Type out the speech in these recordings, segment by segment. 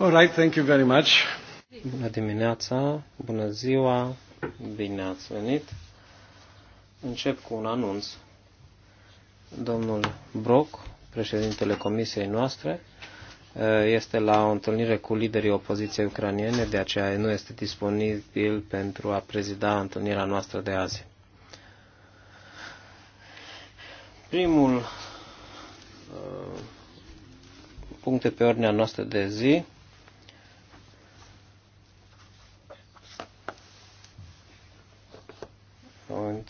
All right, thank you very much. Bună dimineața, bună ziua, bine ați venit. Încep cu un anunț. Domnul Brock, președintele comisiei noastre, este la o întâlnire cu liderii opoziției ucraniene, de aceea nu este disponibil pentru a prezida întâlnirea noastră de azi. Primul uh, punct pe ordinea noastră de zi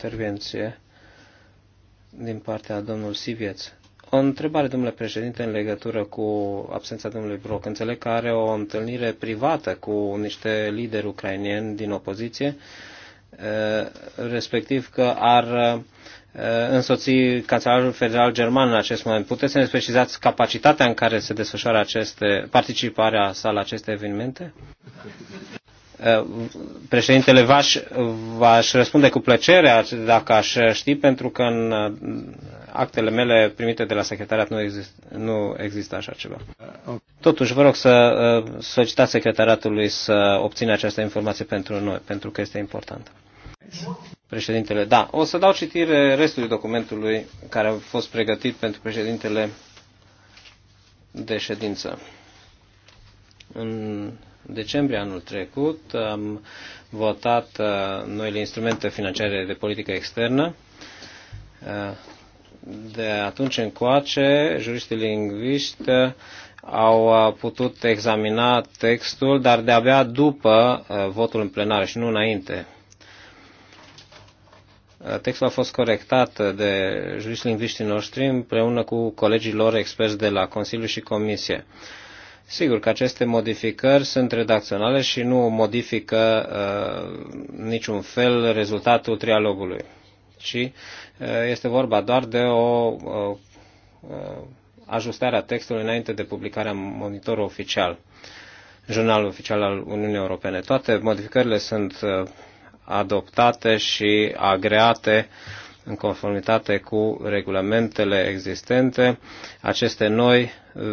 intervenție din partea domnului Sivieț. O întrebare, domnule președinte, în legătură cu absența domnului Broc. Înțeleg că are o întâlnire privată cu niște lideri ucrainieni din opoziție, eh, respectiv că ar eh, însoți Cancelarul Federal German în acest moment. Puteți să ne specizați capacitatea în care se desfășoară aceste, participarea sa la aceste evenimente? Președintele v-aș, v-aș răspunde cu plăcere dacă aș ști, pentru că în uh, actele mele primite de la secretariat nu, exist, nu există așa ceva. Uh, Totuși, vă rog să uh, solicitați secretariatului să obțină această informație pentru noi, pentru că este importantă. Președintele, da. O să dau citire restului documentului care a fost pregătit pentru președintele de ședință. În decembrie anul trecut am votat uh, noile instrumente financiare de politică externă. Uh, de atunci încoace, juriștii lingviști uh, au putut examina textul, dar de-abia după votul în plenar și nu înainte. Textul a fost corectat de juriști lingviștii noștri împreună cu colegii lor experți de la Consiliu și Comisie. Uh, Sigur că aceste modificări sunt redacționale și nu modifică uh, niciun fel rezultatul trialogului, ci uh, este vorba doar de o uh, ajustare a textului înainte de publicarea monitorul oficial, jurnalul oficial al Uniunii Europene. Toate modificările sunt uh, adoptate și agreate uh, în conformitate cu regulamentele existente. Aceste noi uh,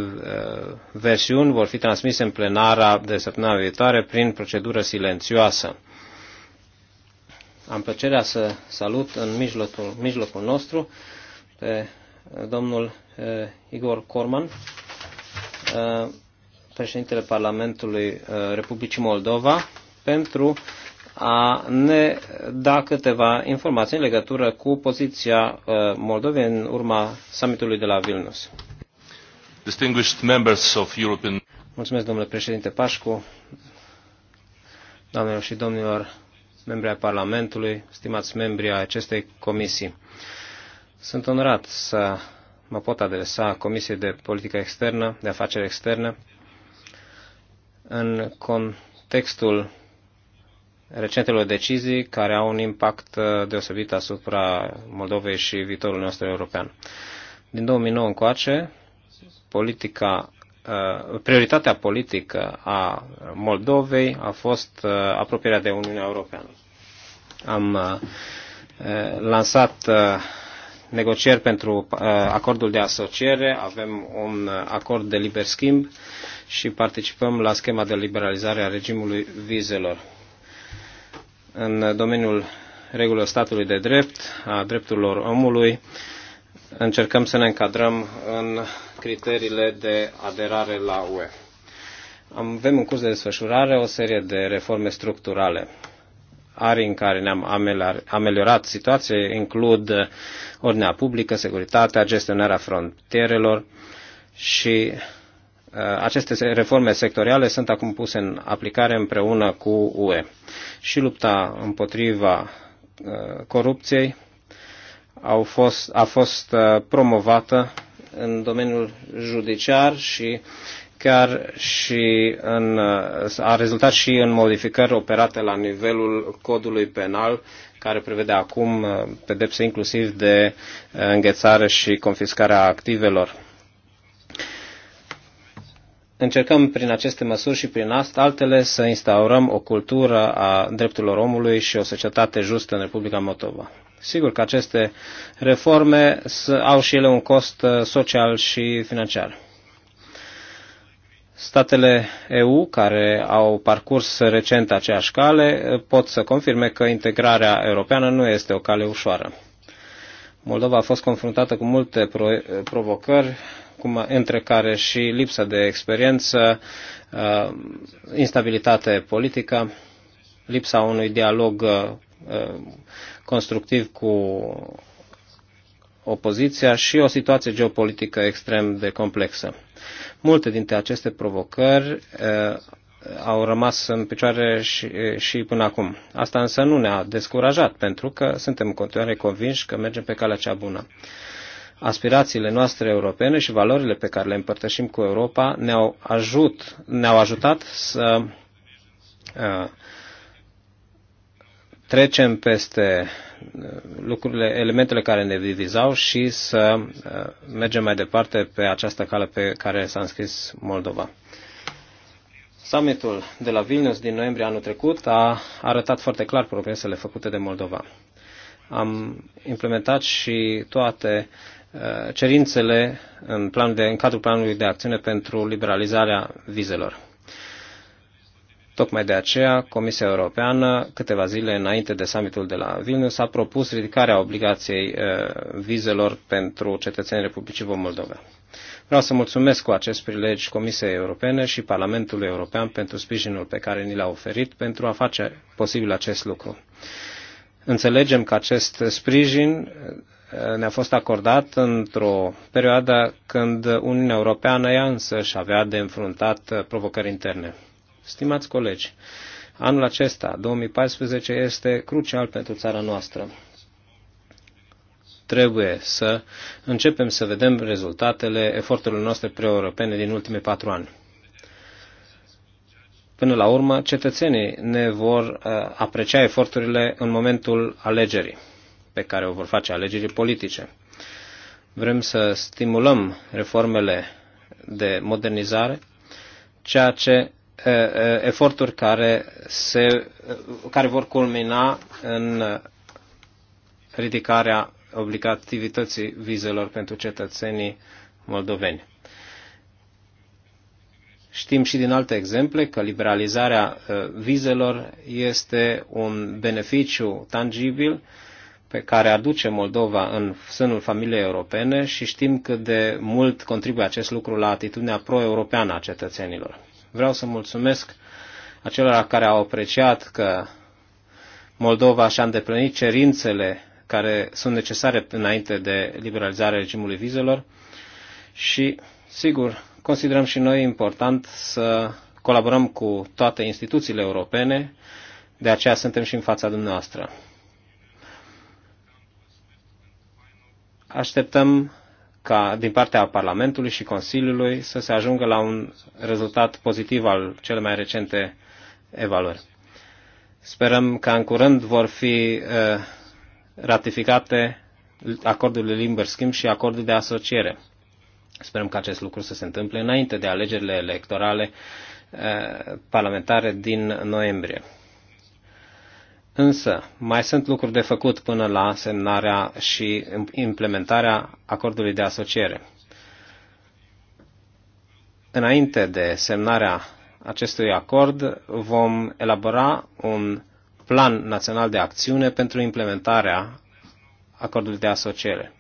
versiuni vor fi transmise în plenara de săptămâna viitoare prin procedură silențioasă. Am plăcerea să salut în mijlocul, mijlocul nostru pe uh, domnul uh, Igor Corman, președintele Parlamentului Republicii Moldova, pentru a ne da câteva informații în legătură cu poziția uh, Moldovei în urma summitului de la Vilnius. Distinguished members of European... Mulțumesc, domnule președinte Pașcu, doamnelor și domnilor membri ai Parlamentului, stimați membri ai acestei comisii. Sunt onorat să mă pot adresa Comisiei de Politică Externă, de Afaceri Externe, în contextul recentelor decizii care au un impact uh, deosebit asupra Moldovei și viitorul nostru european. Din 2009 încoace, politica, uh, prioritatea politică a Moldovei a fost uh, apropierea de Uniunea Europeană. Am lansat negocieri pentru acordul de asociere, avem un acord de liber schimb și participăm la schema de liberalizare a regimului vizelor în domeniul regulilor statului de drept, a drepturilor omului, încercăm să ne încadrăm în criteriile de aderare la UE. Avem în curs de desfășurare o serie de reforme structurale. Arii în care ne-am ameliorat situația includ ordinea publică, securitatea, gestionarea frontierelor și aceste reforme sectoriale sunt acum puse în aplicare împreună cu UE. Și lupta împotriva uh, corupției au fost, a fost uh, promovată în domeniul judiciar și chiar și în, uh, a rezultat și în modificări operate la nivelul codului penal, care prevede acum pedepse inclusiv de înghețare și confiscarea activelor încercăm prin aceste măsuri și prin asta altele să instaurăm o cultură a drepturilor omului și o societate justă în Republica Moldova. Sigur că aceste reforme au și ele un cost uh, social și financiar. Statele EU care au parcurs recent aceeași cale uh, pot să confirme că integrarea europeană nu este o cale ușoară. Moldova a fost confruntată cu multe uh, provocări cum, între care și lipsa de experiență, uh, instabilitate politică, lipsa unui dialog uh, constructiv cu opoziția și o situație geopolitică extrem de complexă. Multe dintre aceste provocări uh, au rămas în picioare și, și până acum. Asta însă nu ne-a descurajat, pentru că suntem în continuare convinși că mergem pe calea cea bună aspirațiile noastre europene și valorile pe care le împărtășim cu Europa ne-au, ajut, ne-au ajutat să trecem peste lucrurile, elementele care ne divizau și să mergem mai departe pe această cale pe care s-a înscris Moldova. Summitul de la Vilnius din noiembrie anul trecut a arătat foarte clar progresele făcute de Moldova. Am implementat și toate cerințele în, plan de, în cadrul planului de acțiune pentru liberalizarea vizelor. Tocmai de aceea, Comisia Europeană, câteva zile înainte de summitul de la Vilnius, a propus ridicarea obligației uh, vizelor pentru cetățenii Republicii Moldova. Vreau să mulțumesc cu acest prilej Comisiei Europene și Parlamentului European pentru sprijinul pe care ni l-a oferit pentru a face posibil acest lucru. Înțelegem că acest sprijin ne-a fost acordat într-o perioadă când Uniunea Europeană ea însă și avea de înfruntat provocări interne. Stimați colegi, anul acesta, 2014, este crucial pentru țara noastră. Trebuie să începem să vedem rezultatele eforturilor noastre pre-europene din ultimii patru ani. Până la urmă, cetățenii ne vor uh, aprecia eforturile în momentul alegerii pe care o vor face alegerii politice. Vrem să stimulăm reformele de modernizare, ceea ce eforturi care, se, care vor culmina în ridicarea obligativității vizelor pentru cetățenii moldoveni. Știm și din alte exemple că liberalizarea vizelor este un beneficiu tangibil pe care aduce Moldova în sânul familiei europene și știm cât de mult contribuie acest lucru la atitudinea pro-europeană a cetățenilor. Vreau să mulțumesc acelora care au apreciat că Moldova și-a îndeplinit cerințele care sunt necesare înainte de liberalizarea regimului vizelor și, sigur, considerăm și noi important să colaborăm cu toate instituțiile europene, de aceea suntem și în fața dumneavoastră. așteptăm ca din partea Parlamentului și Consiliului să se ajungă la un rezultat pozitiv al cele mai recente evaluări. Sperăm că în curând vor fi uh, ratificate acordul de liber schimb și acordul de asociere. Sperăm că acest lucru să se întâmple înainte de alegerile electorale uh, parlamentare din noiembrie. Însă, mai sunt lucruri de făcut până la semnarea și implementarea acordului de asociere. Înainte de semnarea acestui acord, vom elabora un plan național de acțiune pentru implementarea acordului de asociere.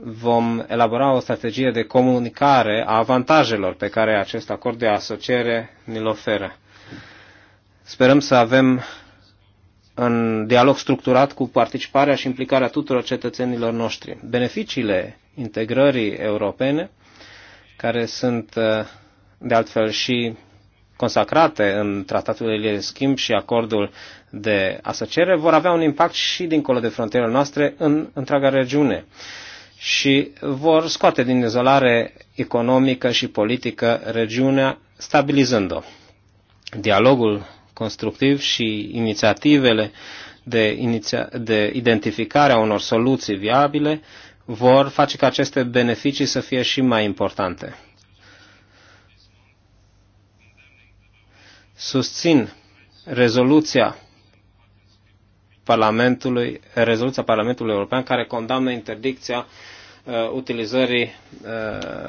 Vom elabora o strategie de comunicare a avantajelor pe care acest acord de asociere ne l oferă Sperăm să avem în dialog structurat cu participarea și implicarea tuturor cetățenilor noștri. Beneficiile integrării europene, care sunt uh, de altfel și consacrate în tratatul de schimb și acordul de asociere, vor avea un impact și dincolo de frontierele noastre în întreaga regiune și vor scoate din izolare economică și politică regiunea, stabilizând-o. Dialogul constructiv și inițiativele de, iniția, de identificare a unor soluții viabile vor face ca aceste beneficii să fie și mai importante. Susțin rezoluția Parlamentului, rezoluția Parlamentului European care condamnă interdicția Uh, utilizării uh,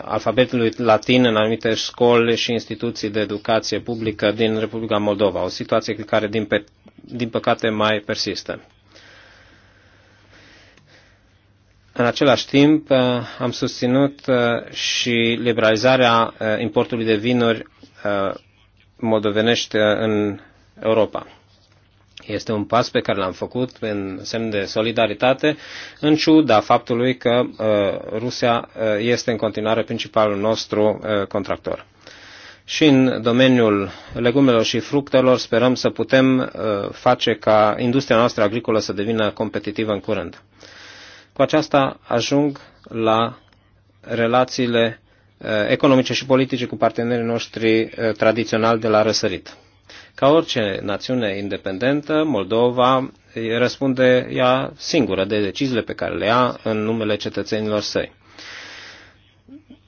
alfabetului latin în anumite școli și instituții de educație publică din Republica Moldova, o situație care, din, pe, din păcate, mai persistă. În același timp, uh, am susținut și liberalizarea importului de vinuri moldovenești în Europa. Este un pas pe care l-am făcut în semn de solidaritate, în ciuda faptului că uh, Rusia uh, este în continuare principalul nostru uh, contractor. Și în domeniul legumelor și fructelor sperăm să putem face ca industria noastră agricolă să devină competitivă în curând. Cu aceasta ajung la relațiile economice și politice cu partenerii noștri tradiționali de la răsărit. Ca orice națiune independentă, Moldova răspunde ea singură de deciziile pe care le ia în numele cetățenilor săi.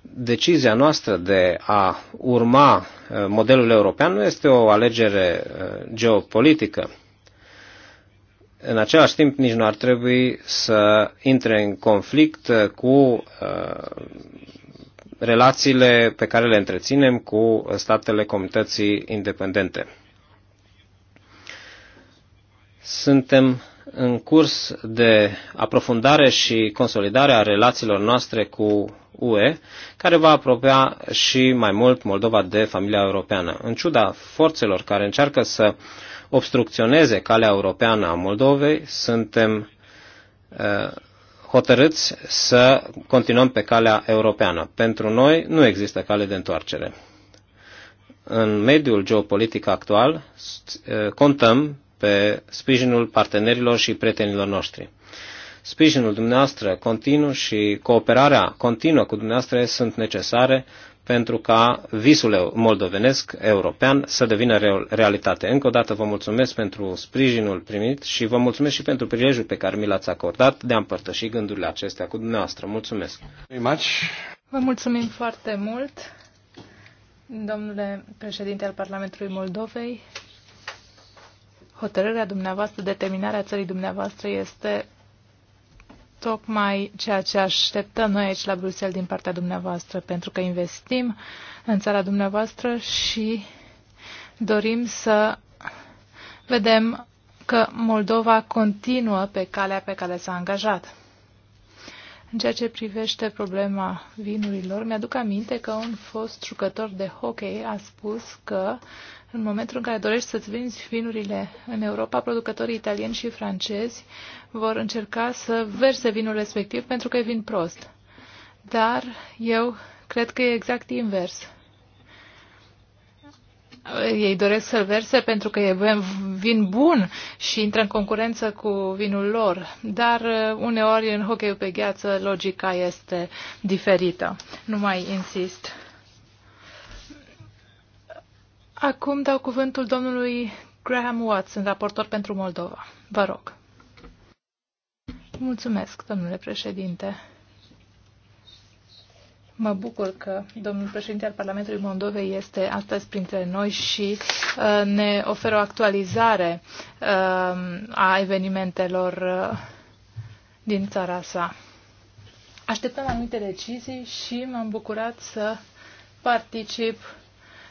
Decizia noastră de a urma uh, modelul european nu este o alegere uh, geopolitică. În același timp, nici nu ar trebui să intre în conflict uh, cu relațiile pe care le întreținem cu statele comunității independente. Suntem în curs de aprofundare și consolidare a relațiilor noastre cu UE, care va apropia și mai mult Moldova de familia europeană. În ciuda forțelor care încearcă să obstrucționeze calea europeană a Moldovei, suntem uh, hotărâți să continuăm pe calea europeană. Pentru noi nu există cale de întoarcere. În mediul geopolitic actual uh, contăm pe sprijinul partenerilor și prietenilor noștri. Sprijinul dumneavoastră continuu și cooperarea continuă cu dumneavoastră sunt necesare pentru ca visul moldovenesc european să devină realitate. Încă o dată vă mulțumesc pentru sprijinul primit și vă mulțumesc și pentru prilejul pe care mi l-ați acordat de a împărtăși gândurile acestea cu dumneavoastră. Mulțumesc! Vă mulțumim foarte mult, domnule președinte al Parlamentului Moldovei hotărârea dumneavoastră, determinarea țării dumneavoastră este tocmai ceea ce așteptăm noi aici la Bruxelles din partea dumneavoastră, pentru că investim în țara dumneavoastră și dorim să vedem că Moldova continuă pe calea pe care s-a angajat. În ceea ce privește problema vinurilor, mi-aduc aminte că un fost jucător de hockey a spus că uh, în momentul în care dorești să-ți vinzi vinurile în Europa, producătorii italieni și francezi vor încerca să verse vinul respectiv pentru că e vin prost. Dar eu cred că e exact invers. Ei doresc să-l verse pentru că e vin bun și intră în concurență cu vinul lor, dar uh, uneori în hockey pe gheață logica este diferită. Nu mai insist. Acum dau cuvântul domnului Graham Watson, raportor pentru Moldova. Vă rog. Mulțumesc, domnule președinte. Mă bucur că domnul președinte al Parlamentului Moldovei este astăzi printre noi și uh, ne oferă o actualizare uh, a evenimentelor uh, din țara sa. Așteptăm anumite decizii și m-am bucurat să particip uh,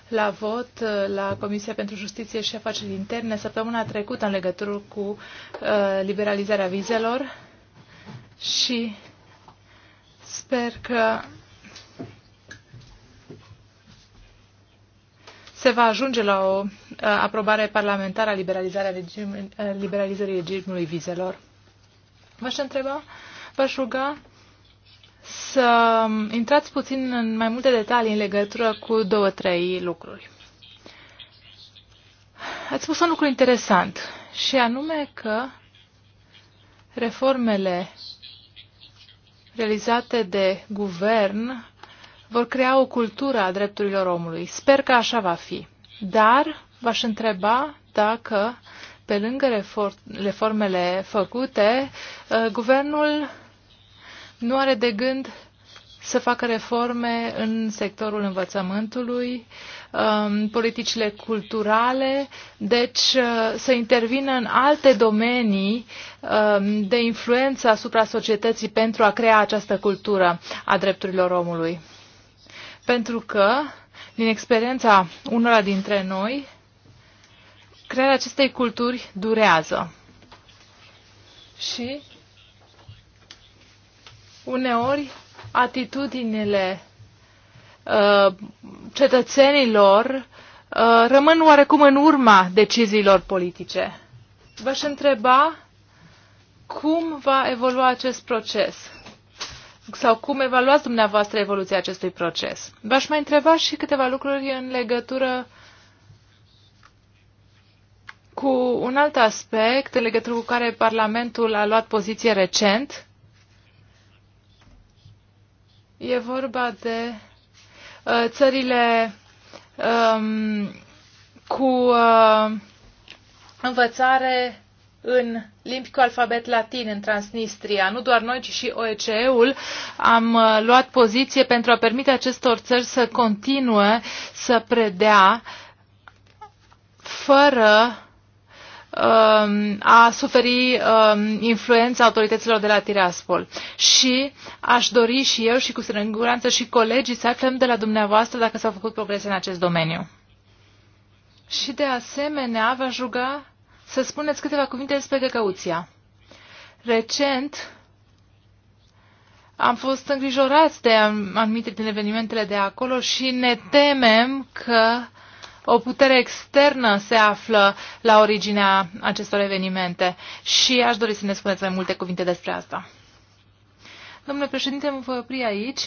la vot uh, la Comisia pentru Justiție și Afaceri Interne săptămâna trecută în legătură cu uh, liberalizarea vizelor și sper că se va ajunge la o uh, aprobare parlamentară a liberalizării regimului vizelor. V-aș întreba, v-aș ruga să intrați puțin în mai multe detalii în legătură cu două, trei lucruri. Ați spus un lucru interesant și anume că reformele realizate de guvern vor crea o cultură a drepturilor omului. Sper că așa va fi. Dar v-aș întreba dacă, pe lângă reformele făcute, uh, guvernul nu are de gând să facă reforme în sectorul învățământului, în um, politicile culturale, deci uh, să intervină în alte domenii um, de influență asupra societății pentru a crea această cultură a drepturilor omului. Pentru că, din experiența unora dintre noi, crearea acestei culturi durează. Și Uneori, atitudinile uh, cetățenilor uh, rămân oarecum în urma deciziilor politice. V-aș întreba cum va evolua acest proces sau cum evaluați dumneavoastră evoluția acestui proces. V-aș mai întreba și câteva lucruri în legătură cu un alt aspect în legătură cu care Parlamentul a luat poziție recent E vorba de uh, țările um, cu uh, învățare în limbi cu alfabet latin în Transnistria. Nu doar noi, ci și OECE-ul am uh, luat poziție pentru a permite acestor țări să continue să predea fără Um, a suferi um, influența autorităților de la Tiraspol. Și aș dori și eu și cu siguranță și colegii să aflăm de la dumneavoastră dacă s-au făcut progrese în acest domeniu. Și de asemenea v-aș ruga să spuneți câteva cuvinte despre găcăuția. Recent am fost îngrijorați de anumite din evenimentele de acolo și ne temem că o putere externă se află la originea acestor evenimente și aș dori să ne spuneți mai multe cuvinte despre asta. Domnule președinte, mă voi opri aici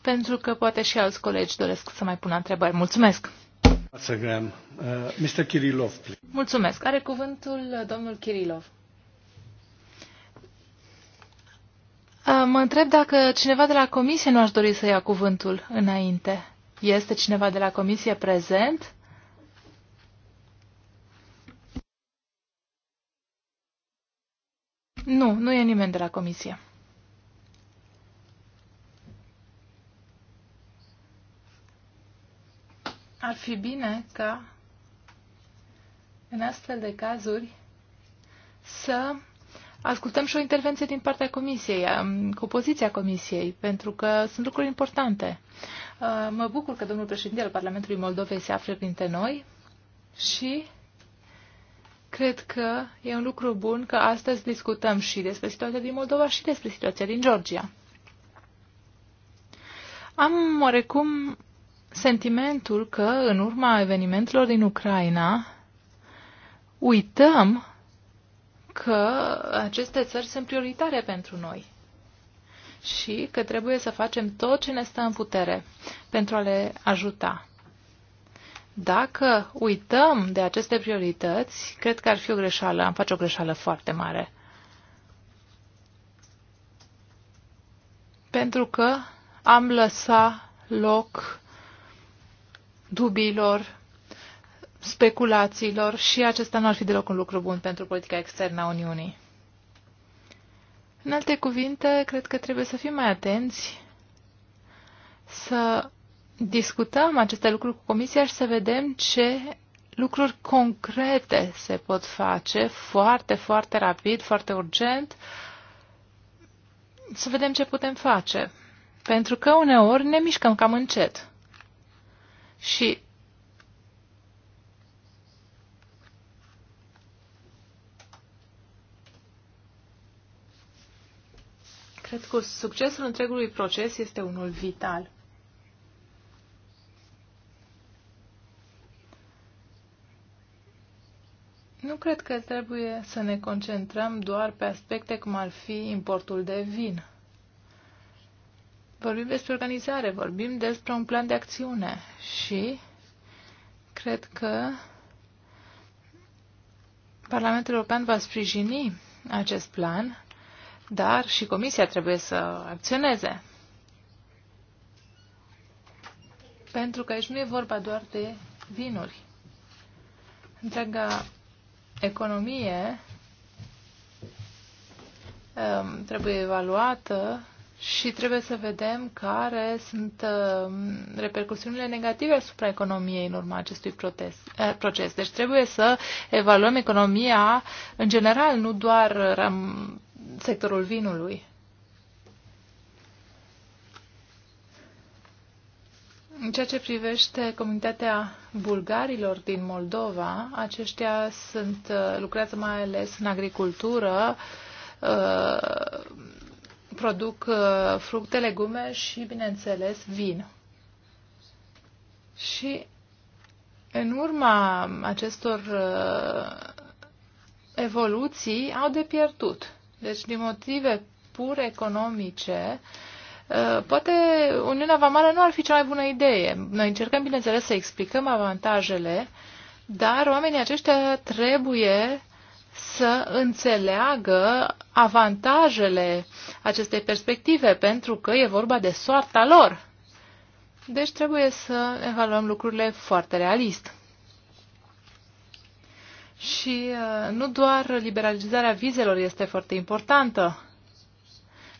pentru că poate și alți colegi doresc să mai pună întrebări. Mulțumesc! Mr. Uh, Kirilov, please. Mulțumesc. Are cuvântul uh, domnul Kirilov. Uh, mă întreb dacă cineva de la comisie nu aș dori să ia cuvântul înainte. Este cineva de la comisie prezent? Nu, nu e nimeni de la comisie. Ar fi bine ca în astfel de cazuri să ascultăm și o intervenție din partea comisiei, cu poziția comisiei, pentru că sunt lucruri importante. Uh, mă bucur că domnul președinte al Parlamentului Moldovei se află printre noi și Cred că e un lucru bun că astăzi discutăm și despre situația din Moldova și despre situația din Georgia. Am oarecum sentimentul că, în urma evenimentelor din Ucraina, uităm că aceste țări sunt prioritare pentru noi și că trebuie să facem tot ce ne stă în putere pentru a le ajuta. Dacă uităm de aceste priorități, cred că ar fi o greșeală, am face o greșeală foarte mare. Pentru că am lăsat loc dubiilor, speculațiilor și acesta nu ar fi deloc un lucru bun pentru politica externă a Uniunii. În alte cuvinte, cred că trebuie să fim mai atenți, să discutăm aceste lucruri cu Comisia și să vedem ce lucruri concrete se pot face foarte, foarte rapid, foarte urgent, să vedem ce putem face. Pentru că uneori ne mișcăm cam încet. Și cred că succesul întregului proces este unul vital. Nu cred că trebuie să ne concentrăm doar pe aspecte cum ar fi importul de vin. Vorbim despre organizare, vorbim despre un plan de acțiune și cred că Parlamentul European va sprijini acest plan, dar și Comisia trebuie să acționeze. Pentru că aici nu e vorba doar de vinuri. Întreaga economie um, trebuie evaluată și trebuie să vedem care sunt um, repercusiunile negative asupra economiei în urma acestui eh, proces. Deci trebuie să evaluăm economia în general, nu doar um, sectorul vinului. În ceea ce privește comunitatea bulgarilor din Moldova, aceștia sunt, uh, lucrează mai ales în agricultură, uh, produc uh, fructe, legume și, bineînțeles, vin. Și în urma acestor evoluții au de pierdut. Deci, din motive pur economice, uh, Uh, poate Uniunea Vamală nu ar fi cea mai bună idee. Noi încercăm, bineînțeles, să explicăm avantajele, dar oamenii aceștia trebuie să înțeleagă avantajele acestei perspective, pentru că e vorba de soarta lor. Deci trebuie să evaluăm lucrurile foarte realist. Și uh, nu doar liberalizarea vizelor este foarte importantă,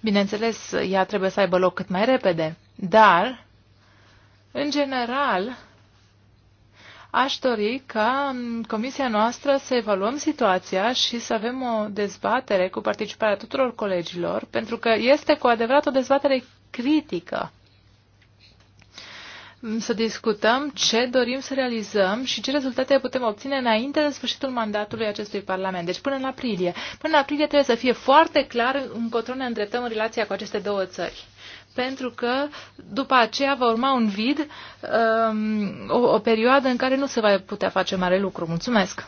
Bineînțeles, ea trebuie să aibă loc cât mai repede, dar, în general, aș dori ca în comisia noastră să evaluăm situația și să avem o dezbatere cu participarea tuturor colegilor, pentru că este cu adevărat o dezbatere critică să discutăm ce dorim să realizăm și ce rezultate putem obține înainte de sfârșitul mandatului acestui Parlament, deci până în aprilie. Până în aprilie trebuie să fie foarte clar încotro ne îndreptăm în relația cu aceste două țări pentru că după aceea va urma un vid, um, o, o perioadă în care nu se va putea face mare lucru. Mulțumesc!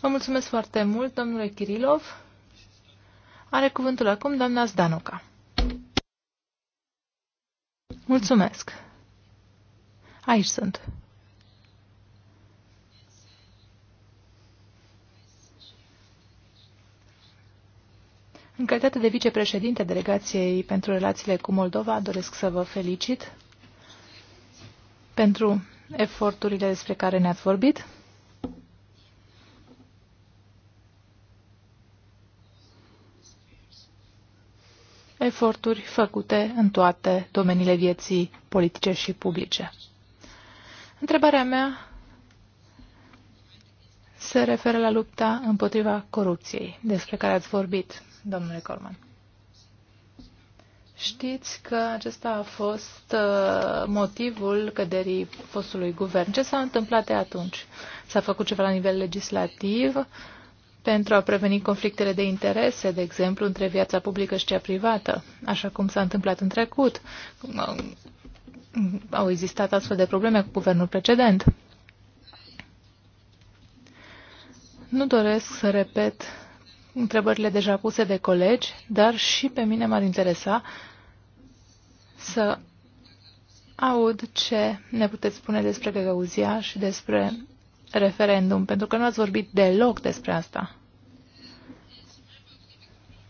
Vă mulțumesc foarte mult, domnule Kirilov. Are cuvântul acum doamna Zdanuca. Mulțumesc! Aici sunt. În calitate de vicepreședinte delegației pentru relațiile cu Moldova, doresc să vă felicit pentru eforturile despre care ne-ați vorbit. Eforturi făcute în toate domeniile vieții politice și publice. Întrebarea mea se referă la lupta împotriva corupției, despre care ați vorbit, domnule Corman. Știți că acesta a fost uh, motivul căderii fostului guvern. Ce s-a întâmplat de atunci? S-a făcut ceva la nivel legislativ pentru a preveni conflictele de interese, de exemplu, între viața publică și cea privată, așa cum s-a întâmplat în trecut, au existat astfel de probleme cu guvernul precedent. Nu doresc să repet întrebările deja puse de colegi, dar și pe mine m-ar interesa să aud ce ne puteți spune despre Găgăuzia și despre referendum, pentru că nu ați vorbit deloc despre asta.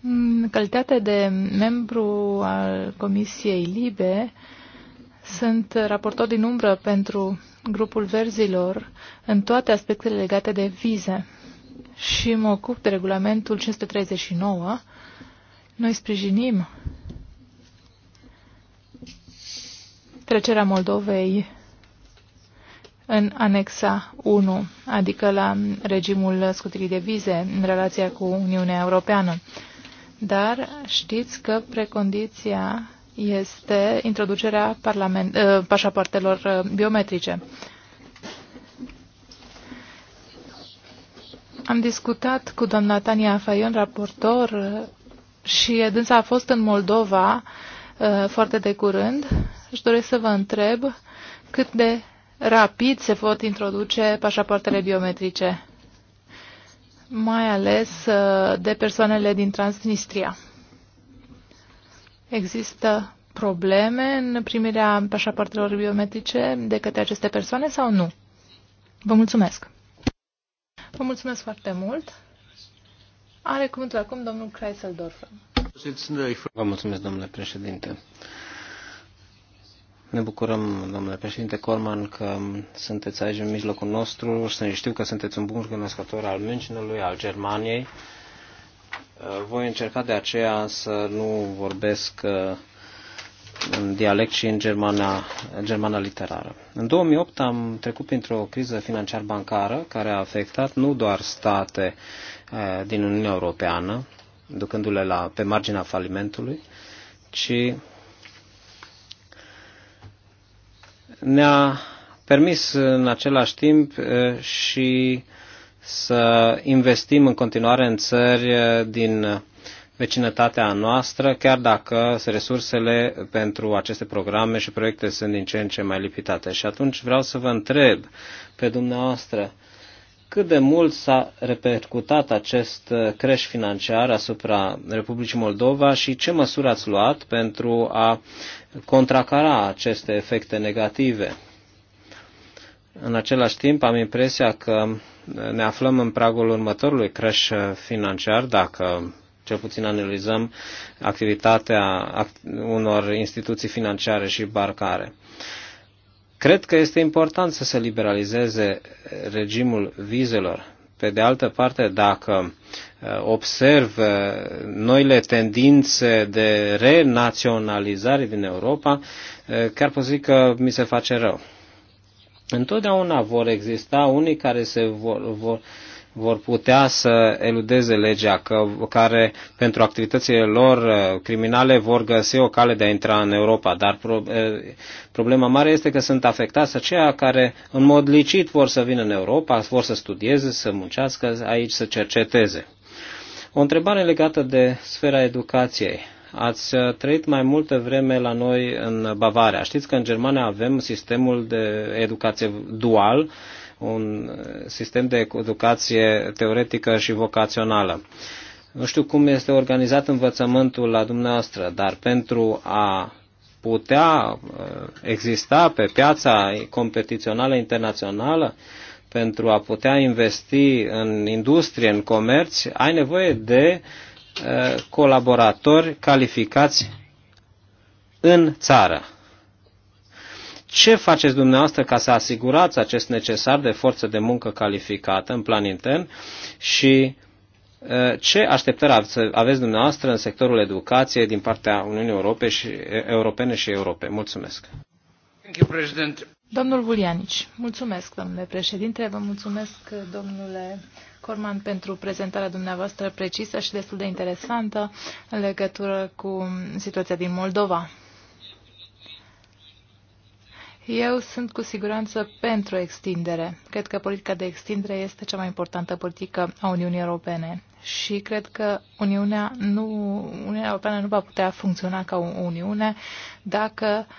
În calitate de membru al Comisiei Libe, sunt raportor din umbră pentru grupul verzilor în toate aspectele legate de vize și mă ocup de regulamentul 539. Noi sprijinim trecerea Moldovei în anexa 1, adică la regimul scutirii de vize în relația cu Uniunea Europeană. Dar știți că precondiția este introducerea parlament, uh, pașapoartelor uh, biometrice. Am discutat cu doamna Tania Faion, raportor, uh, și dânsa a fost în Moldova foarte de curând. Își doresc să vă întreb cât de rapid se pot introduce pașapoartele biometrice, mai ales de persoanele din Transnistria. Există probleme în primirea pașapoartelor biometrice de către aceste persoane sau nu? Vă mulțumesc! Vă mulțumesc foarte mult! Are cuvântul acum domnul Kreiseldorfer. Vă mulțumesc, domnule președinte. Ne bucurăm, domnule președinte Corman, că sunteți aici în mijlocul nostru. Să știu că sunteți un bun cunoscător al Münchenului, al Germaniei Uh, voi încerca de aceea să nu vorbesc uh, în dialect și în germana, germana literară. În 2008 am trecut printr-o criză financiar-bancară care a afectat nu doar state uh, din Uniunea Europeană, ducându-le la, pe marginea falimentului, ci ne-a permis în același timp și uh, să investim în continuare în țări din vecinătatea noastră, chiar dacă resursele pentru aceste programe și proiecte sunt din ce în ce mai lipitate. Și atunci vreau să vă întreb pe dumneavoastră cât de mult s-a repercutat acest creș financiar asupra Republicii Moldova și ce măsuri ați luat pentru a contracara aceste efecte negative. În același timp, am impresia că ne aflăm în pragul următorului crash financiar, dacă cel puțin analizăm activitatea unor instituții financiare și barcare. Cred că este important să se liberalizeze regimul vizelor. Pe de altă parte, dacă uh, observ uh, noile tendințe de renaționalizare din Europa, uh, chiar pot zic că mi se face rău. Întotdeauna vor exista unii care se vor, vor, vor putea să eludeze legea, că, care pentru activitățile lor uh, criminale vor găsi o cale de a intra în Europa. Dar pro, uh, problema mare este că sunt afectați aceia care în mod licit vor să vină în Europa, vor să studieze, să muncească aici, să cerceteze. O întrebare legată de sfera educației ați uh, trăit mai multă vreme la noi în Bavaria. Știți că în Germania avem sistemul de educație dual, un uh, sistem de educație teoretică și vocațională. Nu știu cum este organizat învățământul la dumneavoastră, dar pentru a putea uh, exista pe piața competițională internațională, pentru a putea investi în industrie, în comerț, ai nevoie de uh, Uh, colaboratori calificați în țară. Ce faceți dumneavoastră ca să asigurați acest necesar de forță de muncă calificată în plan intern și uh, ce așteptări aveți dumneavoastră în sectorul educației din partea Uniunii Europe și, Europene și Europe? Mulțumesc! Domnul Vulianici, mulțumesc, domnule președinte, vă mulțumesc, domnule Corman, pentru prezentarea dumneavoastră precisă și destul de interesantă în legătură cu situația din Moldova. Eu sunt cu siguranță pentru extindere. Cred că politica de extindere este cea mai importantă politică a Uniunii Europene și cred că Uniunea, nu, Uniunea Europeană nu va putea funcționa ca o Uniune dacă uh,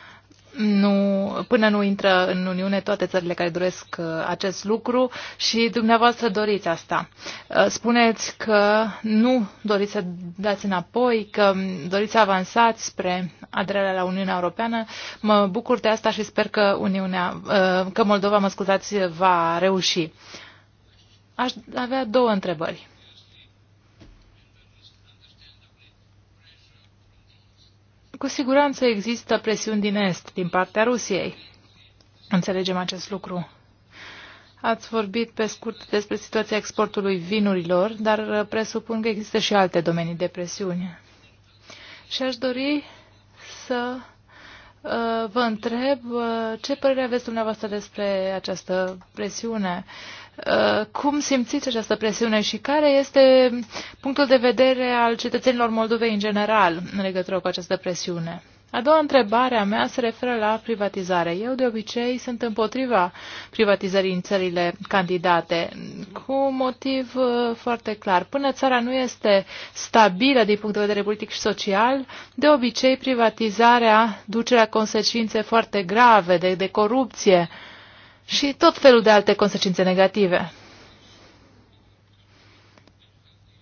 nu, până nu intră în Uniune toate țările care doresc uh, acest lucru și dumneavoastră doriți asta. Uh, spuneți că nu doriți să dați înapoi, că doriți să avansați spre aderarea la Uniunea Europeană. Mă bucur de asta și sper că, Uniunea, uh, că Moldova, mă scuzați, va reuși. Aș avea două întrebări. Cu siguranță există presiuni din Est, din partea Rusiei. Înțelegem acest lucru. Ați vorbit pe scurt despre situația exportului vinurilor, dar uh, presupun că există și alte domenii de presiune. Și aș dori să uh, vă întreb uh, ce părere aveți dumneavoastră despre această presiune Uh, cum simțiți această presiune și care este punctul de vedere al cetățenilor Moldovei în general în legătură cu această presiune? A doua întrebare a mea se referă la privatizare. Eu de obicei sunt împotriva privatizării în țările candidate, cu un motiv uh, foarte clar. Până țara nu este stabilă din punct de vedere politic și social, de obicei privatizarea duce la consecințe foarte grave de, de corupție, și tot felul de alte consecințe negative.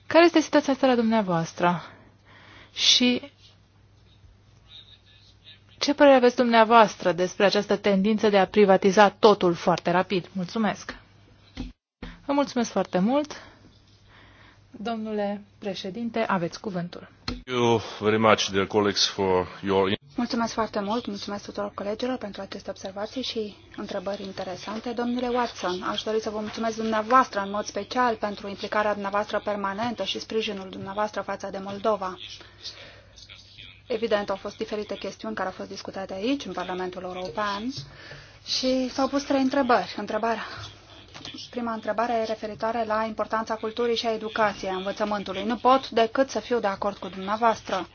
Care este situația asta la dumneavoastră? Și ce părere aveți dumneavoastră despre această tendință de a privatiza totul foarte rapid? Mulțumesc! Vă mulțumesc foarte mult! Domnule președinte, aveți cuvântul. Mulțumesc foarte mult, mulțumesc tuturor colegilor pentru aceste observații și întrebări interesante. Domnule Watson, aș dori să vă mulțumesc dumneavoastră în mod special pentru implicarea dumneavoastră permanentă și sprijinul dumneavoastră față de Moldova. Evident, au fost diferite chestiuni care au fost discutate aici, în Parlamentul European, și s-au pus trei întrebări. Întrebarea prima întrebare e referitoare la importanța culturii și a educației, a învățământului. Nu pot decât să fiu de acord cu dumneavoastră.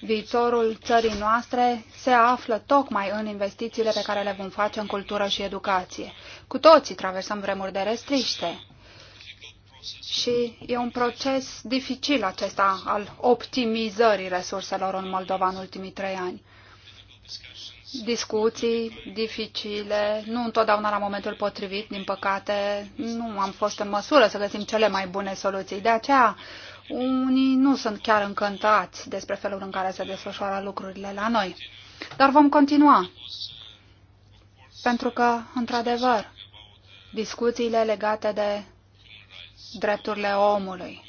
Viitorul țării noastre se află tocmai în investițiile pe care le vom face în cultură și educație. Cu toții traversăm vremuri de restriște. Și e un proces dificil acesta al optimizării resurselor în Moldova în ultimii trei ani discuții dificile, nu întotdeauna la momentul potrivit, din păcate, nu am fost în măsură să găsim cele mai bune soluții. De aceea, unii nu sunt chiar încântați despre felul în care se desfășoară lucrurile la noi. Dar vom continua. Pentru că, într-adevăr, discuțiile legate de drepturile omului,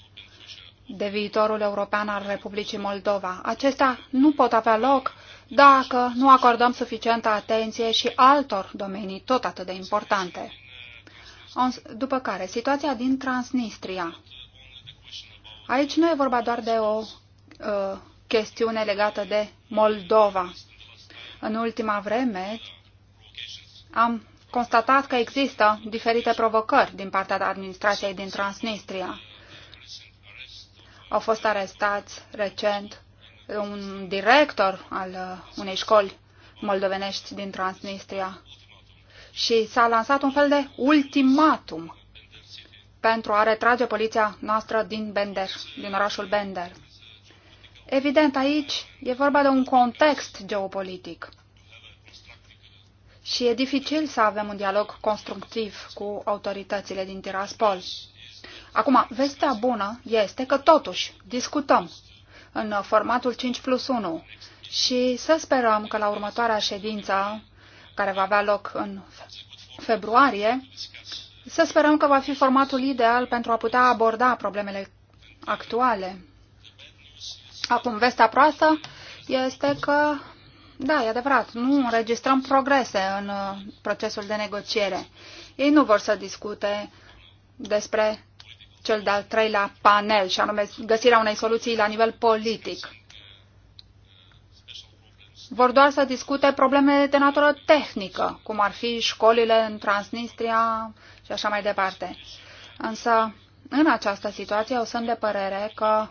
de viitorul european al Republicii Moldova, acestea nu pot avea loc dacă nu acordăm suficientă atenție și altor domenii tot atât de importante. După care, situația din Transnistria. Aici nu e vorba doar de o uh, chestiune legată de Moldova. În ultima vreme am constatat că există diferite provocări din partea administrației din Transnistria. Au fost arestați recent un director al uh, unei școli moldovenești din Transnistria și s-a lansat un fel de ultimatum pentru a retrage poliția noastră din Bender, din orașul Bender. Evident, aici e vorba de un context geopolitic. Și e dificil să avem un dialog constructiv cu autoritățile din Tiraspol. Acum, vestea bună este că totuși discutăm în formatul 5 plus 1 și să sperăm că la următoarea ședință, care va avea loc în februarie, să sperăm că va fi formatul ideal pentru a putea aborda problemele actuale. Acum, vestea proastă este că, da, e adevărat, nu înregistrăm progrese în uh, procesul de negociere. Ei nu vor să discute despre cel de-al treilea panel, și anume găsirea unei soluții la nivel politic. Vor doar să discute probleme de natură tehnică, cum ar fi școlile în Transnistria și așa mai departe. Însă, în această situație, eu sunt de părere că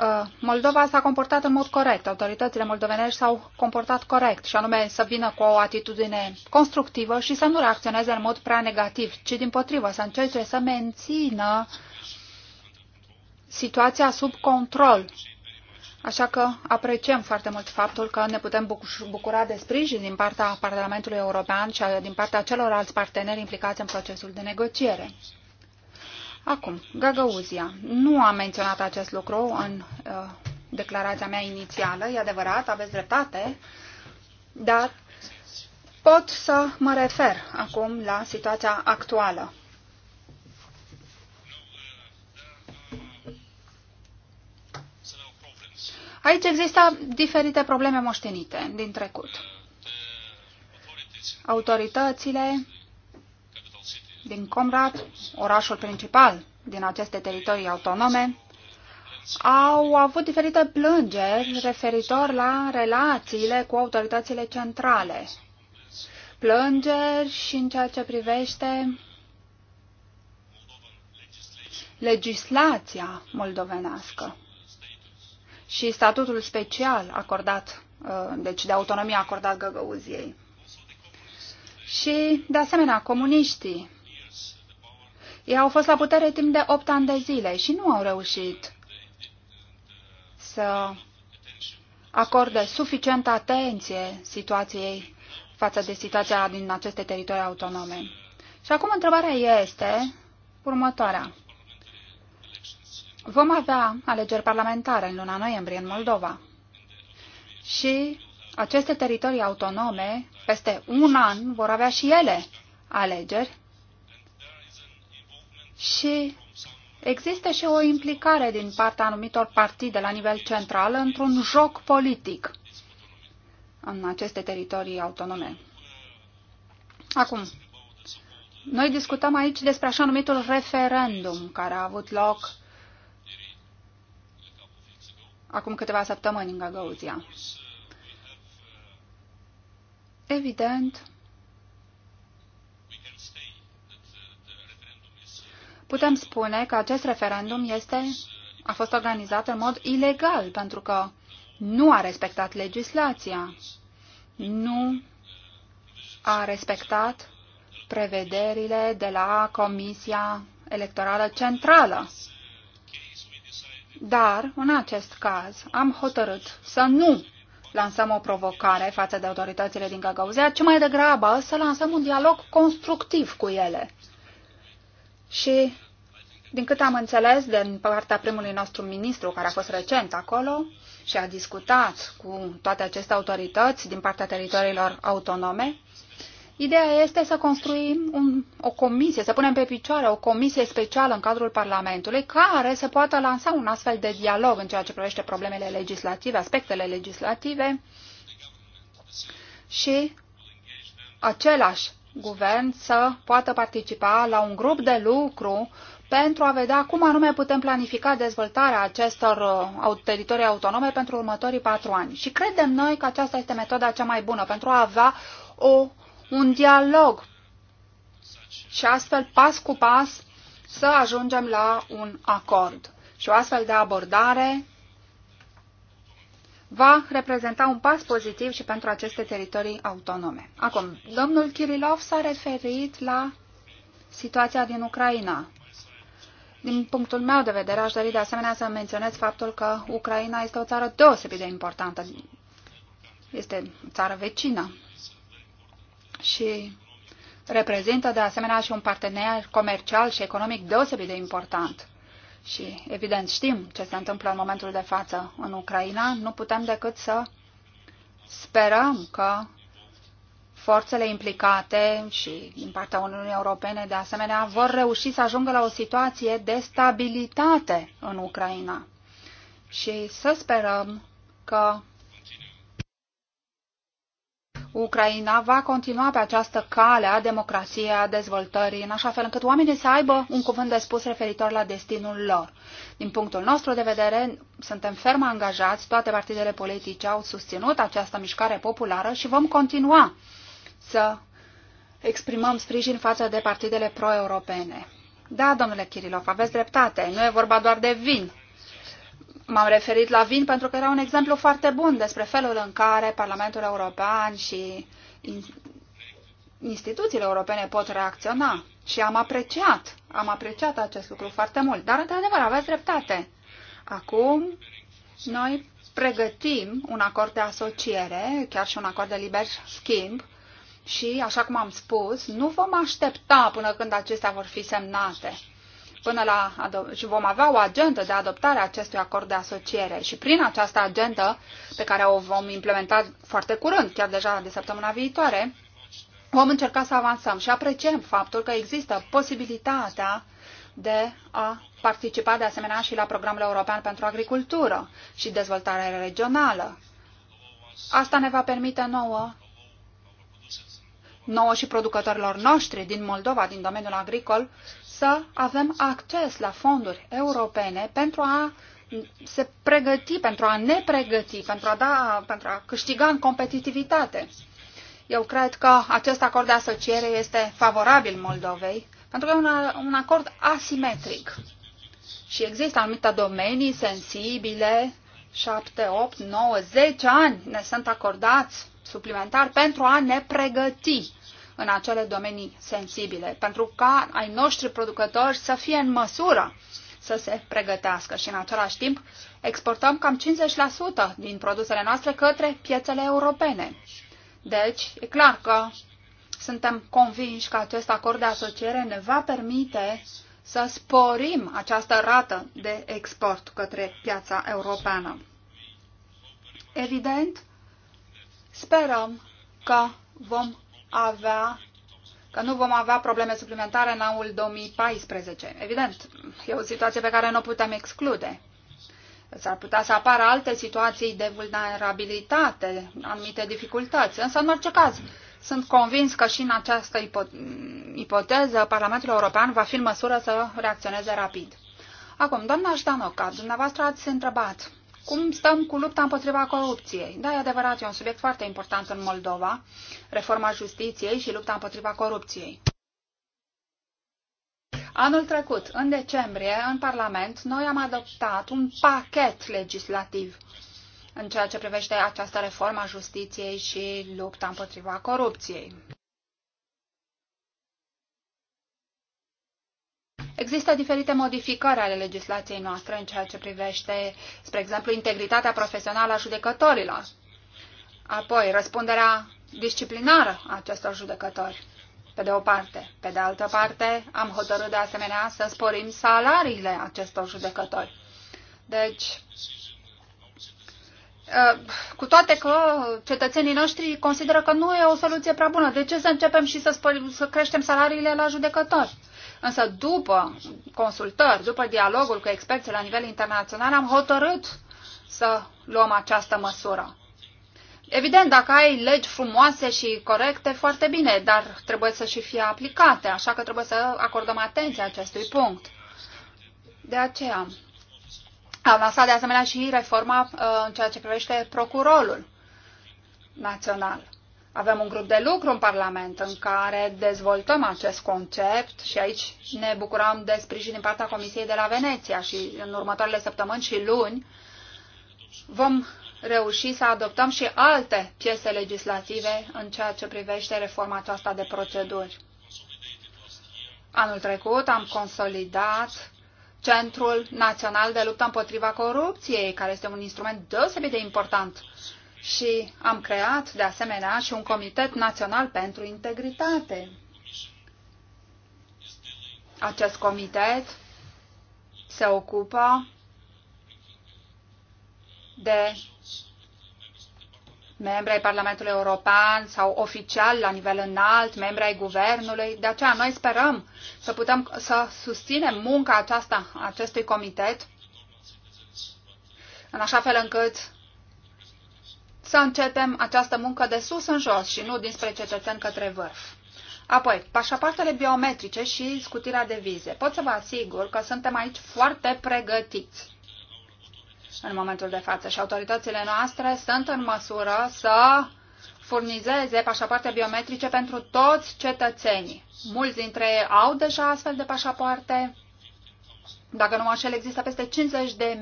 uh, Moldova s-a comportat în mod corect. Autoritățile moldovenești s-au comportat corect și anume să vină cu o atitudine constructivă și să nu reacționeze în mod prea negativ, ci din potrivă să încerce să mențină uh, situația sub control. Așa că apreciem foarte mult faptul că ne putem bucura de sprijin din partea Parlamentului European și din partea celorlalți parteneri implicați în procesul de negociere. Acum, Gagauzia. Nu am menționat acest lucru în uh, declarația mea inițială, e adevărat, aveți dreptate, dar pot să mă refer acum la situația actuală. Aici există diferite probleme moștenite din trecut. Autoritățile din Comrat, orașul principal din aceste teritorii autonome, au avut diferite plângeri referitor la relațiile cu autoritățile centrale. Plângeri și în ceea ce privește legislația moldovenească și statutul special acordat, uh, deci de autonomie acordat Găgăuziei. Și, de asemenea, comuniștii. Ei au fost la putere timp de 8 ani de zile și nu au reușit să acorde suficientă atenție situației față de situația din aceste teritorii autonome. Și acum întrebarea este următoarea. Vom avea alegeri parlamentare în luna noiembrie în Moldova și aceste teritorii autonome, peste un an, vor avea și ele alegeri și există și o implicare din partea anumitor partide la nivel central într-un joc politic în aceste teritorii autonome. Acum, noi discutăm aici despre așa numitul referendum care a avut loc acum câteva săptămâni în Gagauzia. Evident, putem spune că acest referendum este, a fost organizat în mod ilegal, pentru că nu a respectat legislația, nu a respectat prevederile de la Comisia Electorală Centrală dar, în acest caz, am hotărât să nu lansăm o provocare față de autoritățile din Găgăuzea, ci mai degrabă să lansăm un dialog constructiv cu ele. Și, din cât am înțeles din partea primului nostru ministru, care a fost recent acolo și a discutat cu toate aceste autorități din partea teritoriilor autonome, Ideea este să construim un, o comisie, să punem pe picioare o comisie specială în cadrul Parlamentului care să poată lansa un astfel de dialog în ceea ce privește problemele legislative, aspectele legislative și același guvern să poată participa la un grup de lucru pentru a vedea cum anume putem planifica dezvoltarea acestor uh, teritorii autonome pentru următorii patru ani. Și credem noi că aceasta este metoda cea mai bună pentru a avea o un dialog și astfel, pas cu pas, să ajungem la un acord. Și o astfel de abordare va reprezenta un pas pozitiv și pentru aceste teritorii autonome. Acum, domnul Kirilov s-a referit la situația din Ucraina. Din punctul meu de vedere, aș dori de asemenea să menționez faptul că Ucraina este o țară deosebit de importantă. Este o țară vecină și reprezintă de asemenea și un partener comercial și economic deosebit de important. Și evident știm ce se întâmplă în momentul de față în Ucraina, nu putem decât să sperăm că forțele implicate și din partea Uniunii Europene de asemenea vor reuși să ajungă la o situație de stabilitate în Ucraina. Și să sperăm că Ucraina va continua pe această cale a democrației, a dezvoltării, în așa fel încât oamenii să aibă un cuvânt de spus referitor la destinul lor. Din punctul nostru de vedere, suntem ferm angajați, toate partidele politice au susținut această mișcare populară și vom continua să exprimăm sprijin față de partidele pro-europene. Da, domnule Kirilov, aveți dreptate, nu e vorba doar de vin m-am referit la vin pentru că era un exemplu foarte bun despre felul în care Parlamentul European și instituțiile europene pot reacționa. Și am apreciat, am apreciat acest lucru foarte mult. Dar, într-adevăr, aveți dreptate. Acum, noi pregătim un acord de asociere, chiar și un acord de liber schimb, și, așa cum am spus, nu vom aștepta până când acestea vor fi semnate până la, și vom avea o agendă de adoptare a acestui acord de asociere și prin această agendă pe care o vom implementa foarte curând, chiar deja de săptămâna viitoare, vom încerca să avansăm și apreciem faptul că există posibilitatea de a participa de asemenea și la programul european pentru agricultură și dezvoltare regională. Asta ne va permite nouă, nouă și producătorilor noștri din Moldova, din domeniul agricol, să avem acces la fonduri europene pentru a se pregăti, pentru a ne pregăti, pentru a, da, pentru a câștiga în competitivitate. Eu cred că acest acord de asociere este favorabil Moldovei, pentru că e un, un acord asimetric. Și există anumite domenii sensibile, 7, 8, 9, 10 ani ne sunt acordați suplimentar pentru a ne pregăti în acele domenii sensibile, pentru ca ai noștri producători să fie în măsură să se pregătească și în același timp exportăm cam 50% din produsele noastre către piețele europene. Deci, e clar că suntem convinși că acest acord de asociere ne va permite să sporim această rată de export către piața europeană. Evident, sperăm că vom avea că nu vom avea probleme suplimentare în anul 2014. Evident, e o situație pe care nu o putem exclude. S-ar putea să apară alte situații de vulnerabilitate, anumite dificultăți, însă în orice caz sunt convins că și în această ipoteză Parlamentul European va fi în măsură să reacționeze rapid. Acum, doamna Ștanoca, dumneavoastră ați întrebat cum stăm cu lupta împotriva corupției? Da, e adevărat, e un subiect foarte important în Moldova, reforma justiției și lupta împotriva corupției. Anul trecut, în decembrie, în Parlament, noi am adoptat un pachet legislativ în ceea ce privește această reformă a justiției și lupta împotriva corupției. Există diferite modificări ale legislației noastre în ceea ce privește, spre exemplu, integritatea profesională a judecătorilor, apoi răspunderea disciplinară a acestor judecători, pe de o parte. Pe de altă parte, am hotărât de asemenea să sporim salariile acestor judecători. Deci, uh, cu toate că cetățenii noștri consideră că nu e o soluție prea bună, de ce să începem și să, spăr- să creștem salariile la judecători? Însă după consultări, după dialogul cu experții la nivel internațional, am hotărât să luăm această măsură. Evident, dacă ai legi frumoase și corecte, foarte bine, dar trebuie să și fie aplicate, așa că trebuie să acordăm atenție acestui punct. De aceea am lansat de asemenea și reforma uh, în ceea ce privește procurorul național. Avem un grup de lucru în Parlament în care dezvoltăm acest concept și aici ne bucurăm de sprijin din partea Comisiei de la Veneția și în următoarele săptămâni și luni vom reuși să adoptăm și alte piese legislative în ceea ce privește reforma aceasta de proceduri. Anul trecut am consolidat Centrul Național de Luptă împotriva Corupției, care este un instrument deosebit de important și am creat, de asemenea, și un Comitet Național pentru Integritate. Acest comitet se ocupă de membri ai Parlamentului European sau oficial la nivel înalt, membri ai Guvernului. De aceea noi sperăm să putem să susținem munca aceasta acestui comitet în așa fel încât să începem această muncă de sus în jos și nu dinspre cetățeni către vârf. Apoi, pașapoartele biometrice și scutirea de vize. Pot să vă asigur că suntem aici foarte pregătiți în momentul de față și autoritățile noastre sunt în măsură să furnizeze pașapoarte biometrice pentru toți cetățenii. Mulți dintre ei au deja astfel de pașapoarte. Dacă nu mă înșel, există peste 50.000 de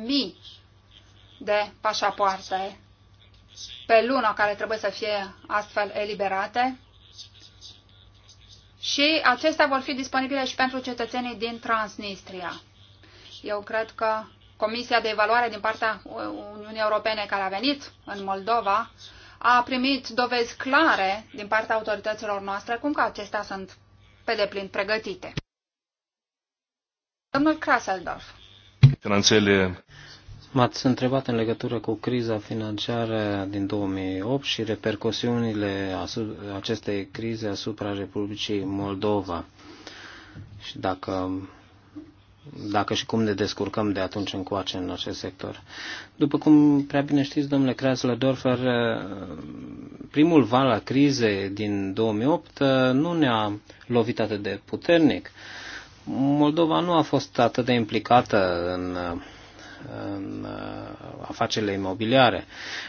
de pașapoarte pe luna care trebuie să fie astfel eliberate și acestea vor fi disponibile și pentru cetățenii din Transnistria. Eu cred că Comisia de Evaluare din partea Uniunii Europene care a venit în Moldova a primit dovezi clare din partea autorităților noastre cum că acestea sunt pe deplin pregătite. Domnul Kraseldorf. Finanțele M-ați întrebat în legătură cu criza financiară din 2008 și repercusiunile acestei crize asupra Republicii Moldova și dacă, dacă și cum ne descurcăm de atunci încoace în acest sector. După cum prea bine știți, domnule Kreisler Dorfer, primul val a crizei din 2008 nu ne-a lovit atât de puternic. Moldova nu a fost atât de implicată în în uh, afacerile imobiliare.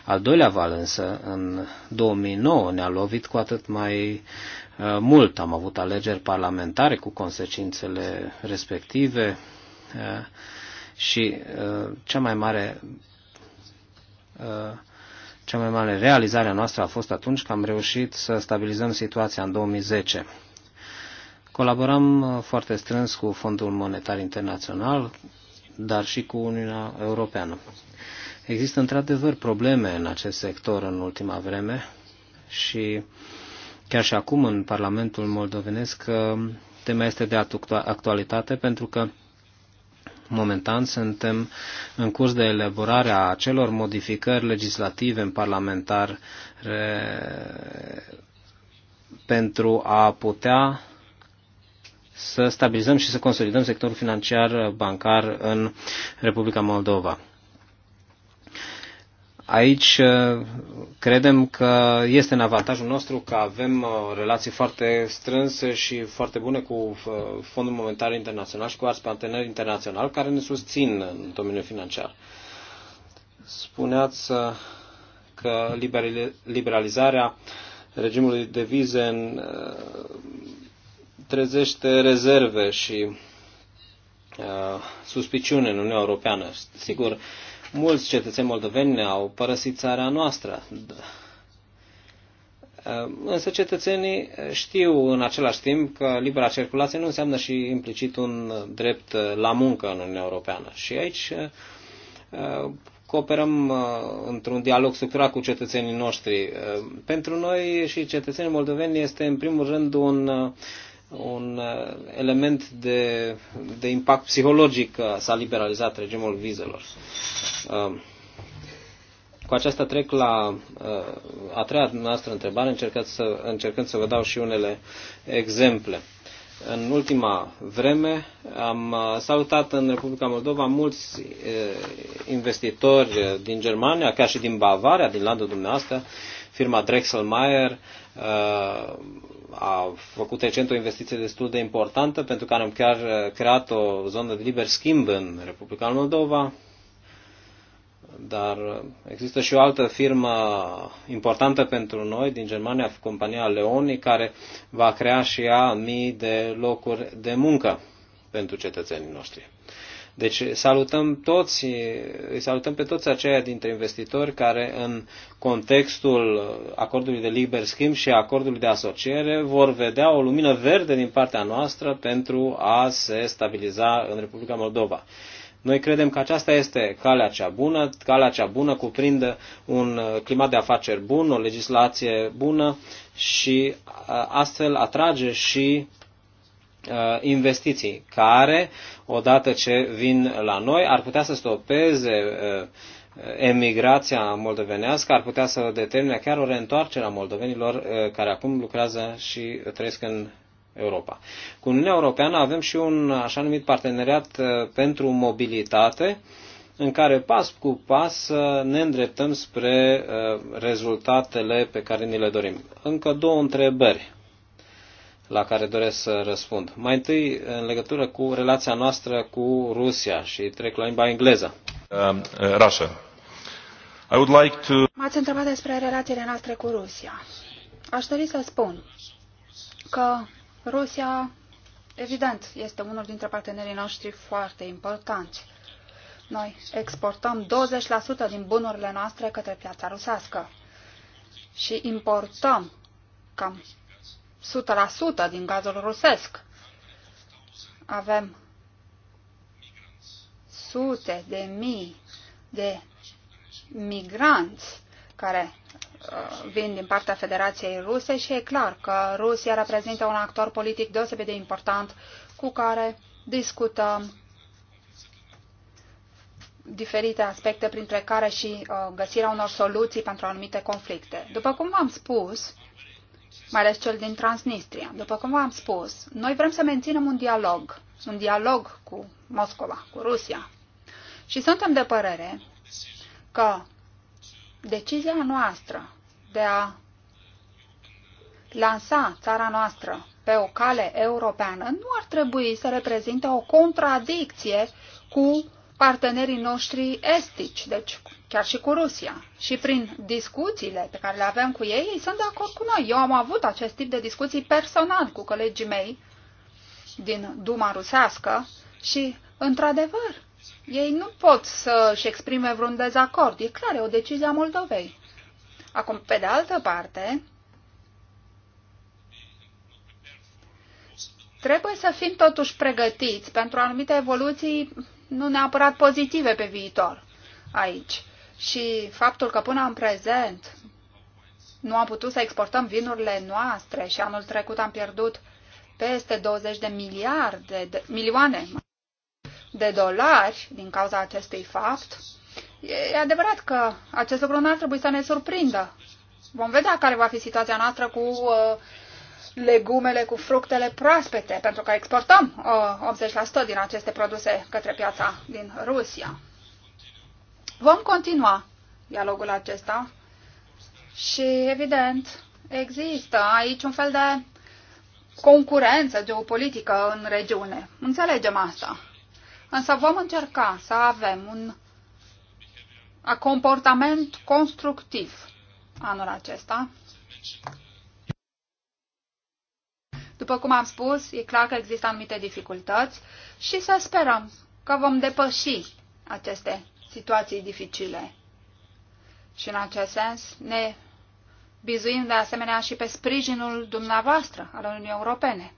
Al doilea val însă, în 2009, ne-a lovit cu atât mai uh, mult. Am avut alegeri parlamentare cu consecințele respective uh, și cea mai mare cea mai mare realizare a noastră a fost atunci că am reușit să stabilizăm situația în 2010. Colaborăm foarte strâns cu Fondul Monetar Internațional, dar și cu Uniunea Europeană. Există într-adevăr probleme în acest sector în ultima vreme și chiar și acum în Parlamentul moldovenesc tema este de actualitate pentru că momentan suntem în curs de elaborare a celor modificări legislative în parlamentar pentru a putea să stabilizăm și să consolidăm sectorul financiar uh, bancar în Republica Moldova. Aici uh, credem că este în avantajul nostru că avem uh, relații foarte strânse și foarte bune cu Fondul Monetar Internațional și cu alți parteneri internaționali care ne susțin în domeniul financiar. Spuneați că liberalizarea regimului de vize în trezește rezerve și uh, suspiciune în Uniunea Europeană. Sigur, mulți cetățeni moldoveni au părăsit țara noastră, da. uh, Însă cetățenii știu în același timp că libera circulație nu înseamnă și implicit un drept la muncă în Uniunea Europeană. Și aici uh, cooperăm uh, într-un dialog structurat cu cetățenii noștri. Pentru noi și cetățenii moldoveni este în primul rând un un uh, element de, de impact psihologic că uh, s-a liberalizat regimul vizelor. Um, cu aceasta trec la uh, a treia noastră întrebare, încercând să, încercând să vă dau și unele exemple. În ultima vreme am salutat în Republica Moldova mulți investitori din Germania, chiar și din Bavaria, din landul dumneavoastră, firma Drexel Mayer, a făcut recent o investiție destul de importantă pentru care am chiar creat o zonă de liber schimb în Republica Moldova, dar există și o altă firmă importantă pentru noi din Germania, compania Leoni, care va crea și ea mii de locuri de muncă pentru cetățenii noștri. Deci salutăm toți, îi salutăm pe toți aceia dintre investitori care în contextul acordului de liber schimb și acordului de asociere vor vedea o lumină verde din partea noastră pentru a se stabiliza în Republica Moldova. Noi credem că aceasta este calea cea bună. Calea cea bună cuprinde un climat de afaceri bun, o legislație bună și astfel atrage și Uh, investiții care, odată ce vin la noi, ar putea să stopeze uh, emigrația moldovenească, ar putea să determine chiar o reîntoarcere a moldovenilor uh, care acum lucrează și trăiesc în Europa. Cu Uniunea Europeană avem și un așa numit parteneriat pentru mobilitate, în care pas cu pas ne îndreptăm spre rezultatele pe care ni le dorim. Încă două întrebări la care doresc să răspund. Mai întâi, în legătură cu relația noastră cu Rusia și trec la limba engleză. Um, uh, like to... M-ați întrebat despre relațiile noastre cu Rusia. Aș dori să spun că Rusia, evident, este unul dintre partenerii noștri foarte importanți. Noi exportăm 20% din bunurile noastre către piața rusească și importăm cam 100% din gazul rusesc. Avem sute de mii de migranți care uh, vin din partea Federației Ruse și e clar că Rusia reprezintă un actor politic deosebit de important cu care discutăm diferite aspecte, printre care și uh, găsirea unor soluții pentru anumite conflicte. După cum v-am spus, mai ales cel din Transnistria. După cum v-am spus, noi vrem să menținem un dialog, un dialog cu Moscova, cu Rusia. Și suntem de părere că decizia noastră de a lansa țara noastră pe o cale europeană nu ar trebui să reprezinte o contradicție cu partenerii noștri estici, deci chiar și cu Rusia. Și prin discuțiile pe care le avem cu ei, ei sunt de acord cu noi. Eu am avut acest tip de discuții personal cu colegii mei din Duma rusească și, într-adevăr, ei nu pot să-și exprime vreun dezacord. E clar, e o decizie a Moldovei. Acum, pe de altă parte, trebuie să fim totuși pregătiți pentru anumite evoluții nu neapărat pozitive pe viitor aici. Și faptul că până în prezent nu am putut să exportăm vinurile noastre și anul trecut am pierdut peste 20 de miliarde, de, milioane de dolari din cauza acestui fapt, e adevărat că acest lucru nu ar trebui să ne surprindă. Vom vedea care va fi situația noastră cu uh, legumele cu fructele proaspete, pentru că exportăm uh, 80% din aceste produse către piața din Rusia. Vom continua dialogul acesta și, evident, există aici un fel de concurență geopolitică în regiune. Înțelegem asta. Însă vom încerca să avem un comportament constructiv anul acesta. După cum am spus, e clar că există anumite dificultăți și să sperăm că vom depăși aceste situații dificile. Și în acest sens ne bizuim de asemenea și pe sprijinul dumneavoastră al Uniunii Europene.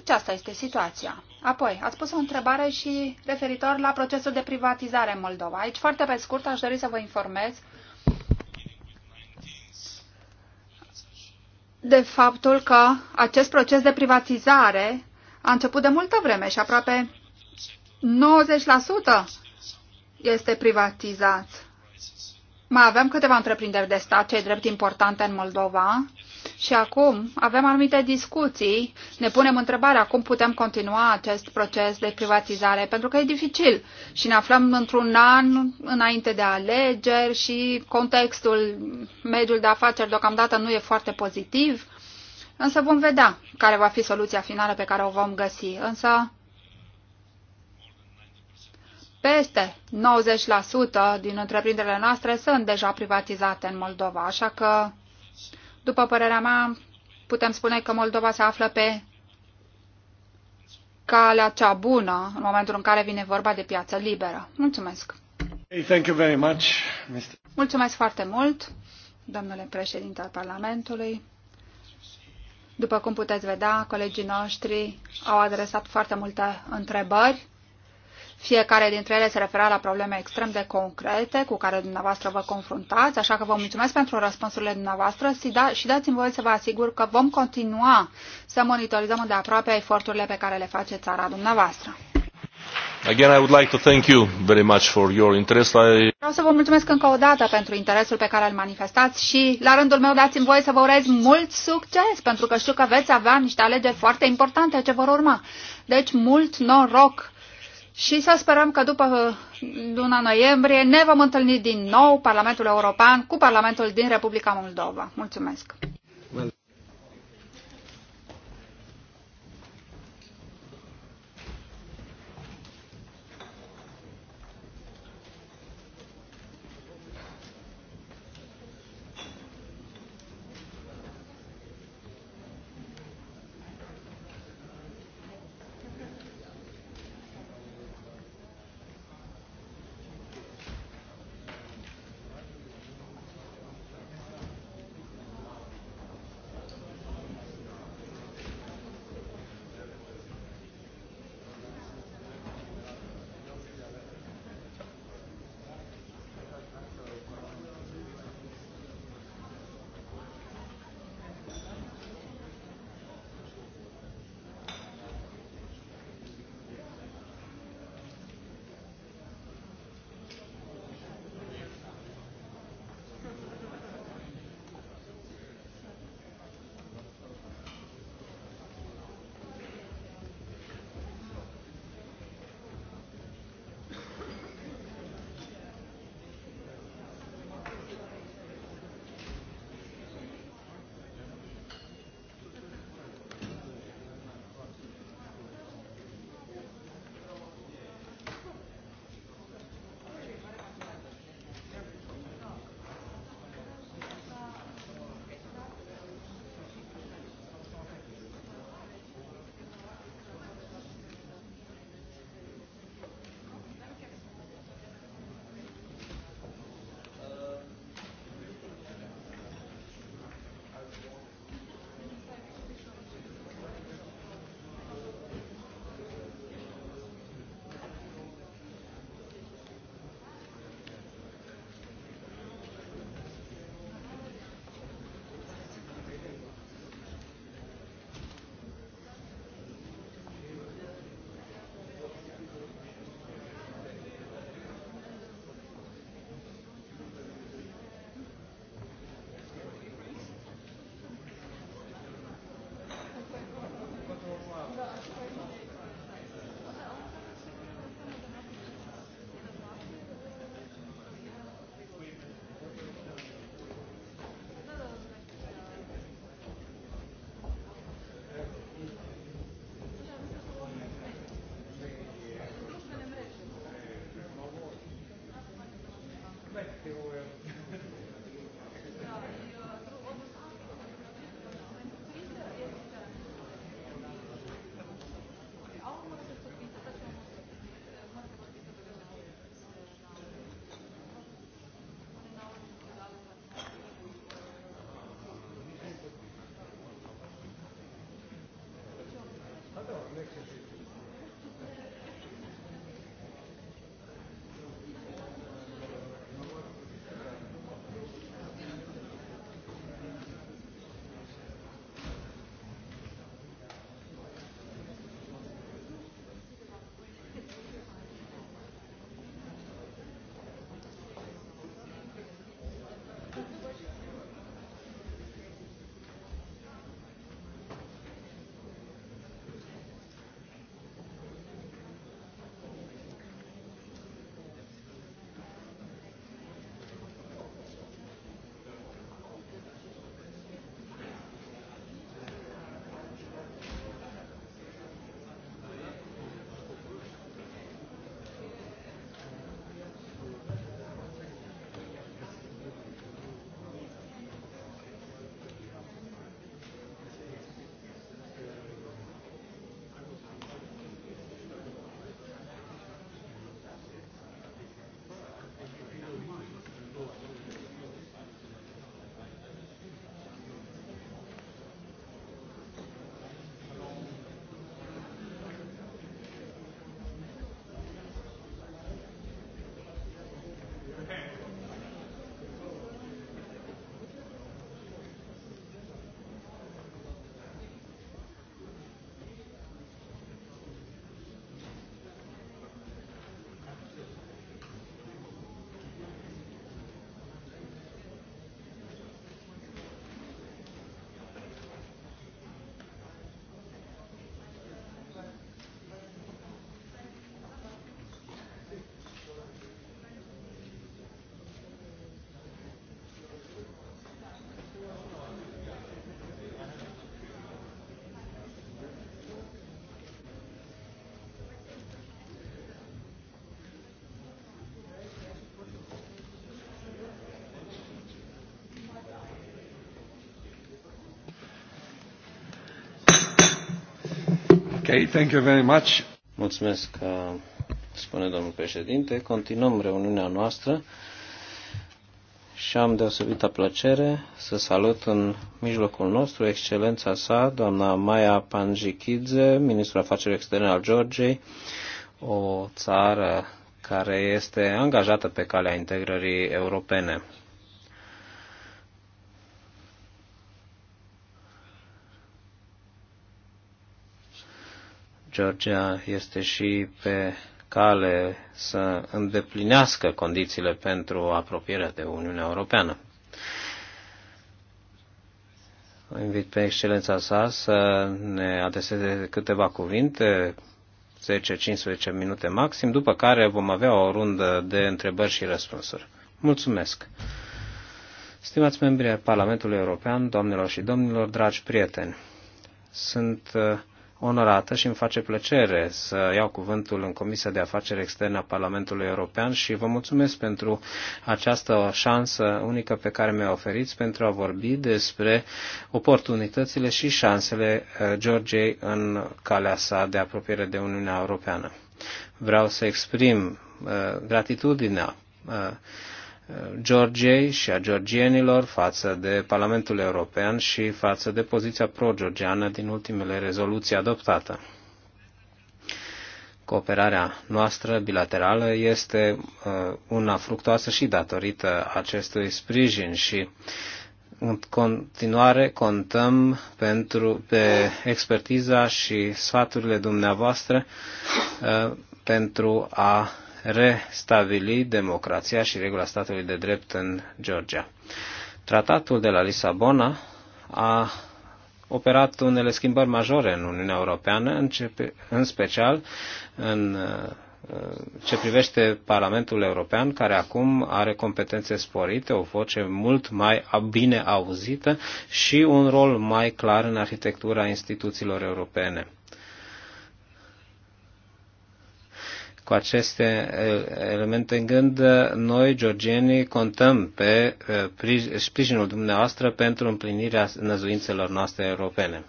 Aceasta este situația. Apoi, ați pus o întrebare și referitor la procesul de privatizare în Moldova. Aici, foarte pe scurt, aș dori să vă informez de faptul că acest proces de privatizare a început de multă vreme și aproape 90% este privatizat. Mai avem câteva întreprinderi de stat, cei drept importante în Moldova, și acum avem anumite discuții, ne punem întrebarea cum putem continua acest proces de privatizare, pentru că e dificil și ne aflăm într-un an înainte de alegeri și contextul, mediul de afaceri deocamdată nu e foarte pozitiv, însă vom vedea care va fi soluția finală pe care o vom găsi. Însă peste 90% din întreprinderile noastre sunt deja privatizate în Moldova, așa că după părerea mea, putem spune că Moldova se află pe calea cea bună în momentul în care vine vorba de piață liberă. Mulțumesc! Hey, thank you very much, Mr. Mulțumesc foarte mult, domnule președinte al Parlamentului. După cum puteți vedea, colegii noștri au adresat foarte multe întrebări fiecare dintre ele se refera la probleme extrem de concrete cu care dumneavoastră vă confruntați, așa că vă mulțumesc pentru răspunsurile dumneavoastră da, și dați-mi voie să vă asigur că vom continua să monitorizăm de aproape eforturile pe care le face țara dumneavoastră. Again, I would like to thank you very much for your interest. I... Vreau să vă mulțumesc încă o dată pentru interesul pe care îl manifestați și, la rândul meu, dați-mi voie să vă urez mult succes, pentru că știu că veți avea niște alegeri foarte importante ce vor urma. Deci, mult noroc și să sperăm că după uh, luna noiembrie ne vom întâlni din nou Parlamentul European cu Parlamentul din Republica Moldova. Mulțumesc! Okay, thank you very much. Mulțumesc, uh, spune domnul președinte. Continuăm reuniunea noastră și am deosebită plăcere să salut în mijlocul nostru excelența sa, doamna Maia Panjikidze, ministrul afacerilor externe al Georgiei, o țară care este angajată pe calea integrării europene. Georgia este și pe cale să îndeplinească condițiile pentru apropierea de Uniunea Europeană. O invit pe excelența sa să ne adeseze câteva cuvinte, 10-15 minute maxim, după care vom avea o rundă de întrebări și răspunsuri. Mulțumesc! Stimați membri ai Parlamentului European, doamnelor și domnilor, dragi prieteni, sunt uh, onorată și îmi face plăcere să iau cuvântul în Comisia de Afaceri Externe a Parlamentului European și vă mulțumesc pentru această șansă unică pe care mi a oferit pentru a vorbi despre oportunitățile și șansele eh, Georgiei în calea sa de apropiere de Uniunea Europeană. Vreau să exprim eh, gratitudinea eh, Georgiei și a georgienilor față de Parlamentul European și față de poziția pro-georgiană din ultimele rezoluții adoptate. Cooperarea noastră bilaterală este uh, una fructoasă și datorită acestui sprijin și în continuare contăm pentru, pe expertiza și sfaturile dumneavoastră uh, pentru a restabili democrația și regula statului de drept în Georgia. Tratatul de la Lisabona a operat unele schimbări majore în Uniunea Europeană, în special în uh, ce privește Parlamentul European, care acum are competențe sporite, o voce mult mai bine auzită și un rol mai clar în arhitectura instituțiilor europene. Cu aceste uh, elemente în gând, noi, georgienii, contăm pe uh, sprijinul dumneavoastră pentru împlinirea năzuințelor noastre europene.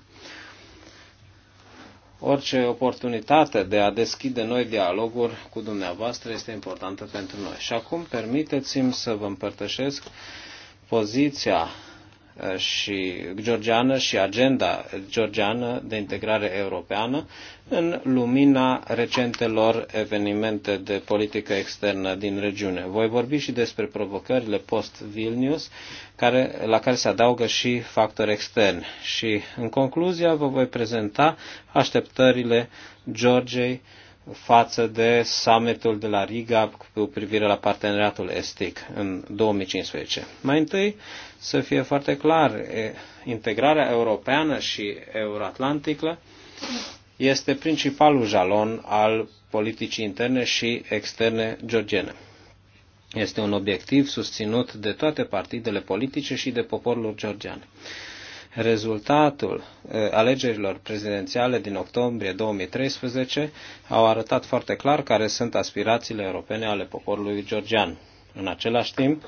Orice oportunitate de a deschide noi dialoguri cu dumneavoastră este importantă pentru noi. Și acum permiteți-mi să vă împărtășesc poziția Uh, și georgiană și agenda georgiană de integrare europeană în lumina recentelor evenimente de politică externă din regiune. Voi vorbi și despre provocările post-Vilnius, care, la care se adaugă și factori externi. Și în concluzia vă voi prezenta așteptările Georgiei față de summitul de la Riga cu privire la parteneriatul estic în 2015. Mai întâi, să fie foarte clar, integrarea europeană și euroatlantică este principalul jalon al politicii interne și externe georgiene. Este un obiectiv susținut de toate partidele politice și de poporul georgian. Rezultatul eh, alegerilor prezidențiale din octombrie 2013 au arătat foarte clar care sunt aspirațiile europene ale poporului georgian. În același timp,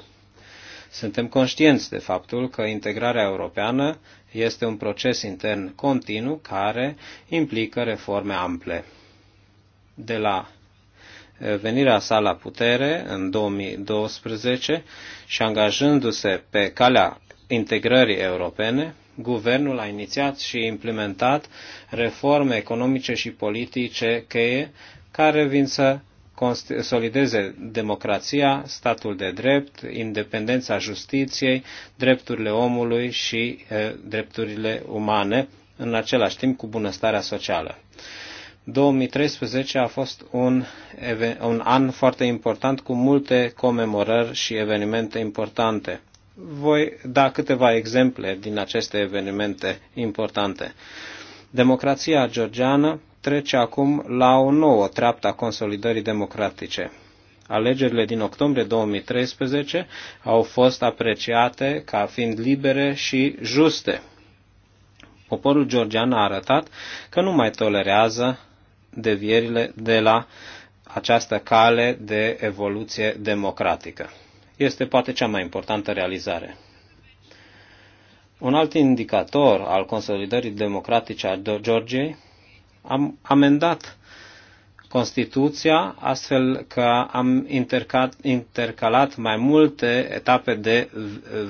suntem conștienți de faptul că integrarea europeană este un proces intern continuu care implică reforme ample. De la eh, venirea sa la putere în 2012 și angajându-se pe calea integrării europene, guvernul a inițiat și implementat reforme economice și politice cheie care vin să consolideze democrația, statul de drept, independența justiției, drepturile omului și e, eh, drepturile umane, în același timp cu bunăstarea socială. 2013 a fost un, un an foarte important cu multe comemorări și evenimente importante voi da câteva exemple din aceste evenimente importante. Democrația georgiană trece acum la o nouă treaptă a consolidării democratice. Alegerile din octombrie 2013 au fost apreciate ca fiind libere și juste. Poporul georgian a arătat că nu mai tolerează devierile de la această cale de evoluție democratică este poate cea mai importantă realizare. Un alt indicator al consolidării democratice a Georgiei am amendat Constituția astfel că am intercalat mai multe etape de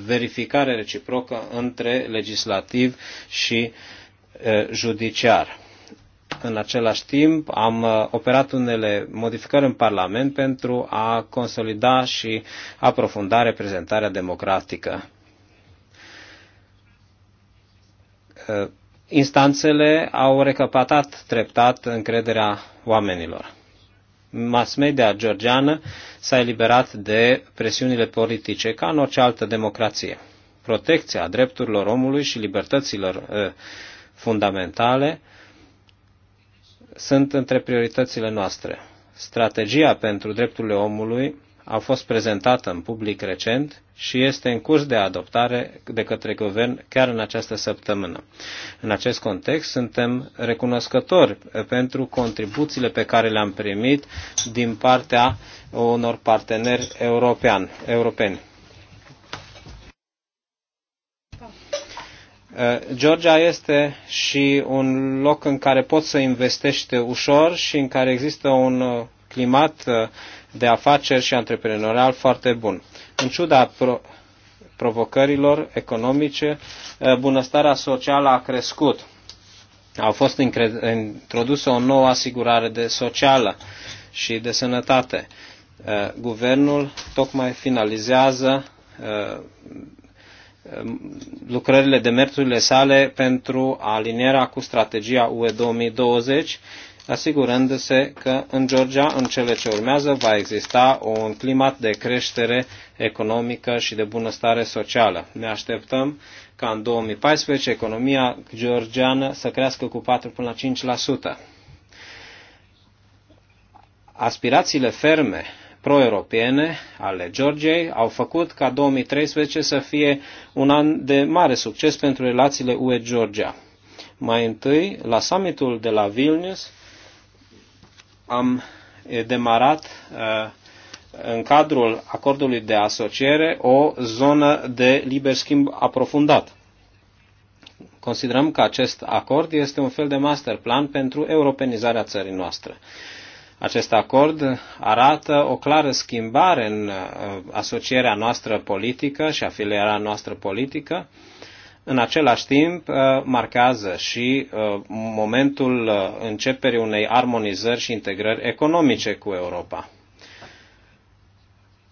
verificare reciprocă între legislativ și eh, judiciar în același timp am uh, operat unele modificări în Parlament pentru a consolida și aprofunda reprezentarea democratică. Uh, instanțele au recapatat treptat încrederea oamenilor. Mass media georgiană s-a eliberat de presiunile politice ca în orice altă democrație. Protecția drepturilor omului și libertăților uh, fundamentale sunt între prioritățile noastre. Strategia pentru drepturile omului a fost prezentată în public recent și este în curs de adoptare de către guvern chiar în această săptămână. În acest context, suntem recunoscători pentru contribuțiile pe care le-am primit din partea unor parteneri europeni. Uh, Georgia este și un loc în care poți să investești ușor și în care există un uh, climat uh, de afaceri și antreprenorial foarte bun. În ciuda pro- provocărilor economice, bunăstarea socială a crescut. A fost introdusă o nouă asigurare de socială și de sănătate. Guvernul tocmai finalizează Ehm, lucrările, de demersurile sale pentru alinierea cu strategia UE 2020, asigurându-se că în Georgia, în cele ce urmează, va exista un climat de creștere economică și de bunăstare socială. Ne așteptăm ca în 2014 economia georgiană să crească cu 4 până la 5%. Aspirațiile ferme pro-europene ale Georgiei au făcut ca 2013 să fie un an de mare succes pentru relațiile UE-Georgia. Mai întâi, la summitul de la Vilnius, am demarat uh, în cadrul acordului de asociere o zonă de liber schimb aprofundat. Considerăm că acest acord este un fel de master plan pentru europenizarea țării noastre. Acest acord arată o clară schimbare în uh, asocierea noastră politică și afilierea noastră politică. În același timp, uh, marchează și uh, momentul începerii unei armonizări și integrări economice cu Europa.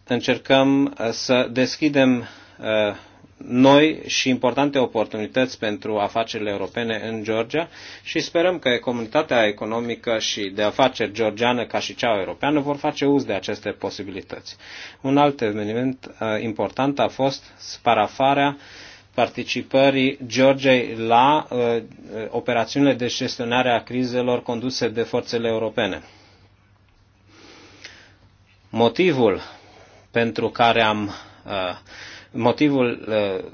Încercăm să deschidem noi și importante oportunități pentru afacerile europene în Georgia și sperăm că comunitatea economică și de afaceri georgiană ca și cea europeană vor face uz de aceste posibilități. Un alt eveniment uh, important a fost sparafarea participării Georgiei la uh, uh, operațiunile de gestionare a crizelor conduse de forțele europene. Motivul pentru care am uh, Motivul uh,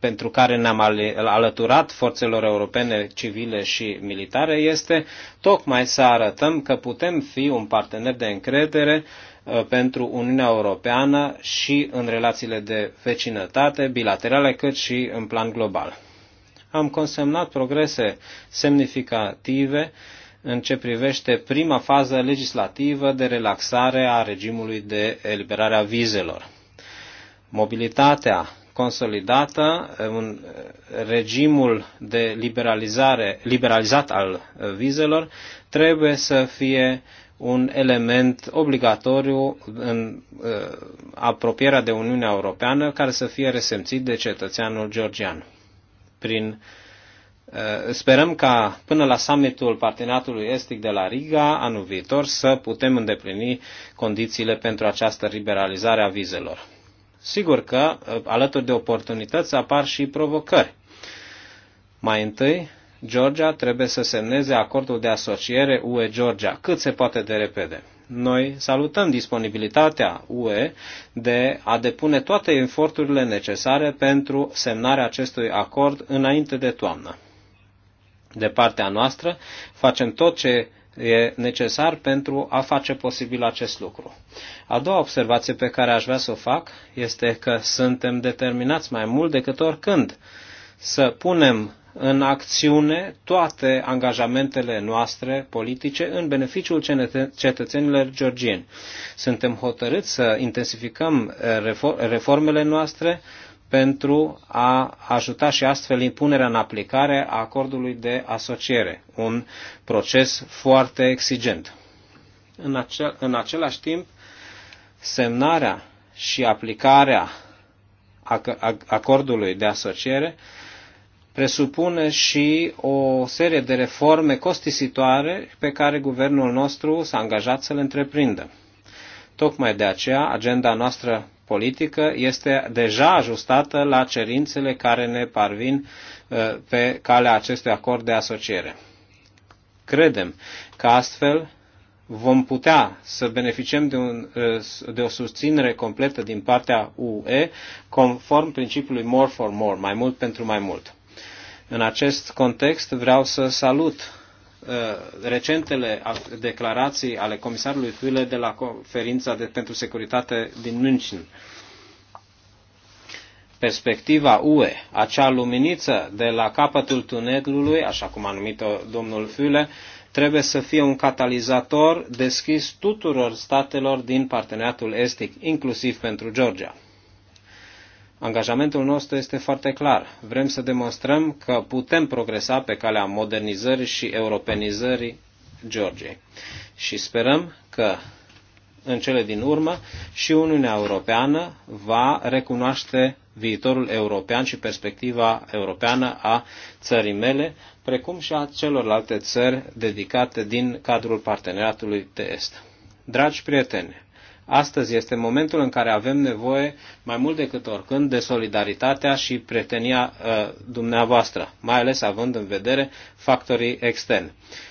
pentru care ne-am alăturat forțelor europene civile și militare este tocmai să arătăm că putem fi un partener de încredere uh, pentru Uniunea Europeană și în relațiile de vecinătate bilaterale, cât și în plan global. Am consemnat progrese semnificative în ce privește prima fază legislativă de relaxare a regimului de eliberare a vizelor mobilitatea consolidată, un regimul de liberalizare, liberalizat al vizelor, trebuie să fie un element obligatoriu în uh, apropierea de Uniunea Europeană care să fie resemțit de cetățeanul georgian. Prin, uh, sperăm ca până la summitul parteneriatului estic de la Riga anul viitor să putem îndeplini condițiile pentru această liberalizare a vizelor Sigur că ă, alături de oportunități apar și provocări. Mai întâi, Georgia trebuie să semneze acordul de asociere UE-Georgia cât se poate de repede. Noi salutăm disponibilitatea UE de a depune toate eforturile necesare pentru semnarea acestui acord înainte de toamnă. De partea noastră, facem tot ce e necesar pentru a face posibil acest lucru. A doua observație pe care aș vrea să o fac este că suntem determinați mai mult decât oricând să punem în acțiune toate angajamentele noastre politice în beneficiul cetățenilor georgieni. Suntem hotărâți să intensificăm reformele noastre, pentru a ajuta și astfel impunerea în aplicare a acordului de asociere, un proces foarte exigent. În, acel, în același timp, semnarea și aplicarea acordului de asociere presupune și o serie de reforme costisitoare pe care guvernul nostru s-a angajat să le întreprindă. Tocmai de aceea, agenda noastră politică este deja ajustată la cerințele care ne parvin uh, pe calea acestui acord de asociere. Credem că astfel vom putea să beneficiem de, un, uh, de o susținere completă din partea UE conform principiului more for more, mai mult pentru mai mult. În acest context vreau să salut Uh, recentele declarații ale comisarului Füle de la conferința de, pentru securitate din München. Perspectiva UE, acea luminiță de la capătul tunelului, așa cum a numit-o domnul Füle, trebuie să fie un catalizator deschis tuturor statelor din parteneriatul estic, inclusiv pentru Georgia. Angajamentul nostru este foarte clar. Vrem să demonstrăm că putem progresa pe calea modernizării și europenizării Georgiei. Și sperăm că în cele din urmă și Uniunea Europeană va recunoaște viitorul european și perspectiva europeană a țării mele, precum și a celorlalte țări dedicate din cadrul parteneriatului de est. Dragi prieteni, Astăzi este momentul în care avem nevoie mai mult decât oricând de solidaritatea și pretenia uh, dumneavoastră, mai ales având în vedere factorii externi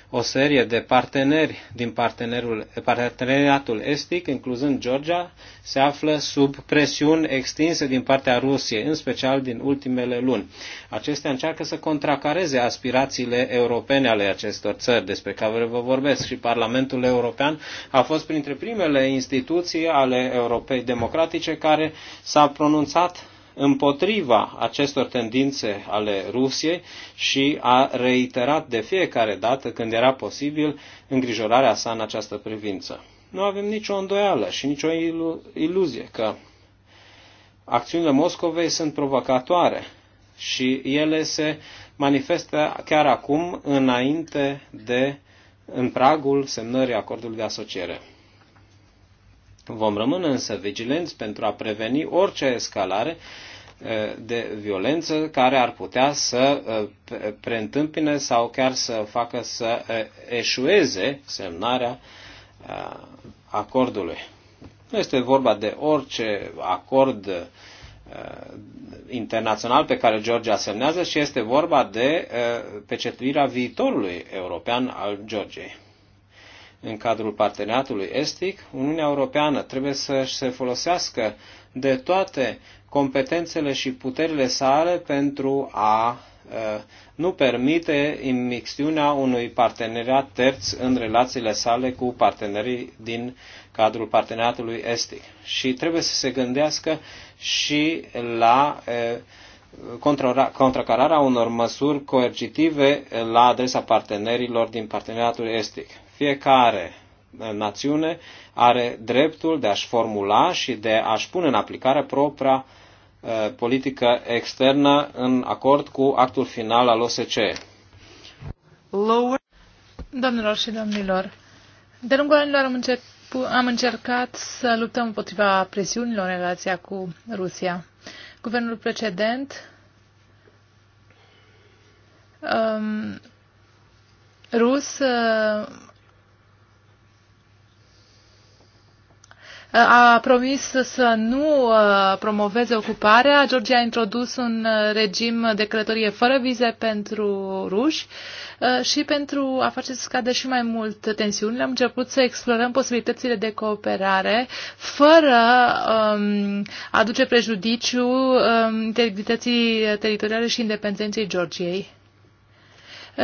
o serie de parteneri din partenerul, parteneriatul estic, incluzând Georgia, se află sub presiuni extinse din partea Rusiei, în special din ultimele luni. Acestea încearcă să contracareze aspirațiile europene ale acestor țări despre care vă vorbesc și Parlamentul European a fost printre primele instituții ale Europei Democratice care s-a pronunțat împotriva acestor tendințe ale Rusiei și a reiterat de fiecare dată când era posibil îngrijorarea sa în această privință. Nu avem nicio îndoială și nicio ilu- iluzie că acțiunile Moscovei sunt provocatoare și ele se manifestă chiar acum înainte de în pragul semnării acordului de asociere. Vom rămâne însă vigilenți pentru a preveni orice escalare de violență care ar putea să preîntâmpine sau chiar să facă să eșueze semnarea acordului. Nu este vorba de orice acord internațional pe care Georgia semnează și este vorba de pecetuirea viitorului european al Georgiei în cadrul parteneriatului estic, Uniunea Europeană trebuie să se folosească de toate competențele și puterile sale pentru a uh, nu permite imixtiunea unui parteneriat terț în relațiile sale cu partenerii din cadrul parteneriatului estic. Și trebuie să se gândească și la uh, contracararea unor măsuri coercitive la adresa partenerilor din parteneriatul estic. Fiecare uh, națiune are dreptul de a-și formula și de a-și pune în aplicare propria uh, politică externă în acord cu actul final al OSCE. Lower. Domnilor și domnilor, de lungul anilor am, încep- am încercat să luptăm împotriva presiunilor în relația cu Rusia. Guvernul precedent um, rus uh, a promis să nu uh, promoveze ocuparea. Georgia a introdus un uh, regim de călătorie fără vize pentru ruși uh, și pentru a face să scadă și mai mult tensiunile am început să explorăm posibilitățile de cooperare fără um, aduce prejudiciu um, integrității teritoriale și independenței Georgiei.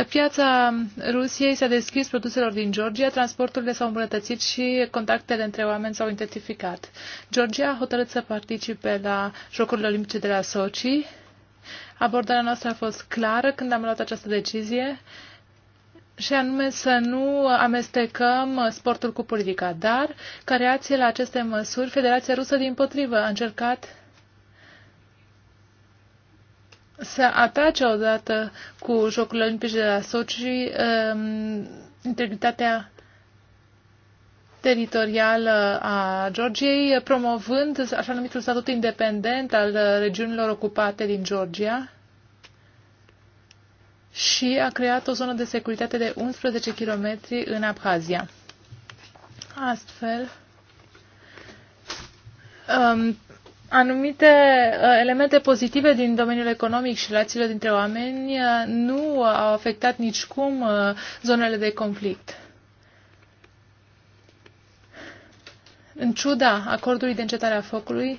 Piața Rusiei s-a deschis produselor din Georgia, transporturile s-au îmbunătățit și contactele între oameni s-au intensificat. Georgia a hotărât să participe la Jocurile Olimpice de la Sochi. Abordarea noastră a fost clară când am luat această decizie și anume să nu amestecăm sportul cu politica. Dar, ca reacție la aceste măsuri, Federația Rusă, din potrivă, a încercat să atace odată cu Jocurile Olimpice de la Sochi um, integritatea teritorială a Georgiei, promovând așa numitul statut independent al regiunilor ocupate din Georgia și a creat o zonă de securitate de 11 km în Abhazia. Astfel, um, anumite uh, elemente pozitive din domeniul economic și relațiile dintre oameni uh, nu au afectat nicicum uh, zonele de conflict. În ciuda acordului de încetare a focului,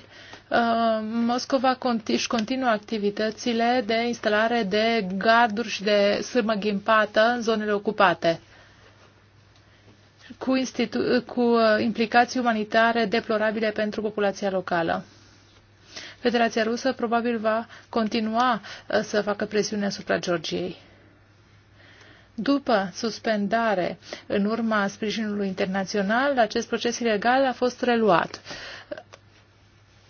Moscova își continuă activitățile de instalare de garduri și de sârmă ghimpată în zonele ocupate, cu, cu implicații umanitare deplorabile pentru populația locală. Federația Rusă probabil va continua uh, să facă presiune asupra Georgiei. După suspendare în urma sprijinului internațional, acest proces ilegal a fost reluat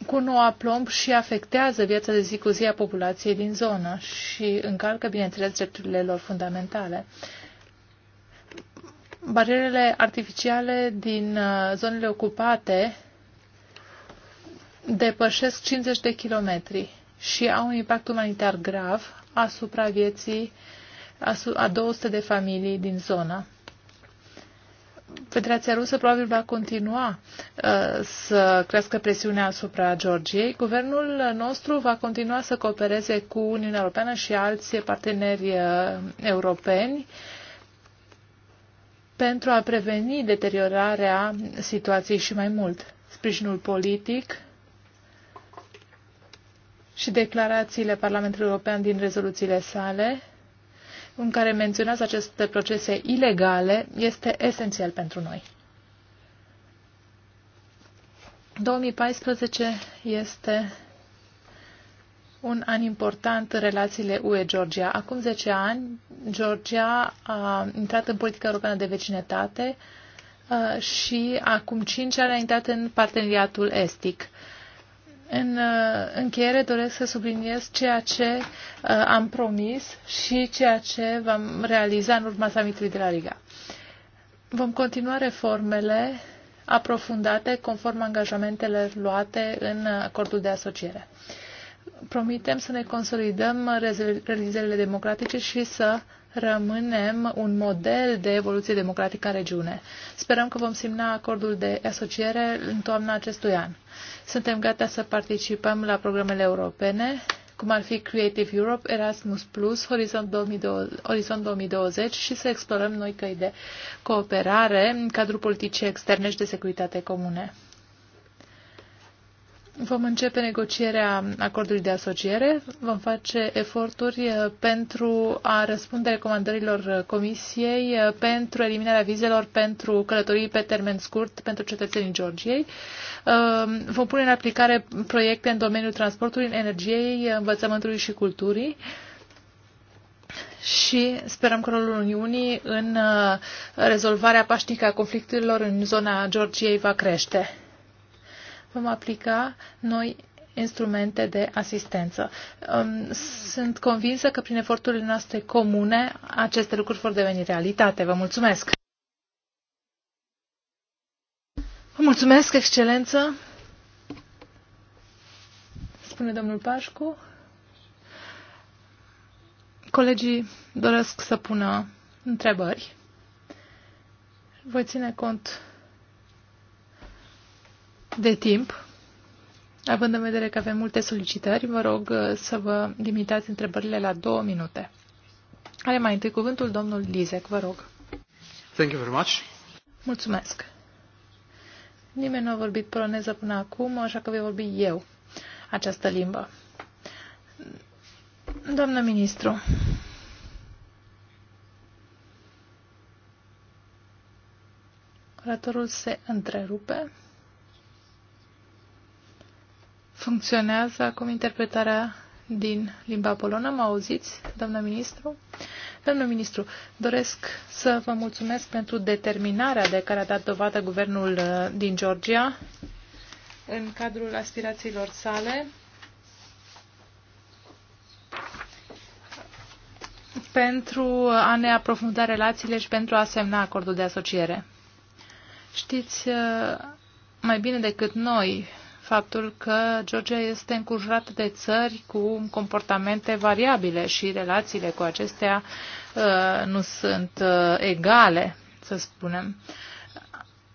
cu noua plomb și afectează viața de zi cu zi a populației din zonă și încalcă, bineînțeles, drepturile lor fundamentale. Barierele artificiale din uh, zonele ocupate depășesc 50 de kilometri și au un impact umanitar grav asupra vieții a 200 de familii din zonă. Federația Rusă probabil va continua uh, să crească presiunea asupra Georgiei. Guvernul nostru va continua să coopereze cu Uniunea Europeană și alți parteneri uh, europeni pentru a preveni deteriorarea situației și mai mult. Sprijinul politic și declarațiile Parlamentului European din rezoluțiile sale, în care menționează aceste procese ilegale, este esențial pentru noi. 2014 este un an important în relațiile UE-Georgia. Acum 10 ani, Georgia a intrat în politica europeană de vecinătate uh, și acum 5 ani a intrat în parteneriatul estic. În uh, încheiere doresc să subliniez ceea ce uh, am promis și ceea ce vom realiza în urma summitului de la Riga. Vom continua reformele aprofundate conform angajamentelor luate în acordul de asociere. Promitem să ne consolidăm realizările democratice și să rămânem un model de evoluție democratică a regiune. Sperăm că vom semna acordul de asociere în toamna acestui an. Suntem gata să participăm la programele europene, cum ar fi Creative Europe, Erasmus+, Plus, Horizon 2020, Horizon 2020 și să explorăm noi căi de cooperare în cadrul politicii externe și de securitate comune. Vom începe negocierea acordului de asociere, vom face eforturi uh, pentru a răspunde recomandărilor uh, Comisiei uh, pentru eliminarea vizelor pentru călătorii pe termen scurt pentru cetățenii Georgiei. Vom pune în aplicare proiecte în domeniul transportului, energiei, învățământului și culturii și sperăm că rolul Uniunii în rezolvarea pașnică a conflictelor în zona Georgiei va crește vom aplica noi instrumente de asistență. Um, sunt convinsă că prin eforturile noastre comune aceste lucruri vor deveni realitate. Vă mulțumesc! Vă mulțumesc, Excelență! Spune domnul Pașcu. Colegii doresc să pună întrebări. Voi ține cont de timp, având în vedere că avem multe solicitări, vă rog uh, să vă limitați întrebările la două minute. Are mai întâi cuvântul domnul Lizec, vă rog. Thank you very much. Mulțumesc. Nimeni nu a vorbit poloneză până acum, așa că voi vorbi eu această limbă. Doamnă ministru, oratorul se întrerupe. Funcționează acum interpretarea din limba polonă. Mă auziți, doamnă ministru? Domnul ministru, doresc să vă mulțumesc pentru determinarea de care a dat dovadă guvernul uh, din Georgia în cadrul aspirațiilor sale pentru a ne aprofunda relațiile și pentru a semna acordul de asociere. Știți uh, mai bine decât noi faptul că Georgia este încurjurată de țări cu comportamente variabile și relațiile cu acestea uh, nu sunt uh, egale, să spunem.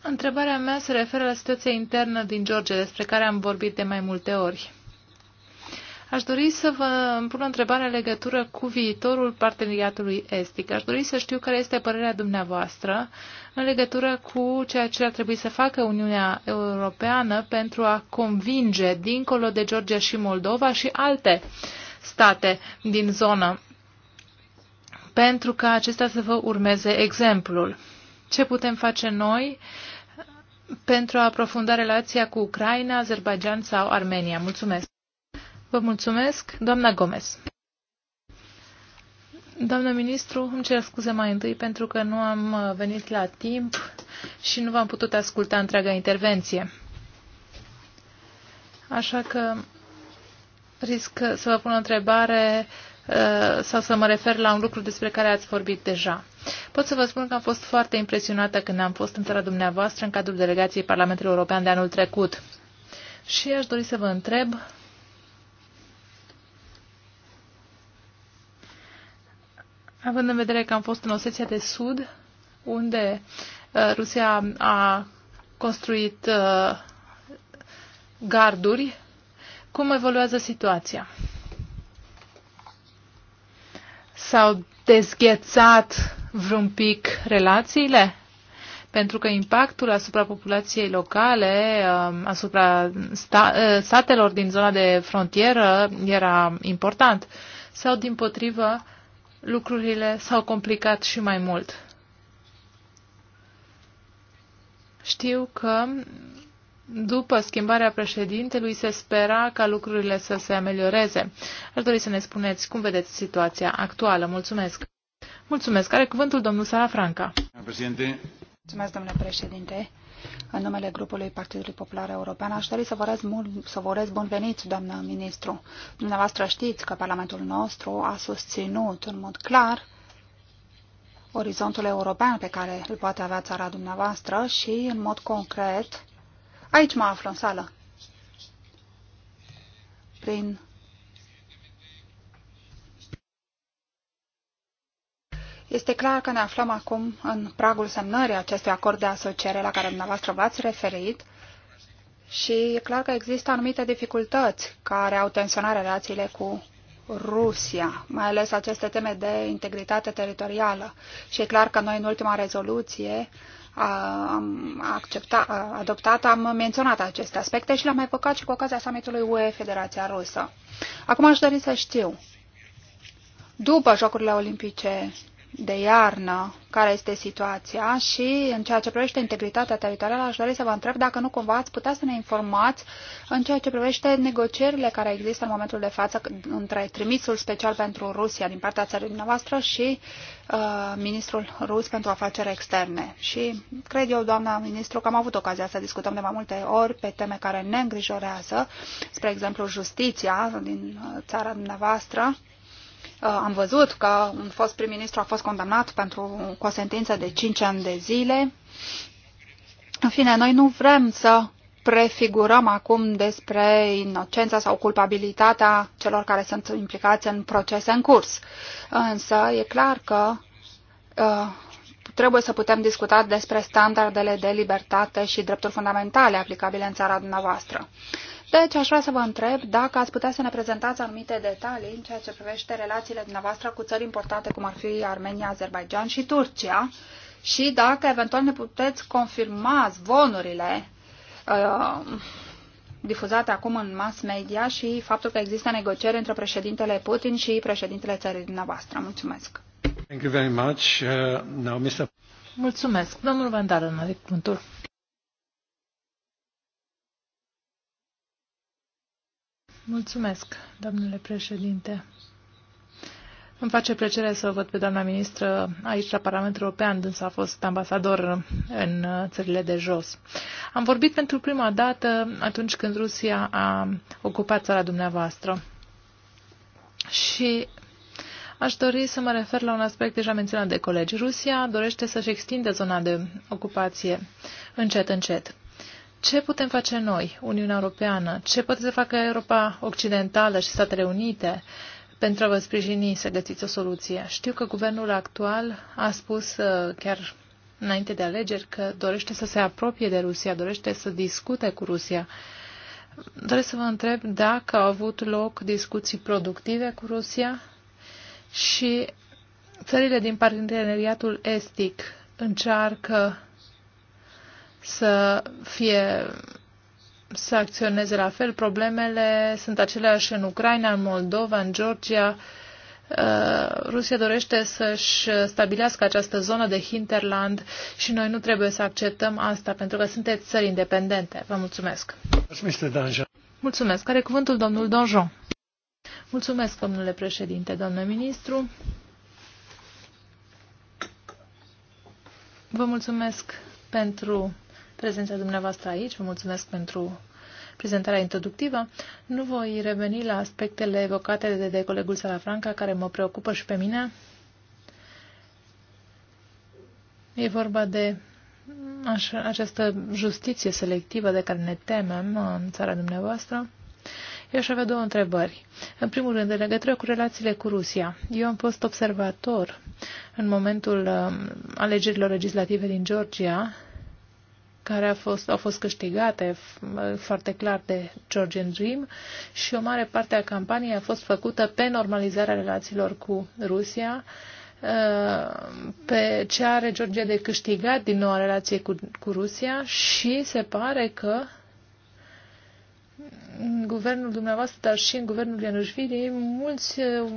Întrebarea mea se referă la situația internă din Georgia, despre care am vorbit de mai multe ori. Aș dori să vă pun o întrebare în legătură cu viitorul parteneriatului estic. Aș dori să știu care este părerea dumneavoastră în legătură cu ceea ce ar trebui să facă Uniunea Europeană pentru a convinge, dincolo de Georgia și Moldova și alte state din zonă, pentru ca acestea să vă urmeze exemplul. Ce putem face noi pentru a aprofunda relația cu Ucraina, Azerbaijan sau Armenia? Mulțumesc! Vă mulțumesc. Doamna Gomez. Doamna ministru, îmi cer scuze mai întâi pentru că nu am venit la timp și nu v-am putut asculta întreaga intervenție. Așa că risc să vă pun o întrebare uh, sau să mă refer la un lucru despre care ați vorbit deja. Pot să vă spun că am fost foarte impresionată când am fost în țara dumneavoastră în cadrul delegației Parlamentului European de anul trecut. Și aș dori să vă întreb Având în vedere că am fost în Osetia de Sud, unde uh, Rusia a construit uh, garduri, cum evoluează situația? S-au dezghețat vreun pic relațiile? Pentru că impactul asupra populației locale, um, asupra uh, statelor din zona de frontieră era important. Sau, din potrivă, lucrurile s-au complicat și mai mult. Știu că după schimbarea președintelui se spera ca lucrurile să se amelioreze. Aș dori să ne spuneți cum vedeți situația actuală. Mulțumesc! Mulțumesc! Are cuvântul domnul Sara Franca. Președinte. Mulțumesc, domnule președinte. În numele grupului Partidului Popular European aș dori să vă, urez mult, să vă urez bun venit, doamnă ministru. Dumneavoastră știți că Parlamentul nostru a susținut în mod clar orizontul european pe care îl poate avea țara dumneavoastră și, în mod concret, aici mă aflu în sală, prin Este clar că ne aflăm acum în pragul semnării acestui acord de asociere la care dumneavoastră v-ați referit și e clar că există anumite dificultăți care au tensionat relațiile cu Rusia, mai ales aceste teme de integritate teritorială. Și e clar că noi în ultima rezoluție am accepta, adoptat, am menționat aceste aspecte și le-am mai păcat și cu ocazia summitului UE Federația Rusă. Acum aș dori să știu, după Jocurile Olimpice de iarnă care este situația și în ceea ce privește integritatea teritorială aș dori să vă întreb dacă nu cumva ați putea să ne informați în ceea ce privește negocierile care există în momentul de față între trimisul special pentru Rusia din partea țării dumneavoastră și uh, ministrul rus pentru afaceri externe. Și cred eu, doamna ministru, că am avut ocazia să discutăm de mai multe ori pe teme care ne îngrijorează, spre exemplu justiția din uh, țara dumneavoastră Uh, am văzut că un fost prim-ministru a fost condamnat pentru cu o sentință de 5 ani de zile. În fine, noi nu vrem să prefigurăm acum despre inocența sau culpabilitatea celor care sunt implicați în procese în curs. Însă e clar că uh, trebuie să putem discuta despre standardele de libertate și drepturi fundamentale aplicabile în țara dumneavoastră. Deci aș vrea să vă întreb dacă ați putea să ne prezentați anumite detalii în ceea ce privește relațiile dumneavoastră cu țări importante cum ar fi Armenia, Azerbaijan și Turcia și dacă eventual ne puteți confirma zvonurile uh, difuzate acum în mass media și faptul că există negocieri între președintele Putin și președintele țării dumneavoastră. Mulțumesc! Thank you very much. Uh, now, Mr. Mulțumesc. Domnul Van are cuvântul. Mulțumesc, domnule președinte. Îmi face plăcere să o văd pe doamna ministră aici la Parlamentul European, însă a fost ambasador în țările de jos. Am vorbit pentru prima dată atunci când Rusia a ocupat țara dumneavoastră. Și Aș dori să mă refer la un aspect deja menționat de colegi. Rusia dorește să-și extinde zona de ocupație încet, încet. Ce putem face noi, Uniunea Europeană? Ce poate să facă Europa Occidentală și Statele Unite? pentru a vă sprijini să găsiți o soluție. Știu că guvernul actual a spus uh, chiar înainte de alegeri că dorește să se apropie de Rusia, dorește să discute cu Rusia. Doresc să vă întreb dacă au avut loc discuții productive cu Rusia și țările din parteneriatul estic încearcă să fie să acționeze la fel. Problemele sunt aceleași în Ucraina, în Moldova, în Georgia. Uh, Rusia dorește să-și stabilească această zonă de hinterland și noi nu trebuie să acceptăm asta, pentru că sunteți țări independente. Vă mulțumesc. Mulțumesc. Are cuvântul domnul Donjon. Mulțumesc, domnule președinte, doamnă ministru. Vă mulțumesc pentru prezența dumneavoastră aici, vă mulțumesc pentru prezentarea introductivă. Nu voi reveni la aspectele evocate de, de colegul Salafranca, care mă preocupă și pe mine. E vorba de așa, această justiție selectivă de care ne temem în țara dumneavoastră. Eu aș avea două întrebări. În primul rând, în legătură cu relațiile cu Rusia. Eu am fost observator în momentul um, alegerilor legislative din Georgia, care a fost, au fost câștigate uh, foarte clar de Georgian Dream și o mare parte a campaniei a fost făcută pe normalizarea relațiilor cu Rusia, uh, pe ce are Georgia de câștigat din noua relație cu, cu Rusia și se pare că în guvernul dumneavoastră, dar și în guvernul Ianușvili, mulți uh,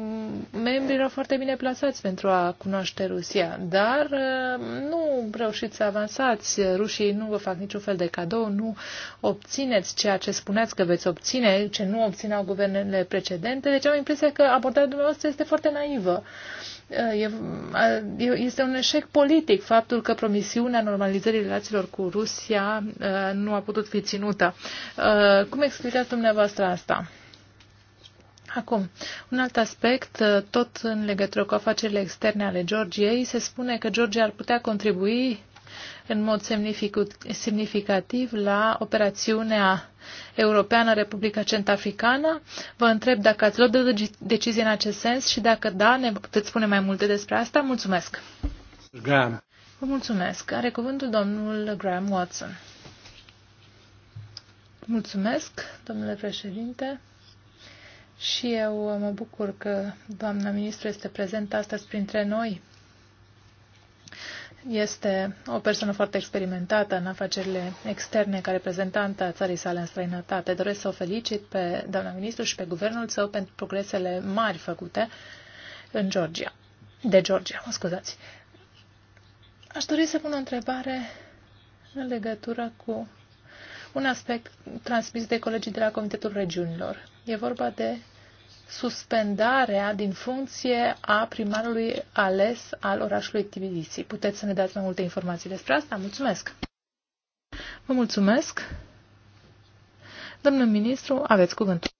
membri erau foarte bine plasați pentru a cunoaște Rusia, dar uh, nu reușiți să avansați. Rușii nu vă fac niciun fel de cadou, nu obțineți ceea ce spuneați că veți obține, ce nu obțineau guvernele precedente. Deci am impresia că abordarea dumneavoastră este foarte naivă. Uh, este un eșec politic faptul că promisiunea normalizării relațiilor cu Rusia nu a putut fi ținută. Cum explicați dumneavoastră asta? Acum, un alt aspect, tot în legătură cu afacerile externe ale Georgiei, se spune că Georgia ar putea contribui în mod semnificativ la operațiunea europeană Republica Centrafricană. Vă întreb dacă ați luat de decizie în acest sens și dacă da, ne puteți spune mai multe despre asta. Mulțumesc! Graham. Vă mulțumesc. Are cuvântul domnul Graham Watson. Mulțumesc, domnule președinte. Și eu mă bucur că doamna ministru este prezentă astăzi printre noi este o persoană foarte experimentată în afacerile externe ca reprezentantă a țării sale în străinătate. Doresc să o felicit pe doamna ministru și pe guvernul său pentru progresele mari făcute în Georgia. De Georgia, mă scuzați. Aș dori să pun o întrebare în legătură cu un aspect transmis de colegii de la Comitetul Regiunilor. E vorba de suspendarea din funcție a primarului ales al orașului Tbilisi. Puteți să ne dați mai multe informații despre asta? Mulțumesc! Vă mulțumesc! Domnul ministru, aveți cuvântul.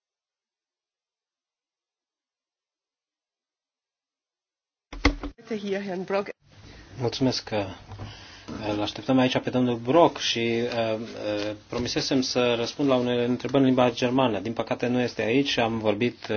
Mulțumesc, îl așteptăm aici pe domnul Brock și uh, uh, promisesem să răspund la unele întrebări în limba germană. Din păcate nu este aici, am vorbit uh,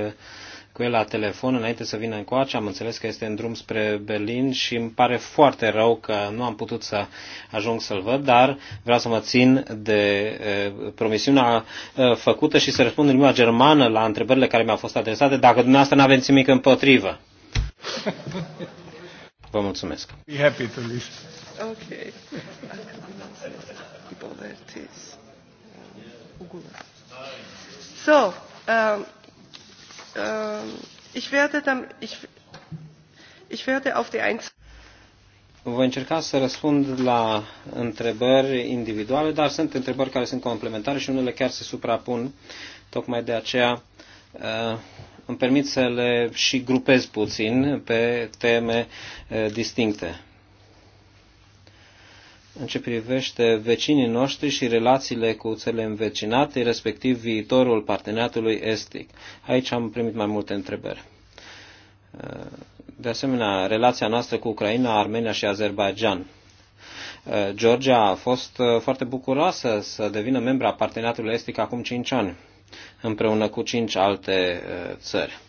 cu el la telefon înainte să vină încoace, am înțeles că este în drum spre Berlin și îmi pare foarte rău că nu am putut să ajung să-l văd, dar vreau să mă țin de uh, promisiunea uh, făcută și să răspund în limba germană la întrebările care mi-au fost adresate, dacă dumneavoastră nu aveți nimic împotrivă. Vă mulțumesc. Be happy to listen. Um, so, um, um, ich werde dann, ich, ich werde auf die voi încerca să răspund la întrebări individuale, dar sunt întrebări care sunt complementare și unele chiar se suprapun. Tocmai de aceea uh, îmi permit să le și grupez puțin pe teme distincte. În ce privește vecinii noștri și relațiile cu țările învecinate, respectiv viitorul parteneriatului estic. Aici am primit mai multe întrebări. De asemenea, relația noastră cu Ucraina, Armenia și Azerbaijan. Georgia a fost foarte bucuroasă să devină membra parteneriatului estic acum 5 ani împreună cu cinci alte uh, țări.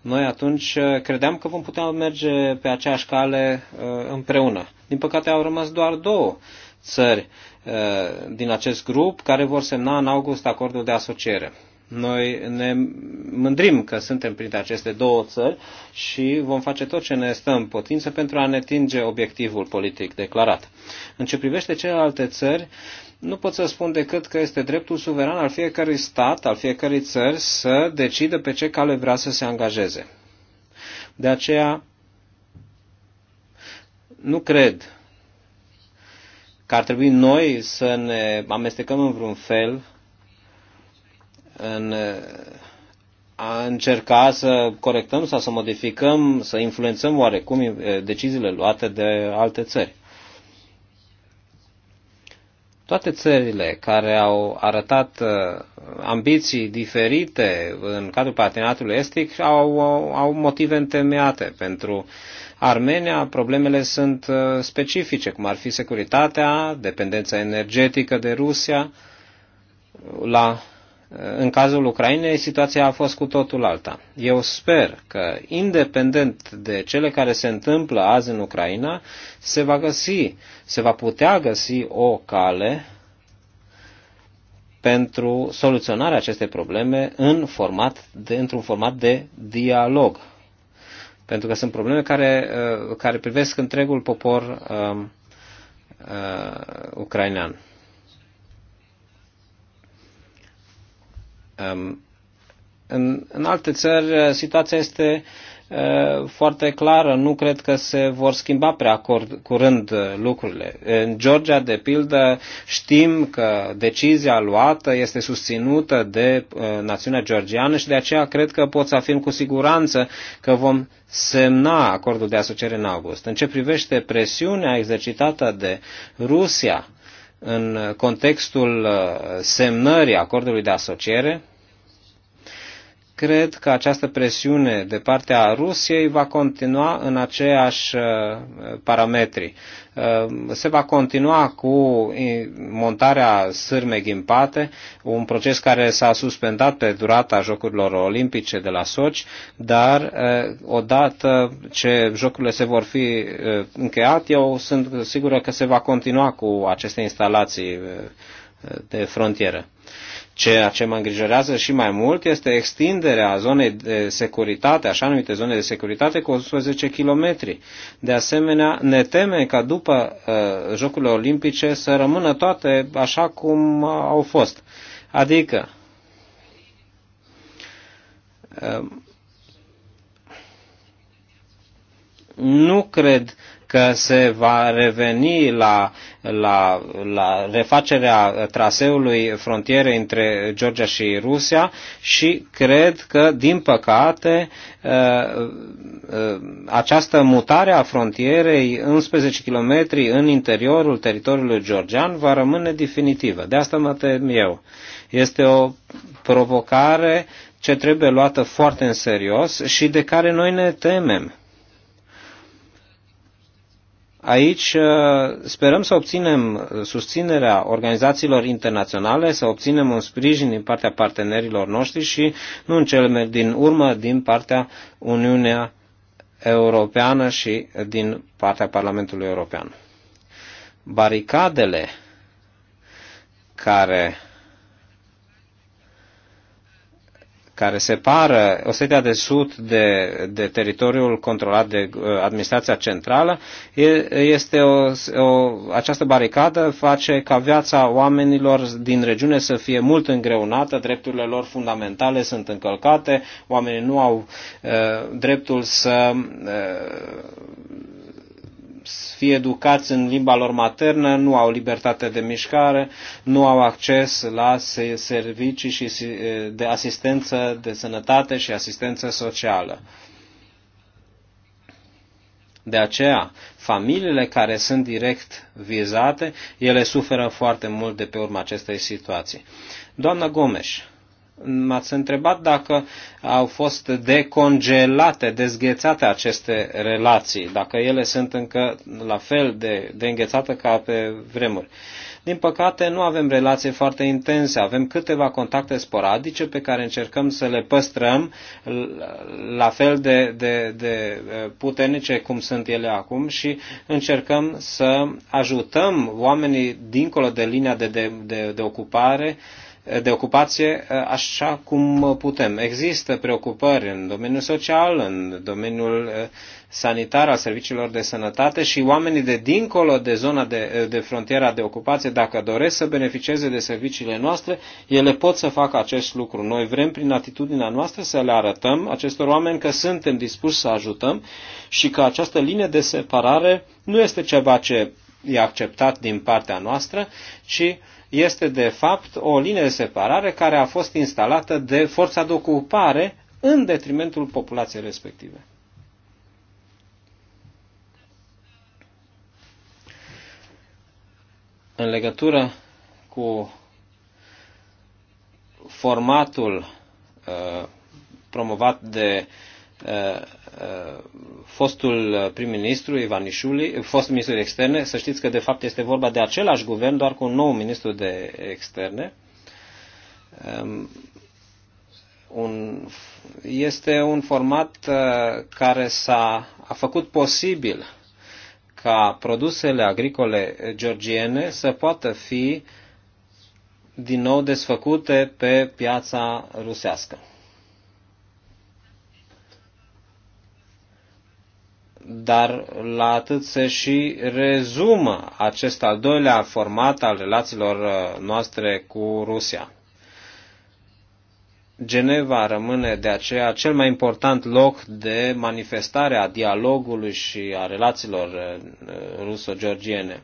Noi atunci uh, credeam că vom putea merge pe aceeași cale uh, împreună. Din păcate au rămas doar două țări din acest grup care vor semna în august acordul de asociere. Noi ne mândrim că suntem printre aceste două țări și vom face tot ce ne stă în potință pentru a ne atinge obiectivul politic declarat. În ce privește celelalte țări, nu pot să spun decât că este dreptul suveran al fiecărui stat, al fiecărei țări, să decidă pe ce cale vrea să se angajeze. De aceea, nu cred că ar trebui noi să ne amestecăm în vreun fel în a încerca să corectăm sau să modificăm, să influențăm oarecum eh, deciziile luate de alte țări toate țările care au arătat uh, ambiții diferite în cadrul parteneriatului estic au, au, au motive întemeiate. Pentru Armenia problemele sunt uh, specifice, cum ar fi securitatea, dependența energetică de Rusia, la în cazul Ucrainei, situația a fost cu totul alta. Eu sper că, independent de cele care se întâmplă azi în Ucraina, se va găsi, se va putea găsi o cale pentru soluționarea acestei probleme în format de, într-un format de dialog. Pentru că sunt probleme care, uh, care privesc întregul popor uh, uh, ucrainean. Um, în, în alte țări uh, situația este uh, foarte clară, nu cred că se vor schimba prea curând uh, lucrurile. În Georgia, de pildă, știm că decizia luată este susținută de națiunea georgiană și de aceea cred că pot să afirm cu siguranță că vom semna acordul de asociere în august. În ce privește presiunea exercitată de Rusia în contextul uh, semnării acordului de asociere cred că această presiune de partea Rusiei va continua în aceeași uh, parametri. Uh, se va continua cu montarea sârme ghimpate, un proces care s-a suspendat pe durata Jocurilor Olimpice de la Soci, dar uh, odată ce jocurile se vor fi încheiat, eu sunt sigură că se va continua cu aceste instalații de frontieră. Ceea ce mă îngrijorează și mai mult este extinderea zonei de securitate, așa numite zone de securitate, cu 110 km. De asemenea, ne temem ca după uh, Jocurile Olimpice să rămână toate așa cum uh, au fost. Adică, uh, nu cred că se va reveni la, la, la refacerea traseului frontiere între Georgia și Rusia și cred că, din păcate, uh, uh, această mutare a frontierei 11 km în interiorul teritoriului georgian va rămâne definitivă. De asta mă tem eu. Este o provocare ce trebuie luată foarte în serios și de care noi ne temem Aici uh, sperăm să obținem uh, susținerea organizațiilor internaționale, să obținem un sprijin din partea partenerilor noștri și, nu în cele din urmă, din partea Uniunea Europeană și din partea Parlamentului European. Baricadele care care separă Osetia de Sud de, de teritoriul controlat de uh, administrația centrală, este o, o, această baricadă face ca viața oamenilor din regiune să fie mult îngreunată, drepturile lor fundamentale sunt încălcate, oamenii nu au uh, dreptul să, uh, fie educați în limba lor maternă, nu au libertate de mișcare, nu au acces la servicii și de asistență de sănătate și asistență socială. De aceea, familiile care sunt direct vizate, ele suferă foarte mult de pe urma acestei situații. Doamna Gomes, m-ați întrebat dacă au fost decongelate, dezghețate aceste relații, dacă ele sunt încă la fel de, de înghețate ca pe vremuri. Din păcate, nu avem relații foarte intense, avem câteva contacte sporadice pe care încercăm să le păstrăm la fel de, de, de puternice cum sunt ele acum și încercăm să ajutăm oamenii dincolo de linia de, de, de, de ocupare uh, de ocupație ă, așa cum putem. Există preocupări în domeniul social, în domeniul ă, sanitar, al serviciilor de sănătate și oamenii de dincolo de zona de, ă, de frontiera de ocupație, dacă doresc să beneficieze de serviciile noastre, ele pot să facă acest lucru. Noi vrem prin atitudinea noastră să le arătăm acestor oameni că suntem dispuși să ajutăm și că această linie de separare nu este ceva ce e acceptat din partea noastră, ci este de fapt o linie de separare care a fost instalată de forța de ocupare în detrimentul populației respective. În legătură cu formatul uh, promovat de uh, Uh, uh, fostul prim-ministru Ivanișuli, fost ministru de externe, să știți că de fapt este vorba de același guvern, doar cu un nou ministru de externe. Um, un, este un format uh, care s-a a făcut posibil ca produsele agricole georgiene să poată fi din nou desfăcute pe piața rusească. dar la atât se și rezumă acest al doilea format al relațiilor uh, noastre cu Rusia. Geneva rămâne de aceea cel mai important loc de manifestare a dialogului și a relațiilor uh, ruso-georgiene.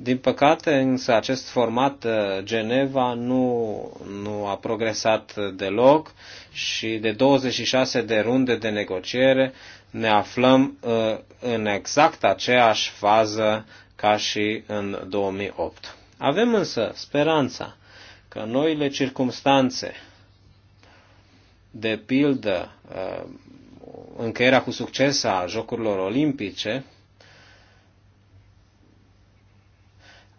Din păcate, însă, acest format uh, Geneva nu, nu a progresat deloc și de 26 de runde de negociere ne aflăm uh, în exact aceeași fază ca și în 2008. Avem însă speranța că noile circumstanțe, de pildă uh, încheierea cu succes a Jocurilor Olimpice,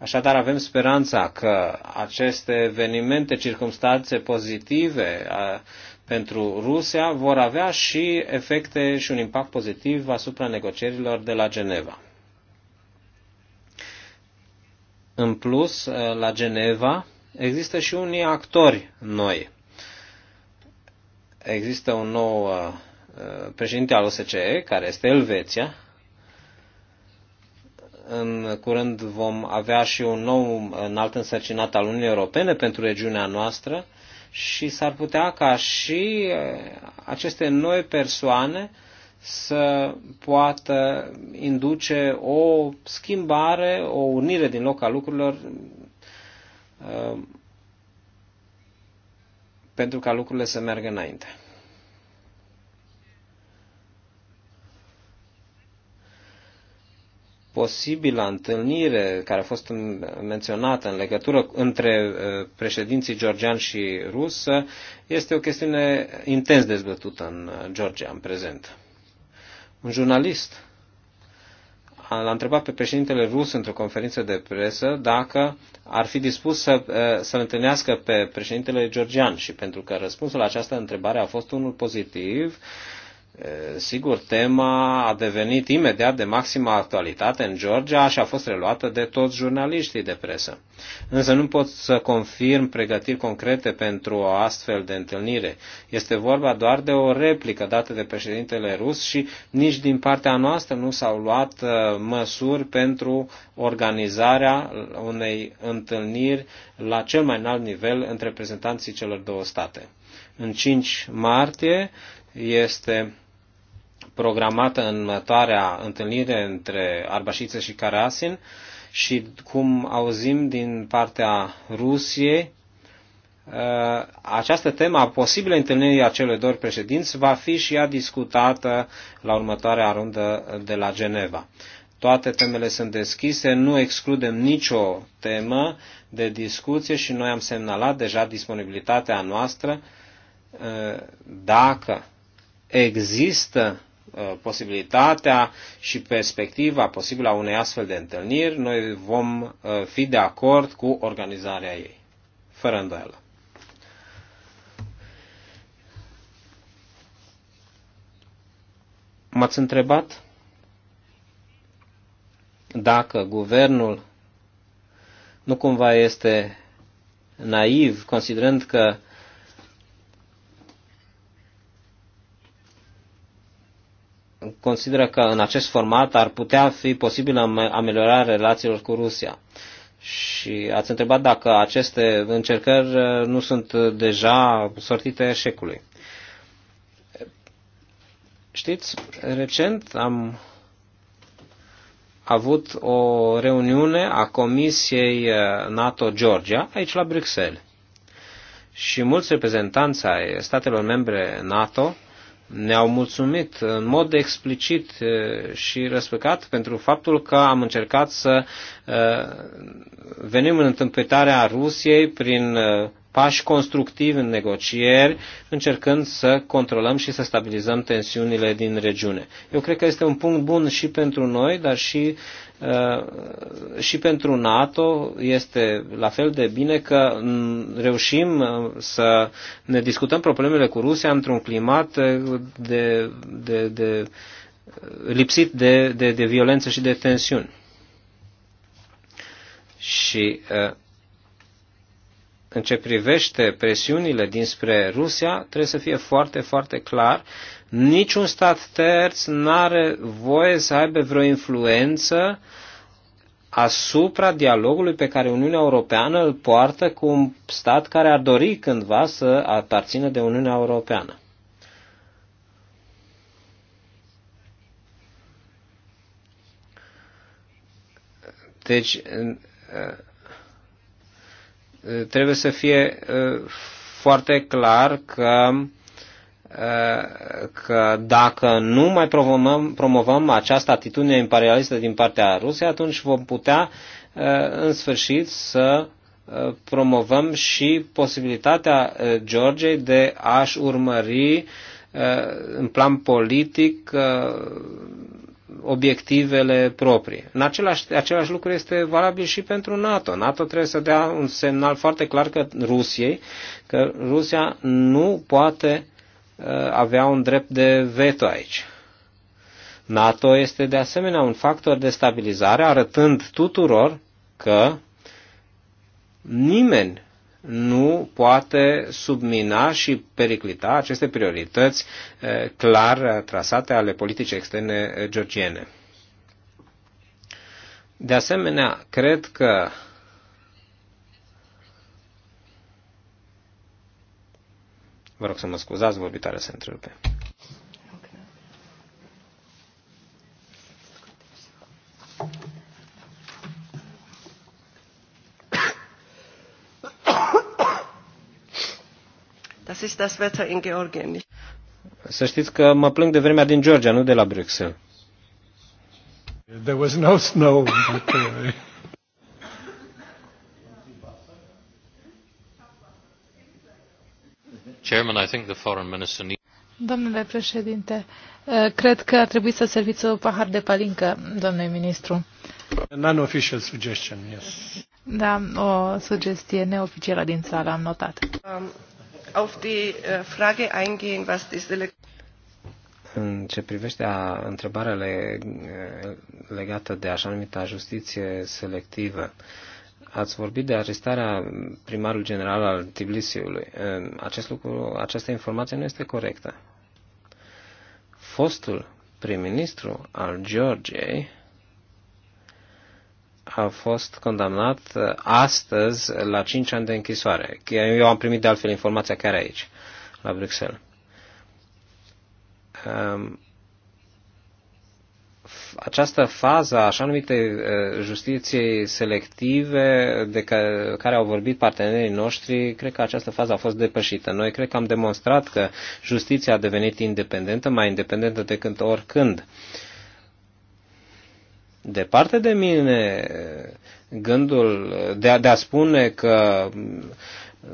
Așadar avem speranța că aceste evenimente, circumstanțe pozitive uh, pentru Rusia vor avea și efecte și un impact pozitiv asupra negocierilor de la Geneva. În plus, la Geneva există și unii actori noi. Există un nou uh, președinte al OSCE, care este Elveția. În curând vom avea și un nou înalt însărcinat al Uniunii Europene pentru regiunea noastră, și s-ar putea ca și eh, aceste noi persoane să poată induce o schimbare, o unire din loc a lucrurilor eh, pentru ca lucrurile să meargă înainte. posibilă întâlnire care a fost menționată în legătură între uh, președinții georgian și rus este o chestiune intens dezbătută în uh, Georgia în prezent. Un jurnalist l-a întrebat pe președintele rus într-o conferință de presă dacă ar fi dispus să, uh, să întâlnească pe președintele georgian și pentru că răspunsul la această întrebare a fost unul pozitiv, Sigur, tema a devenit imediat de maximă actualitate în Georgia și a fost reluată de toți jurnaliștii de presă. Însă nu pot să confirm pregătiri concrete pentru o astfel de întâlnire. Este vorba doar de o replică dată de președintele rus și nici din partea noastră nu s-au luat uh, măsuri pentru organizarea unei întâlniri la cel mai înalt nivel între reprezentanții celor două state. În 5 martie este programată în următoarea întâlnire între Arbașiță și Karasin și cum auzim din partea Rusiei, uh, această temă a posibilă întâlnirii a celor doi președinți va fi și ea discutată la următoarea rundă de la Geneva. Toate temele sunt deschise, nu excludem nicio temă de discuție și noi am semnalat deja disponibilitatea noastră uh, dacă există Uh, posibilitatea și perspectiva posibilă a unei astfel de întâlniri, noi vom uh, fi de acord cu organizarea ei, fără îndoială. M-ați întrebat dacă guvernul nu cumva este naiv, considerând că consideră că în acest format ar putea fi posibilă ameliorarea relațiilor cu Rusia. Și ați întrebat dacă aceste încercări uh, nu sunt deja sortite eșecului. Știți, recent am avut o reuniune a Comisiei uh, NATO-Georgia aici la Bruxelles. Și mulți reprezentanți ai statelor membre NATO ne-au mulțumit în mod explicit și respectat pentru faptul că am încercat să venim în întâmpinarea Rusiei prin pași constructivi în negocieri, încercând să controlăm și să stabilizăm tensiunile din regiune. Eu cred că este un punct bun și pentru noi, dar și Uh, și pentru NATO este la fel de bine că mm, reușim uh, să ne discutăm problemele cu Rusia într-un climat uh, de, de, de lipsit de, de, de violență și de tensiuni. Și în ce privește presiunile dinspre Rusia, trebuie să fie foarte, foarte clar. Niciun stat terț nu are voie să aibă vreo influență asupra dialogului pe care Uniunea Europeană îl poartă cu un stat care ar dori cândva să aparțină de Uniunea Europeană. Deci, trebuie să fie uh, foarte clar că uh, că dacă nu mai promovăm, promovăm această atitudine imperialistă din partea Rusiei, atunci vom putea uh, în sfârșit să promovăm și posibilitatea Georgiei de a-și urmări în plan politic obiectivele proprii. În același, același lucru este valabil și pentru NATO. NATO trebuie să dea un semnal foarte clar că Rusiei că Rusia nu poate uh, avea un drept de veto aici. NATO este de asemenea un factor de stabilizare, arătând tuturor că nimeni nu poate submina și periclita aceste priorități eh, clar eh, trasate ale politicii externe eh, georgiene. De asemenea, cred că Vă rog să mă scuzați, vorbitoarea se întrerupe. Das ist das Wetter in Georgien. Să știți că mă plâng de vremea din Georgia, nu de la Bruxelles. There was no snow. But, uh... Chairman, I think the foreign minister needs... Domnule președinte, uh, cred că ar trebui să serviți o pahar de palincă, domnule ministru. Non-official suggestion, yes. Da, o sugestie neoficială din sală, am notat. Um, auf die äh, Frage eingehen, was în ce privește a, întrebarea legată de așa numită justiție selectivă, ați vorbit de arestarea primarului general al Tbilisiului. Acest lucru, această informație nu este corectă. Fostul prim-ministru al Georgiei a fost condamnat uh, astăzi la 5 ani de închisoare. Eu am primit de altfel informația chiar aici, la Bruxelles. Um, această fază, așa numite uh, justiției selective, de care au vorbit partenerii noștri, cred că această fază a fost depășită. Noi cred că am demonstrat că justiția a devenit independentă, mai independentă decât oricând. Uh, departe de mine gândul de a, de a spune că,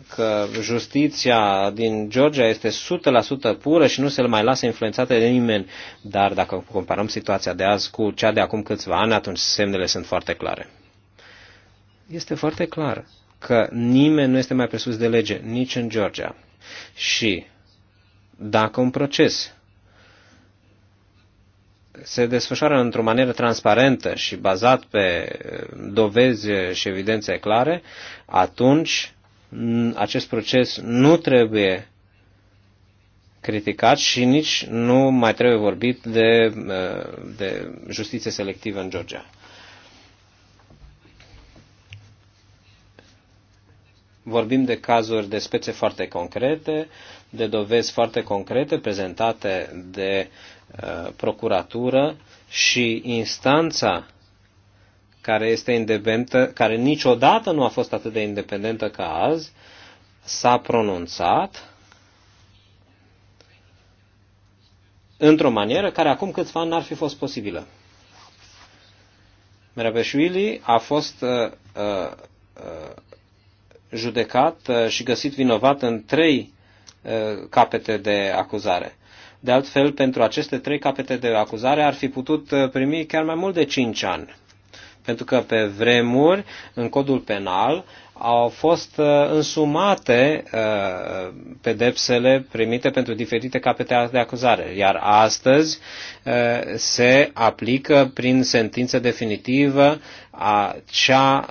că justiția din Georgia este 100% pură și nu se mai lasă influențată de nimeni. Dar dacă comparăm situația de azi cu cea de acum câțiva ani, atunci semnele sunt foarte clare. Este foarte clar că nimeni nu este mai presus de lege, nici în Georgia. Și dacă un proces se desfășoară într-o manieră transparentă și bazat pe uh, dovezi și evidențe clare, atunci acest proces nu trebuie criticat și nici nu mai trebuie vorbit de, uh, de justiție selectivă în Georgia. Vorbim de cazuri de spețe foarte concrete, de dovezi foarte concrete prezentate de Uh, procuratură și instanța care este independentă, care niciodată nu a fost atât de independentă ca azi, s-a pronunțat într-o manieră care acum câțiva ani n-ar fi fost posibilă. Merabeșvili a fost uh, uh, uh judecat uh, și găsit vinovat în trei uh, capete de acuzare. De altfel, pentru aceste trei capete de acuzare ar fi putut uh, primi chiar mai mult de 5 ani. Pentru că pe vremuri, în codul penal, au fost uh, însumate uh, pedepsele primite pentru diferite capete de acuzare, iar astăzi se aplică prin sentință definitivă a cea,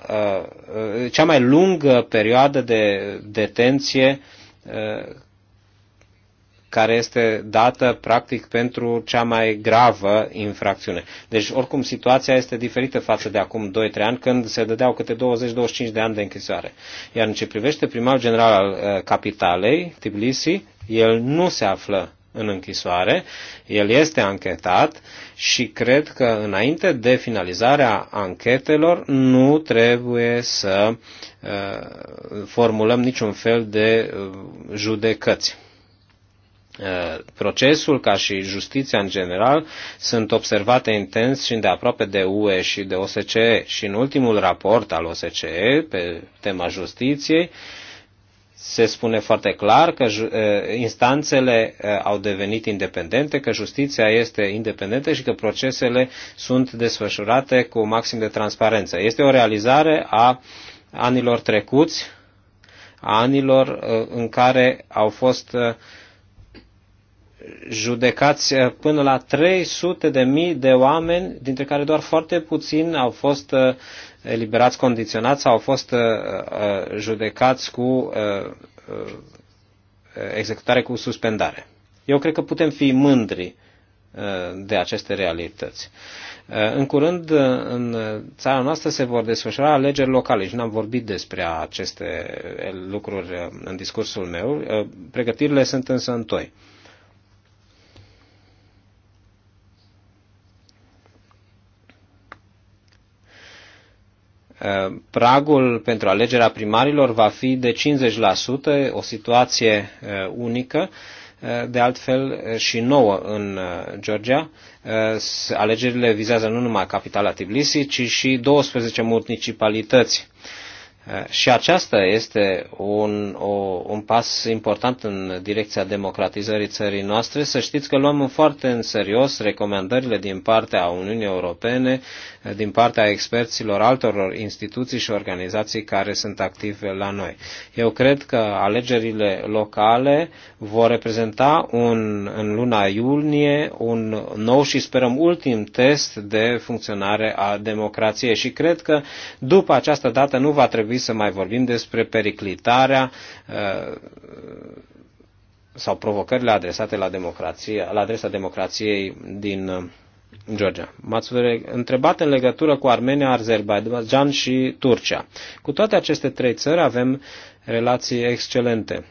cea mai lungă perioadă de detenție care este dată practic pentru cea mai gravă infracțiune. Deci oricum situația este diferită față de acum 2-3 ani când se dădeau câte 20-25 de ani de închisoare. Iar în ce privește primarul general al uh, capitalei, Tbilisi, el nu se află în închisoare, el este anchetat și cred că înainte de finalizarea anchetelor nu trebuie să uh, formulăm niciun fel de uh, judecăți. Eh, procesul ca și justiția în general sunt observate intens și de aproape de UE și de OSCE și în ultimul raport al OSCE pe tema justiției se spune foarte clar că eh, instanțele eh, au devenit independente, că justiția este independentă și că procesele sunt desfășurate cu maxim de transparență. Este o realizare a anilor trecuți, a anilor în care au fost uh, judecați eh, până la 300 de mii de oameni, dintre care doar foarte puțini au fost eh, eliberați condiționați sau au fost eh, judecați cu executare cu suspendare. Eu cred că putem fi mândri de aceste realități. În curând, în țara noastră se vor desfășura alegeri locale și n-am vorbit despre aceste lucruri în discursul meu. Pregătirile sunt însă întoi. toi Eh, pragul pentru alegerea primarilor va fi de 50%, o situație eh, unică, eh, de altfel și nouă în Georgia. Alegerile vizează nu numai capitala Tbilisi, ci și 12 municipalități. Și aceasta este un, o, un pas important în direcția democratizării țării noastre. Să știți că luăm foarte în serios recomandările din partea Uniunii Europene din partea experților altor instituții și organizații care sunt active la noi. Eu cred că alegerile locale vor reprezenta un, în luna iulnie un nou și sperăm ultim test de funcționare a democrației și cred că după această dată nu va trebui să mai vorbim despre periclitarea uh, sau provocările adresate la, democrație, la adresa democrației din uh, Georgia. M-ați întrebat în legătură cu Armenia, Azerbaijan și Turcia. Cu toate aceste trei țări avem relații excelente.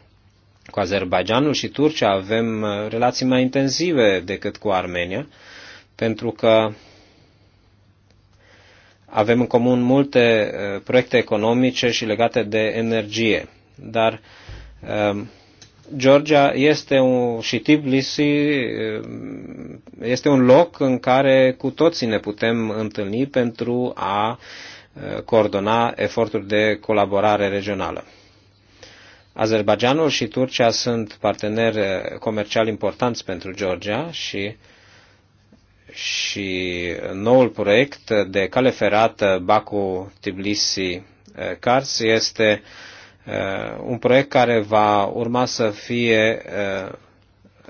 Cu Azerbaijanul și Turcia avem uh, relații mai intensive decât cu Armenia, pentru că avem în comun multe uh, proiecte economice și legate de energie. Dar uh, Georgia este un, și Tbilisi este un loc în care cu toții ne putem întâlni pentru a coordona eforturi de colaborare regională. Azerbaidjanul și Turcia sunt parteneri comerciali importanți pentru Georgia și, și noul proiect de cale ferată Baku-Tbilisi-Kars este uh, Uh, un proiect care va urma să fie uh,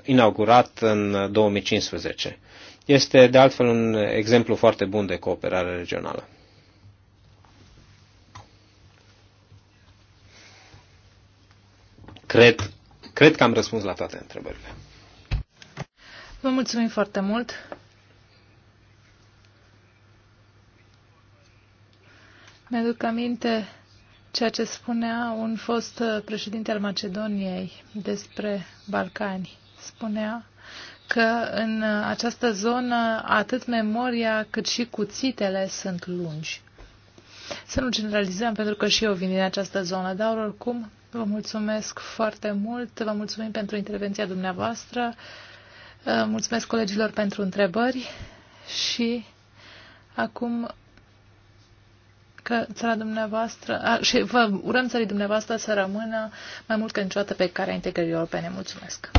inaugurat în 2015. Este de altfel un exemplu foarte bun de cooperare regională. Cred, cred că am răspuns la toate întrebările. Vă mulțumim foarte mult. Mi-aduc aminte ceea ce spunea un fost uh, președinte al Macedoniei despre Balcani. Spunea că în uh, această zonă atât memoria cât și cuțitele sunt lungi. Să nu generalizăm, pentru că și eu vin din această zonă, dar oricum vă mulțumesc foarte mult, vă mulțumim pentru intervenția dumneavoastră, uh, mulțumesc colegilor pentru întrebări și acum că țara dumneavoastră, a, și vă urăm țării dumneavoastră să rămână mai mult ca niciodată pe care integrării europene. Mulțumesc!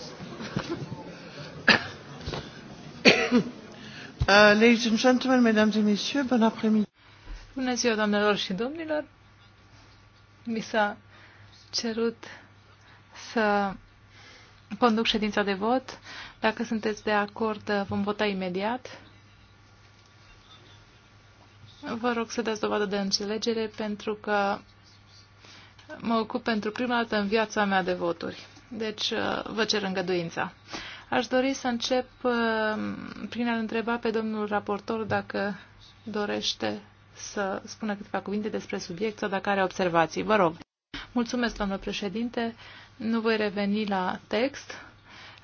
Uh, Bună ziua, doamnelor și domnilor. Mi s-a cerut să conduc ședința de vot. Dacă sunteți de acord, vom vota imediat. Vă rog să dați dovadă de înțelegere pentru că mă ocup pentru prima dată în viața mea de voturi. Deci, uh, vă cer îngăduința. Aș dori să încep uh, prin a-l întreba pe domnul raportor dacă dorește să spună câteva cuvinte despre subiect sau dacă are observații. Vă rog. Mulțumesc, domnule președinte. Nu voi reveni la text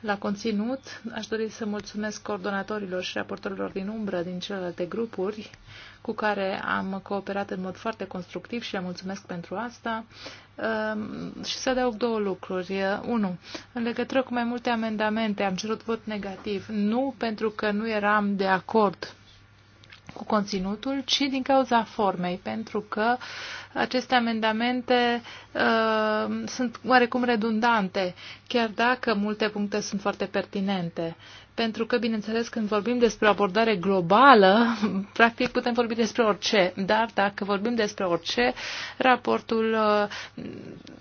la conținut, aș dori să mulțumesc coordonatorilor și raportorilor din umbră din celelalte grupuri cu care am cooperat în mod foarte constructiv și le mulțumesc pentru asta. Ehm, și să adaug două lucruri. Unu, în legătură cu mai multe amendamente am cerut vot negativ, nu pentru că nu eram de acord cu conținutul, ci din cauza formei, pentru că aceste amendamente uh, sunt oarecum redundante, chiar dacă multe puncte sunt foarte pertinente pentru că, bineînțeles, când vorbim despre o abordare globală, practic putem vorbi despre orice, dar dacă vorbim despre orice, raportul uh,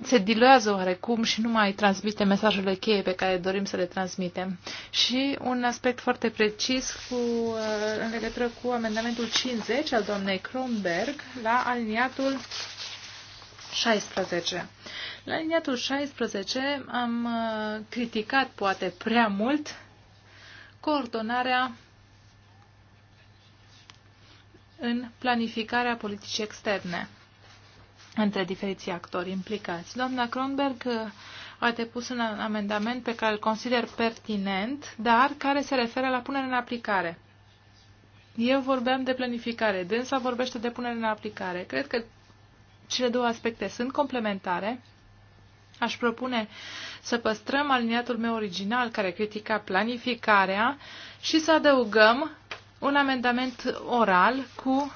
se diluează oarecum și nu mai transmite mesajele cheie pe care dorim să le transmitem. Și un aspect foarte precis cu, uh, în legătură cu amendamentul 50 al doamnei Kronberg la aliniatul 16. La liniatul 16 am uh, criticat poate prea mult coordonarea în planificarea politicii externe între diferiții actori implicați. Doamna Kronberg a depus un amendament pe care îl consider pertinent, dar care se referă la punerea în aplicare. Eu vorbeam de planificare, dânsa vorbește de punere în aplicare. Cred că cele două aspecte sunt complementare Aș propune să păstrăm aliniatul meu original care critica planificarea și să adăugăm un amendament oral cu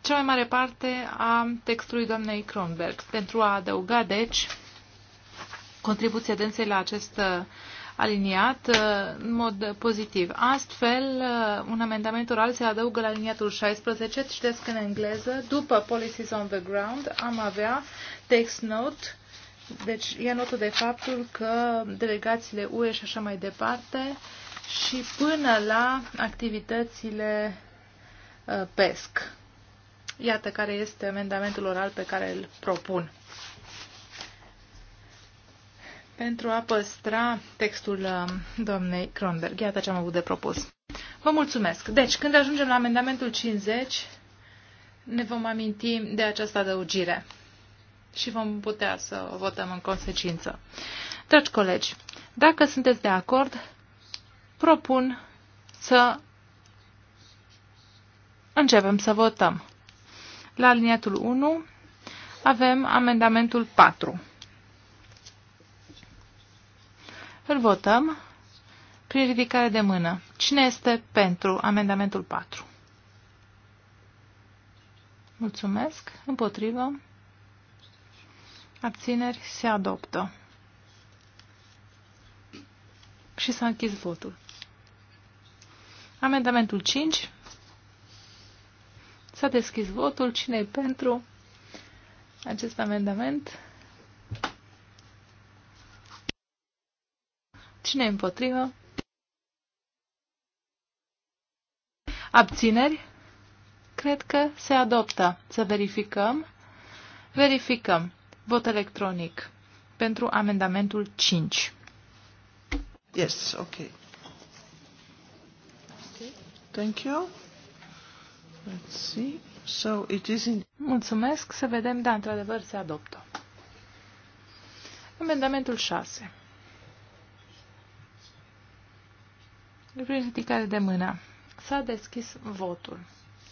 cea mai mare parte a textului doamnei Kronberg pentru a adăuga, deci, contribuția dânsei la acest aliniat uh, în mod pozitiv. Astfel, uh, un amendament oral se adaugă la aliniatul 16, citesc în engleză, după Policies on the Ground am avea text note, deci ia notă de faptul că delegațiile UE și așa mai departe și până la activitățile uh, PESC. Iată care este amendamentul oral pe care îl propun pentru a păstra textul uh, doamnei Kronberg. Iată ce am avut de propus. Vă mulțumesc. Deci, când ajungem la amendamentul 50, ne vom aminti de această adăugire și vom putea să o votăm în consecință. Dragi colegi, dacă sunteți de acord, propun să începem să votăm. La aliniatul 1 avem amendamentul 4. Îl votăm prin ridicare de mână. Cine este pentru amendamentul 4? Mulțumesc. Împotrivă. Abțineri se adoptă. Și s-a închis votul. Amendamentul 5. S-a deschis votul. Cine e pentru acest amendament? Cine e împotrivă? Abțineri? Cred că se adoptă. Să verificăm. Verificăm. Vot electronic pentru amendamentul 5. Yes, okay. Thank you. Let's see. So it is in... Mulțumesc. Să vedem, da, într-adevăr se adoptă. Amendamentul 6. prin ridicare de mână. S-a deschis votul.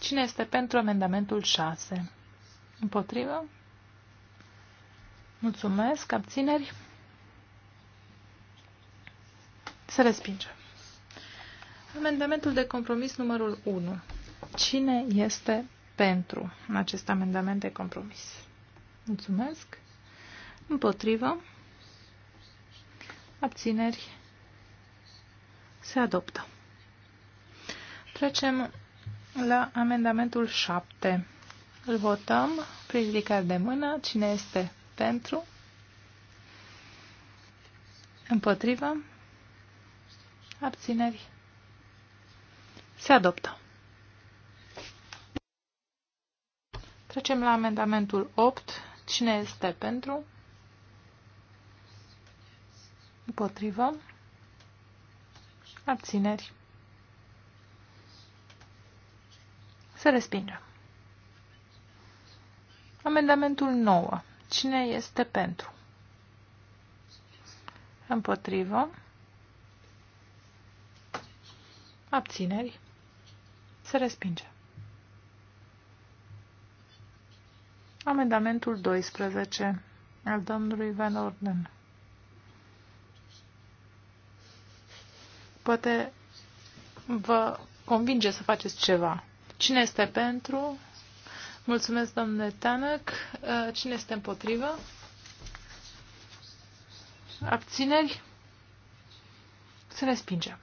Cine este pentru amendamentul 6? Împotrivă? Mulțumesc. Abțineri? Se respinge. Amendamentul de compromis numărul 1. Cine este pentru acest amendament de compromis? Mulțumesc. Împotrivă? Abțineri? Se adoptă. Trecem la amendamentul 7. Îl votăm prin ridicare de mână. Cine este pentru? Împotrivă? Abțineri? Se adoptă. Trecem la amendamentul 8. Cine este pentru? Împotrivă? abțineri, se respinge. Amendamentul 9. Cine este pentru? Împotrivă. Abțineri. Se respinge. Amendamentul 12 al domnului Van Orden. Poate vă convinge să faceți ceva. Cine este pentru? Mulțumesc, domnule Tanăc. Uh, cine este împotrivă? Abțineri? Se respinge.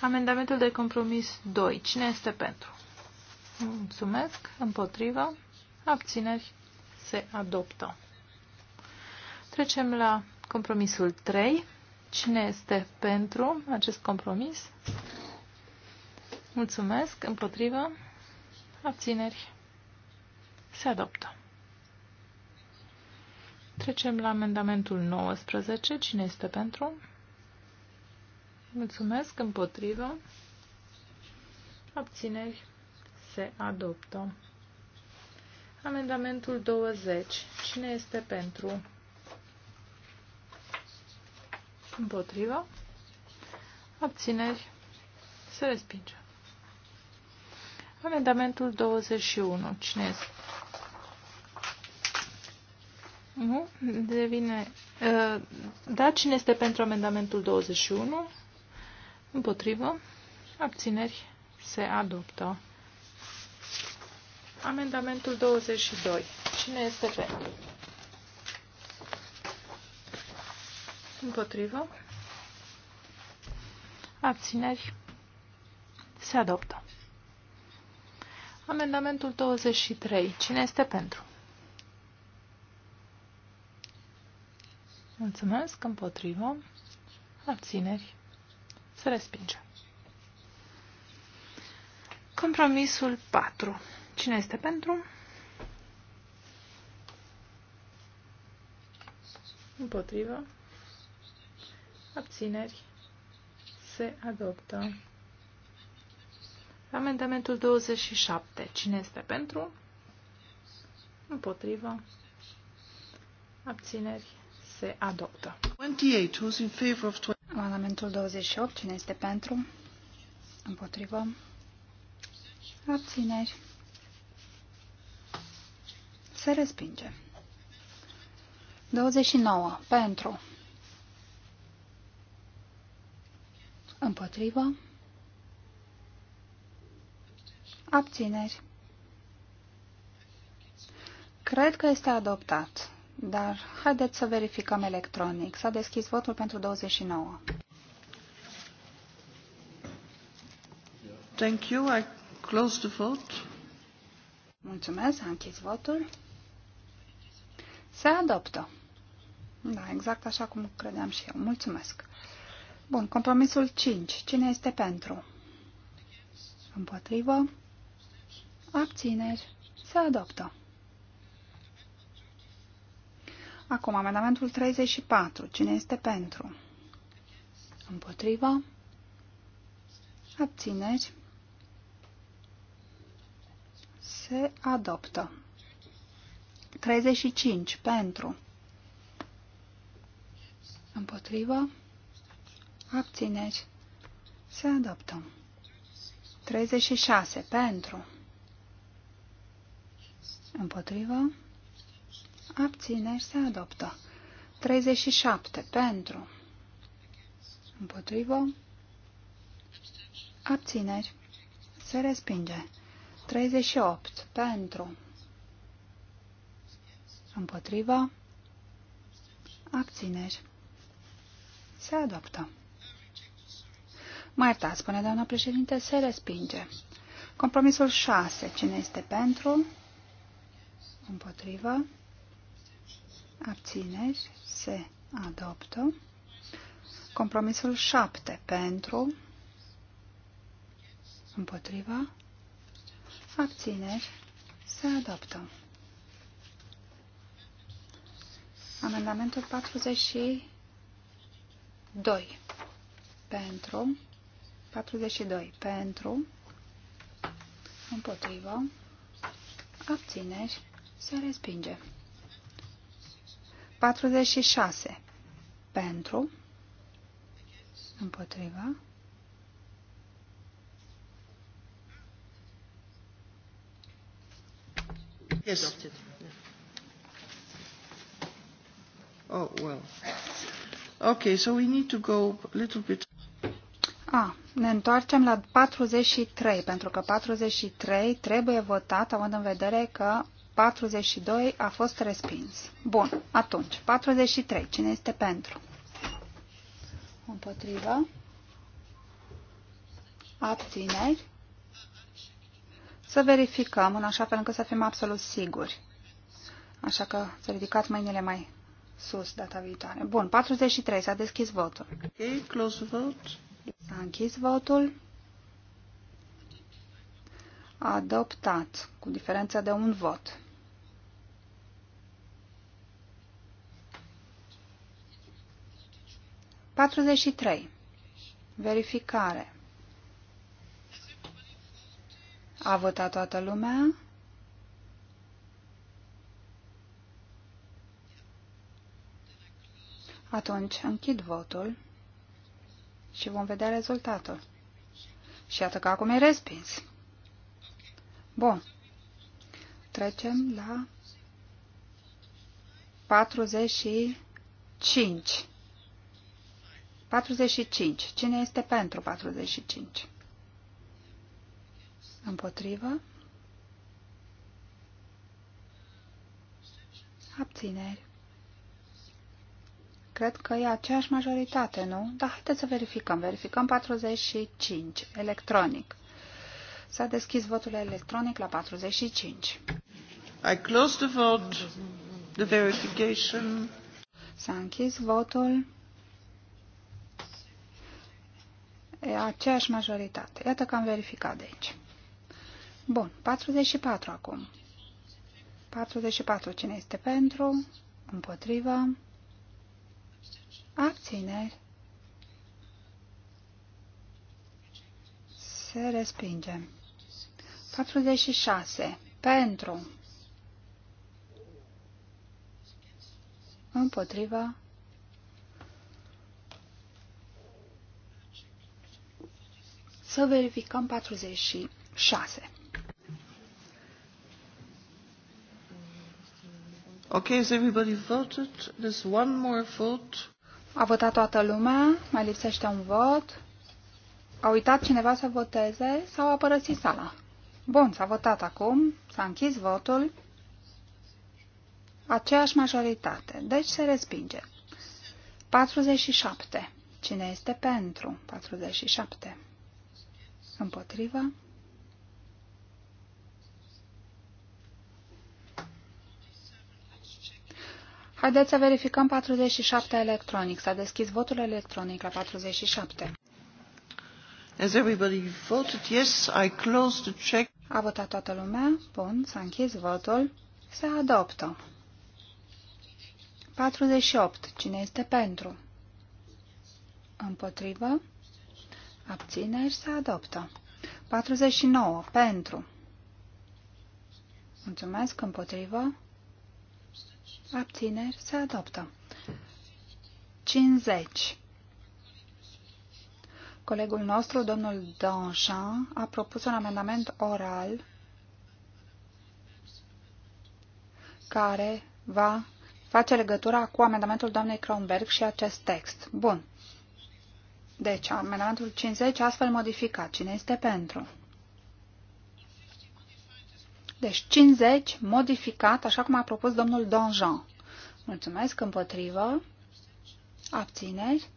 Amendamentul de compromis 2. Cine este pentru? Mulțumesc. Împotrivă. Abțineri. Se adoptă. Trecem la compromisul 3. Cine este pentru acest compromis? Mulțumesc. Împotrivă? Abțineri. Se adoptă. Trecem la amendamentul 19. Cine este pentru? Mulțumesc. Împotrivă? Abțineri. Se adoptă. Amendamentul 20. Cine este pentru? Împotriva. Abțineri. Se respinge. Amendamentul 21. Cine este? Nu? Devine... Uh, da, cine este pentru amendamentul 21? Împotrivă. Abțineri. Se adoptă. Amendamentul 22. Cine este pentru? Împotrivă. Abțineri. Se adoptă. Amendamentul 23. Cine este pentru? Mulțumesc. Împotrivă. Abțineri. Se respinge. Compromisul 4. Cine este pentru? Împotrivă. Abțineri. Se adoptă. Amendamentul 27. Cine este pentru? Împotrivă. Abțineri. Se adoptă. 28. Who's in favor of Amendamentul 28. Cine este pentru? Împotrivă. Abțineri. Se respinge. 29. Pentru. Împotrivă. Abțineri. Cred că este adoptat, dar haideți să verificăm electronic. S-a deschis votul pentru 29. Thank you. I close the vote. Mulțumesc, am închis votul. Se adoptă. Da, exact așa cum credeam și eu. Mulțumesc. Bun, compromisul 5. Cine este pentru? Împotrivă. Abțineri. Se adoptă. Acum, amendamentul 34. Cine este pentru? Împotrivă. Abțineri. Se adoptă. 35. Pentru. Împotrivă abțineri, se adoptăm. 36. Pentru. Împotrivă. Abțineri se adoptă. 37. Pentru. Împotrivă. Abțineri. Se respinge. 38. Pentru. Împotrivă. Abțineri. Se adoptă. Marta, spune doamna președinte, se respinge. Compromisul 6. Cine este pentru? Împotrivă. Abțineri. Se adoptă. Compromisul 7. Pentru. Împotrivă. Abțineri. Se adoptă. Amendamentul 42. Pentru. 42 pentru, împotrivă, abțineri, se respinge. 46 pentru, împotriva, Yes. Oh, well. Okay, so we need to go a little bit. Ah. Ne întoarcem la 43, pentru că 43 trebuie votat, având în vedere că 42 a fost respins. Bun, atunci, 43. Cine este pentru? Împotrivă. Abțineri. Să verificăm în așa fel încât să fim absolut siguri. Așa că să ridicați mâinile mai sus data viitoare. Bun, 43. S-a deschis votul. Okay, close vote. S-a închis votul. Adoptat cu diferența de un vot. Patruzeci și trei. Verificare. A votat toată lumea? Atunci închid votul și vom vedea rezultatul. Și iată că acum e respins. Bun. Trecem la 45. 45. Cine este pentru 45? Împotrivă? Abțineri. Cred că e aceeași majoritate, nu? Dar haideți să verificăm. Verificăm 45, electronic. S-a deschis votul electronic la 45. I close the vote. The verification. S-a închis votul. E aceeași majoritate. Iată că am verificat de aici. Bun, 44 acum. 44. Cine este pentru? Împotrivă? abțineri, se respinge. 46. Pentru. Împotriva. Să verificăm 46. Okay, has everybody voted? There's one more vote. A votat toată lumea, mai lipsește un vot. A uitat cineva să voteze sau a părăsit sala? Bun, s-a votat acum, s-a închis votul. Aceeași majoritate, deci se respinge. 47. Cine este pentru? 47. Împotriva? Haideți să verificăm 47 electronic. S-a deschis votul electronic la 47. Has everybody voted? Yes, I closed the check. A votat toată lumea. Bun, s-a închis votul. Se adoptă. 48. Cine este pentru? Împotrivă. Abțineri se adoptă. 49. Pentru. Mulțumesc. Împotrivă abțineri, se adoptă. 50. Colegul nostru, domnul Donjean, a propus un amendament oral care va face legătura cu amendamentul doamnei Kronberg și acest text. Bun. Deci, amendamentul 50 astfel modificat. Cine este pentru? Deci 50 modificat, așa cum a propus domnul Donjon. Mulțumesc împotrivă. Abțineri.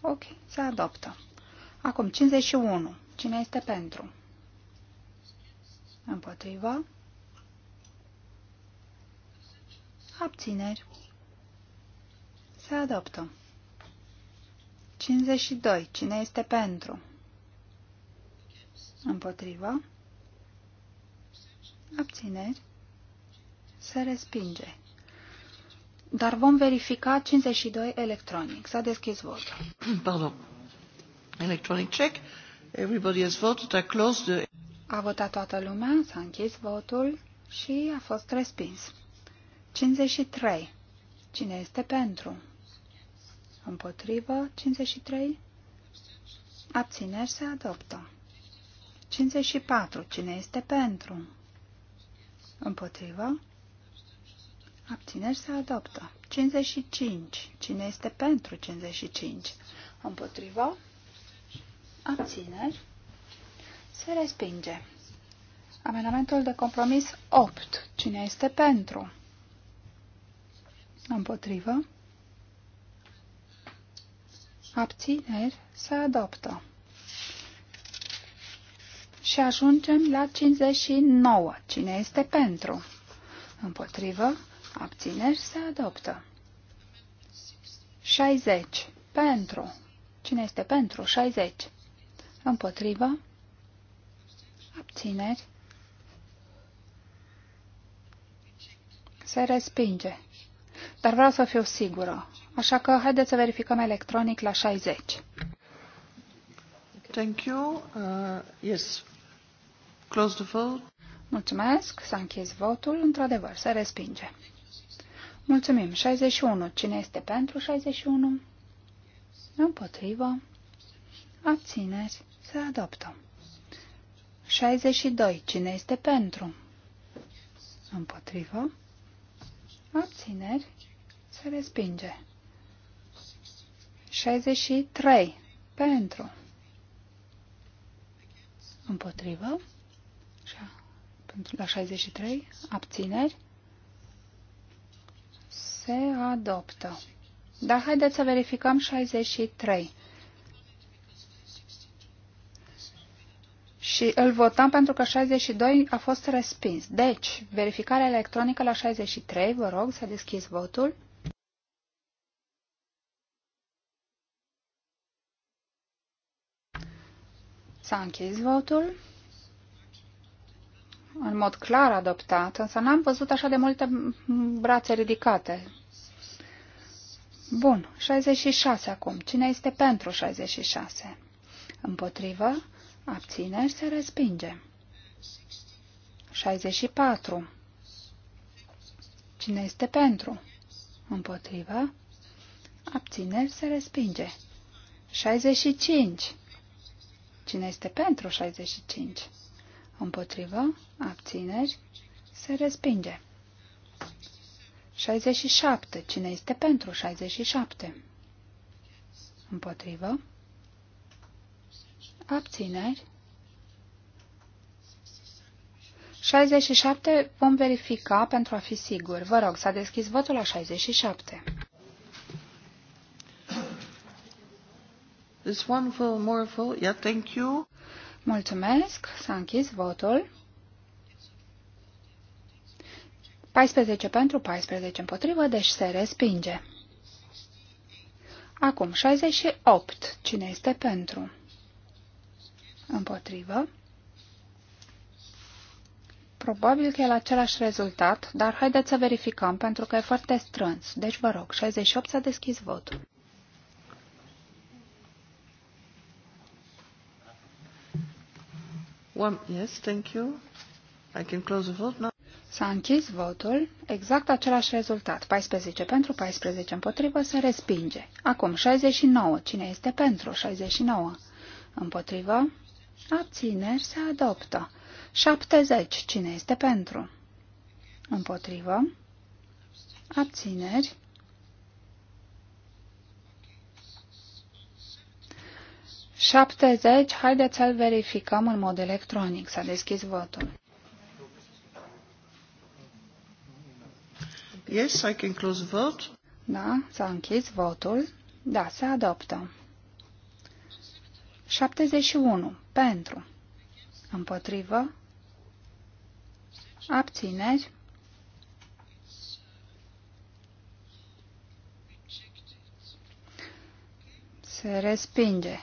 Ok, se adoptă. Acum 51. Cine este pentru? Împotrivă. Abțineri. Se adoptă. 52. Cine este pentru? Împotrivă abțineri, se respinge. Dar vom verifica 52 electronic. S-a deschis votul. Pardon. Electronic check. Everybody has voted. I closed the... A votat toată lumea, s-a închis votul și a fost respins. 53. Cine este pentru? Împotrivă, 53. Abțineri se adoptă. 54. Cine este pentru? Împotrivă. Abțineri se adoptă. 55. Cine este pentru 55? Împotrivă. Abțineri. Se respinge. Amendamentul de compromis 8. Cine este pentru? Împotrivă. Abțineri se adoptă și ajungem la 59. Cine este pentru? Împotrivă, abțineri, se adoptă. 60. Pentru. Cine este pentru? 60. Împotrivă, abțineri, se respinge. Dar vreau să fiu sigură, așa că haideți să verificăm electronic la 60. Thank you. Uh, yes, Close the vote. Mulțumesc. S-a închis votul. Într-adevăr, se respinge. Mulțumim. 61. Cine este pentru 61? Împotrivă. Abțineri. Se adoptă. 62. Cine este pentru? Împotrivă. Abțineri. Se respinge. 63. Pentru. Împotrivă la 63, abțineri, se adoptă. Dar haideți să verificăm 63. Și îl votăm pentru că 62 a fost respins. Deci, verificarea electronică la 63, vă rog să deschizi votul. S-a închis votul în mod clar adoptat, însă n-am văzut așa de multe brațe ridicate. Bun, 66 acum. Cine este pentru 66? Împotrivă, și se respinge. 64. Cine este pentru? Împotrivă, și se respinge. 65. Cine este pentru 65? împotrivă, abțineri, se respinge. 67. Cine este pentru 67? Împotrivă. Abțineri. 67 vom verifica pentru a fi siguri. Vă rog, s-a deschis votul la 67. This one for more full. Yeah, thank you. Mulțumesc. S-a închis votul. 14 pentru 14 împotrivă, deci se respinge. Acum 68. Cine este pentru? Împotrivă. Probabil că e la același rezultat, dar haideți să verificăm pentru că e foarte strâns. Deci vă rog, 68 s-a deschis votul. yes, thank you. I can close the vote now. S-a închis votul, exact același rezultat, 14 pentru, 14 împotrivă, se respinge. Acum 69, cine este pentru? 69. Împotrivă, abțineri, se adoptă. 70, cine este pentru? Împotrivă, abțineri, 70, haideți să-l verificăm în mod electronic. S-a deschis votul. Yes, I can close vote. Da, s-a închis votul. Da, se adoptă. 71. Pentru. Împotrivă. Abțineri. Se respinge.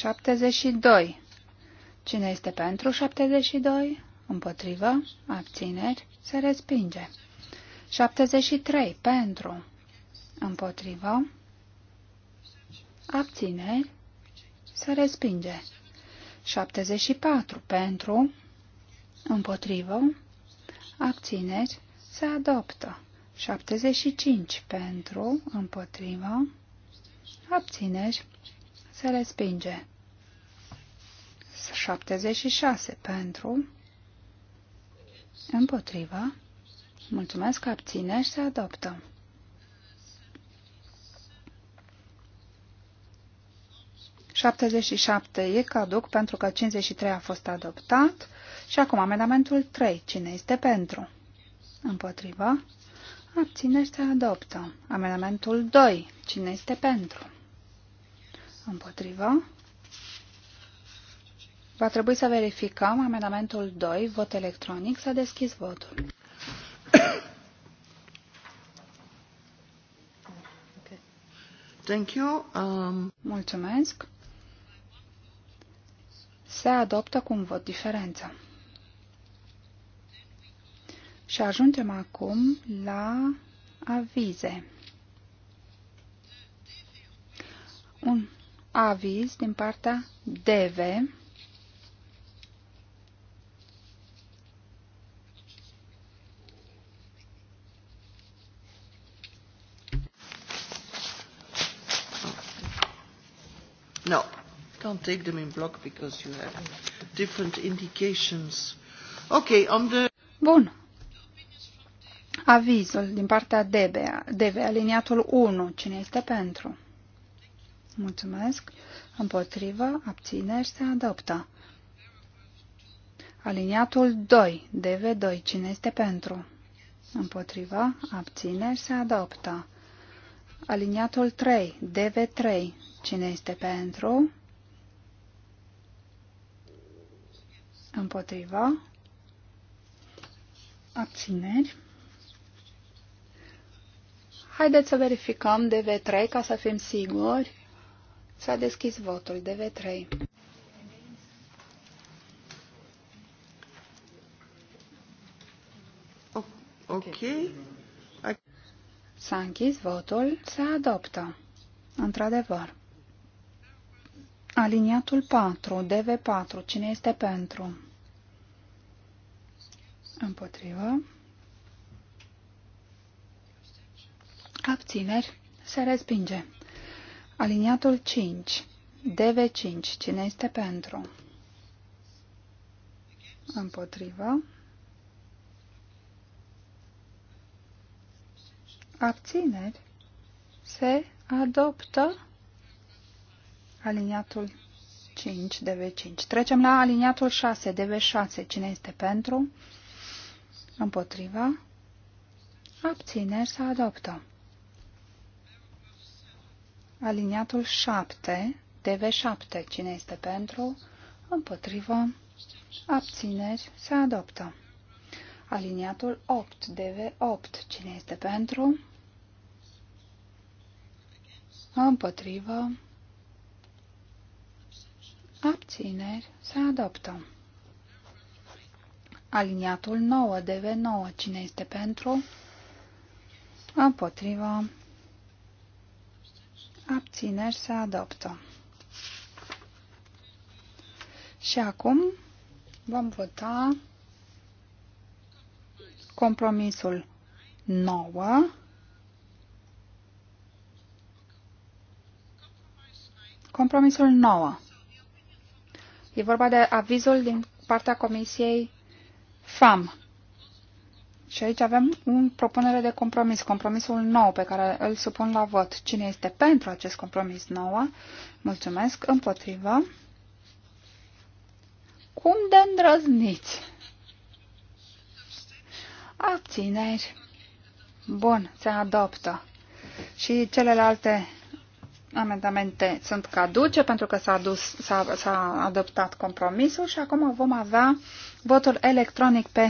72. Cine este pentru 72? Împotrivă? Abțineri? Se respinge. 73. Pentru. Împotrivă? Abțineri? Se respinge. 74. Pentru. Împotrivă? Abțineri? Se adoptă. 75. Pentru. Împotrivă? Abțineri? Se respinge. 76 pentru, împotriva, mulțumesc, abține și se adoptă. și șapte e caduc pentru că 53 a fost adoptat și acum amendamentul 3. Cine este pentru? Împotriva. Abține și se adoptă. Amendamentul 2. Cine este pentru? Împotriva. Va trebui să verificăm amendamentul 2, vot electronic. S-a deschis votul. Thank you. Um... Mulțumesc. Se adoptă cu un vot diferență. Și ajungem acum la avize. Un aviz din partea DV Can't take them in block because you have different indications. Okay, on the... Bun. Avizul din partea DB, DB, aliniatul 1. Cine este pentru? Mulțumesc. Împotrivă, abțineri, se adoptă. Aliniatul 2, DV2, cine este pentru? Împotrivă, abțineri, se adoptă. Aliniatul 3, DV3, cine este pentru? împotriva, abțineri. Haideți să verificăm DV3 ca să fim siguri. S-a deschis votul DV3. Okay. S-a închis votul, se adoptă. Într-adevăr. Aliniatul 4, DV4, cine este pentru? Împotrivă. Abțineri. Se respinge. Aliniatul 5. DV5. Cine este pentru? Împotrivă. Abțineri. Se adoptă Aliniatul 5, de v 5 Trecem la aliniatul 6, de v 6 Cine este pentru? Împotriva? Abțineri să adoptă. Aliniatul 7, de v 7 Cine este pentru? Împotriva? Abțineri se adoptă. Aliniatul 8, de v 8 Cine este pentru? Împotriva abțineri, se adoptă. Aliniatul 9, de v 9 cine este pentru, împotriva, abțineri, se adoptă. Și acum vom vota compromisul 9. Compromisul 9. E vorba de avizul din partea Comisiei FAM. Și aici avem o propunere de compromis, compromisul nou pe care îl supun la vot. Cine este pentru acest compromis nou? Mulțumesc. Împotriva. Cum de îndrăzniți? Abțineri. Bun, se adoptă. Și celelalte amendamente sunt caduce pentru că s-a, adoptat compromisul și acum vom avea votul electronic pe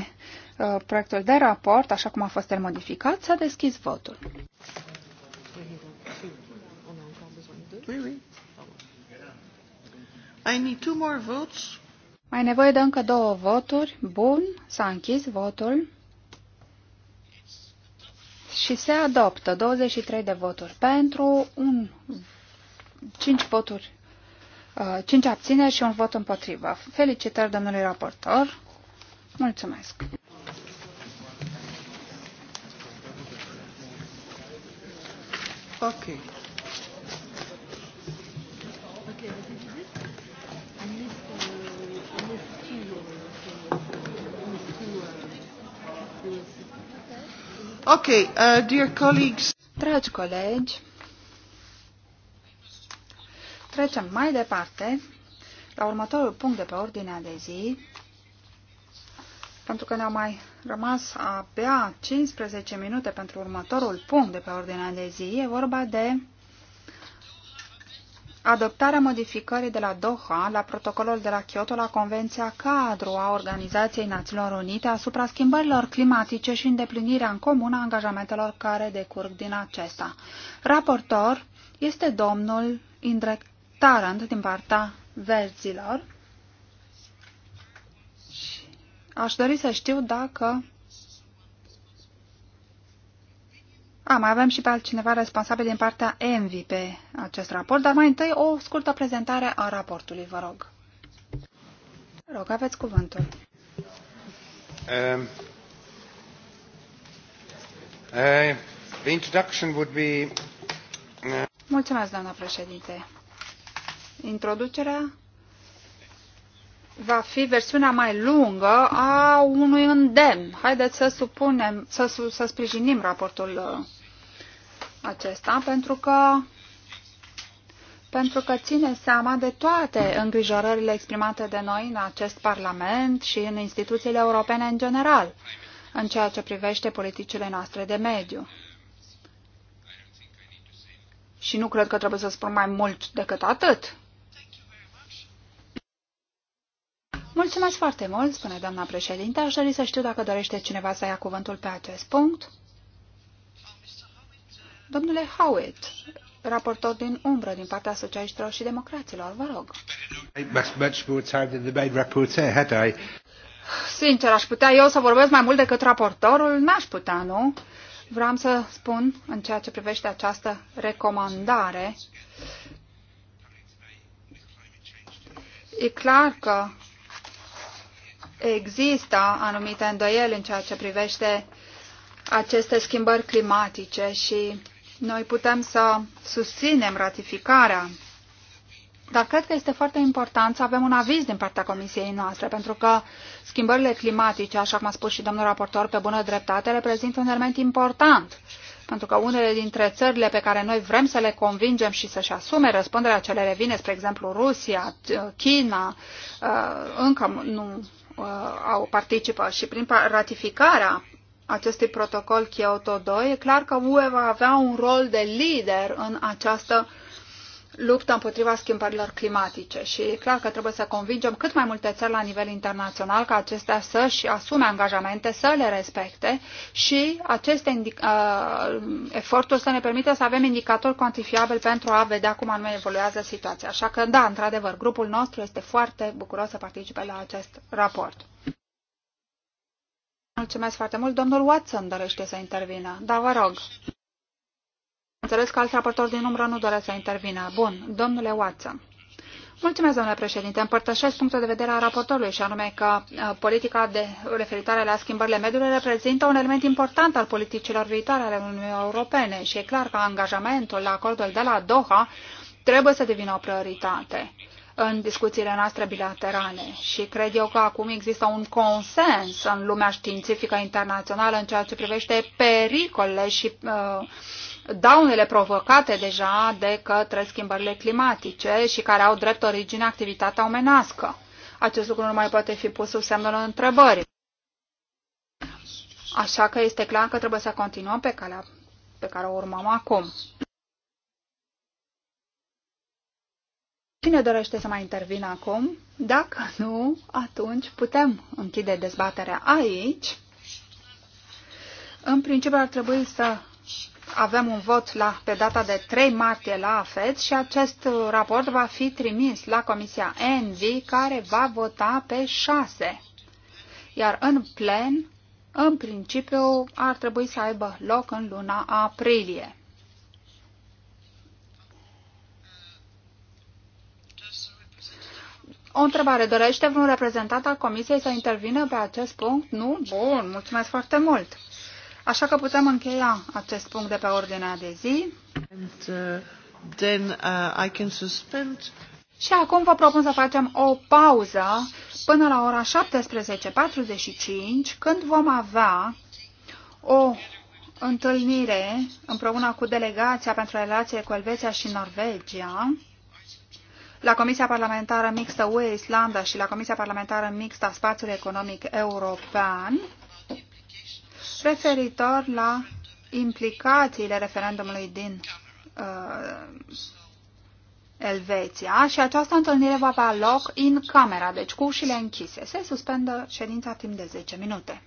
uh, proiectul de raport, așa cum a fost el modificat. S-a deschis votul. I need two more votes. Mai nevoie de încă două voturi. Bun, s-a închis votul și se adoptă 23 de voturi pentru, un, 5 voturi, 5 uh, abțineri și un vot împotrivă. Felicitări domnului raportor. Mulțumesc. Okay. Okay, uh, dear colleagues. Dragi colegi, trecem mai departe la următorul punct de pe ordinea de zi, pentru că ne-au mai rămas abia 15 minute pentru următorul punct de pe ordinea de zi. E vorba de adoptarea modificării de la Doha la protocolul de la Kyoto la Convenția cadru a Organizației Națiunilor Unite asupra schimbărilor climatice și îndeplinirea în comun a angajamentelor care decurg din acesta. Raportor este domnul Indrek Tarand din partea verzilor. Aș dori să știu dacă A, ah, mai avem și pe altcineva responsabil din partea ENVI pe acest raport, dar mai întâi o scurtă prezentare a raportului, vă rog. Vă rog, aveți cuvântul. Um, uh, the introduction would be... Uh... Mulțumesc, doamna președinte. Introducerea va fi versiunea mai lungă a unui îndemn. Haideți să supunem, să, să sprijinim raportul uh, acesta pentru că pentru că ține seama de toate îngrijorările exprimate de noi în acest Parlament și în instituțiile europene în general, în ceea ce privește politicile noastre de mediu. Și nu cred că trebuie să spun mai mult decât atât. Mulțumesc foarte mult, spune doamna președinte. Aș dori să știu dacă dorește cineva să ia cuvântul pe acest punct. Domnule Howitt, raportor din umbră din partea socialiștilor și democraților, vă rog. Sincer, aș putea eu să vorbesc mai mult decât raportorul? N-aș putea, nu? Vreau să spun, în ceea ce privește această recomandare, e clar că există anumite îndoieli în ceea ce privește aceste schimbări climatice și noi putem să susținem ratificarea, dar cred că este foarte important să avem un aviz din partea comisiei noastre, pentru că schimbările climatice, așa cum a spus și domnul raportor pe bună dreptate, reprezintă un element important pentru că unele dintre țările pe care noi vrem să le convingem și să-și asume răspunderea ce le revine, spre exemplu Rusia, China, uh, încă nu uh, au participă și prin ratificarea acestui protocol Kyoto 2, e clar că UE va avea un rol de lider în această luptă împotriva schimbărilor climatice și e clar că trebuie să convingem cât mai multe țări la nivel internațional ca acestea să-și asume angajamente, să le respecte și aceste uh, eforturi să ne permită să avem indicatori cuantifiabili pentru a vedea cum anume evoluează situația. Așa că, da, într-adevăr, grupul nostru este foarte bucuros să participe la acest raport. Mulțumesc foarte mult. Domnul Watson dorește să intervină. Da, vă rog. Înțeles că alți raportori din umbră nu doresc să intervină. Bun, domnule Watson. Mulțumesc, domnule președinte. Împărtășesc punctul de vedere al raportorului și anume că uh, politica de referitoare la schimbările mediului reprezintă un element important al politicilor viitoare ale Uniunii Europene și e clar că angajamentul la acordul de la Doha trebuie să devină o prioritate în discuțiile noastre bilaterale și cred eu că acum există un consens în lumea științifică internațională în ceea ce privește pericolele și uh, daunele provocate deja de către schimbările climatice și care au drept origine activitatea omenească. Acest lucru nu mai poate fi pus sub semnul întrebării. Așa că este clar că trebuie să continuăm pe calea pe care o urmăm acum. Cine dorește să mai intervină acum? Dacă nu, atunci putem închide dezbaterea aici. În principiu ar trebui să avem un vot la, pe data de 3 martie la AFED și acest uh, raport va fi trimis la Comisia ENVI care va vota pe 6. Iar în plen, în principiu, ar trebui să aibă loc în luna aprilie. O întrebare. Dorește vreun reprezentant al Comisiei să intervină pe acest punct? Nu? Bun, mulțumesc foarte mult. Așa că putem încheia acest punct de pe ordinea de zi. And, uh, then, uh, I can suspend. Și acum vă propun să facem o pauză până la ora 17.45, când vom avea o întâlnire împreună cu delegația pentru relație cu Elveția și Norvegia, la Comisia Parlamentară Mixtă UE Islanda și la Comisia Parlamentară Mixtă a Spațiului Economic European referitor la implicațiile referendumului din uh, Elveția și această întâlnire va avea loc în camera, deci cu ușile închise. Se suspendă ședința timp de 10 minute.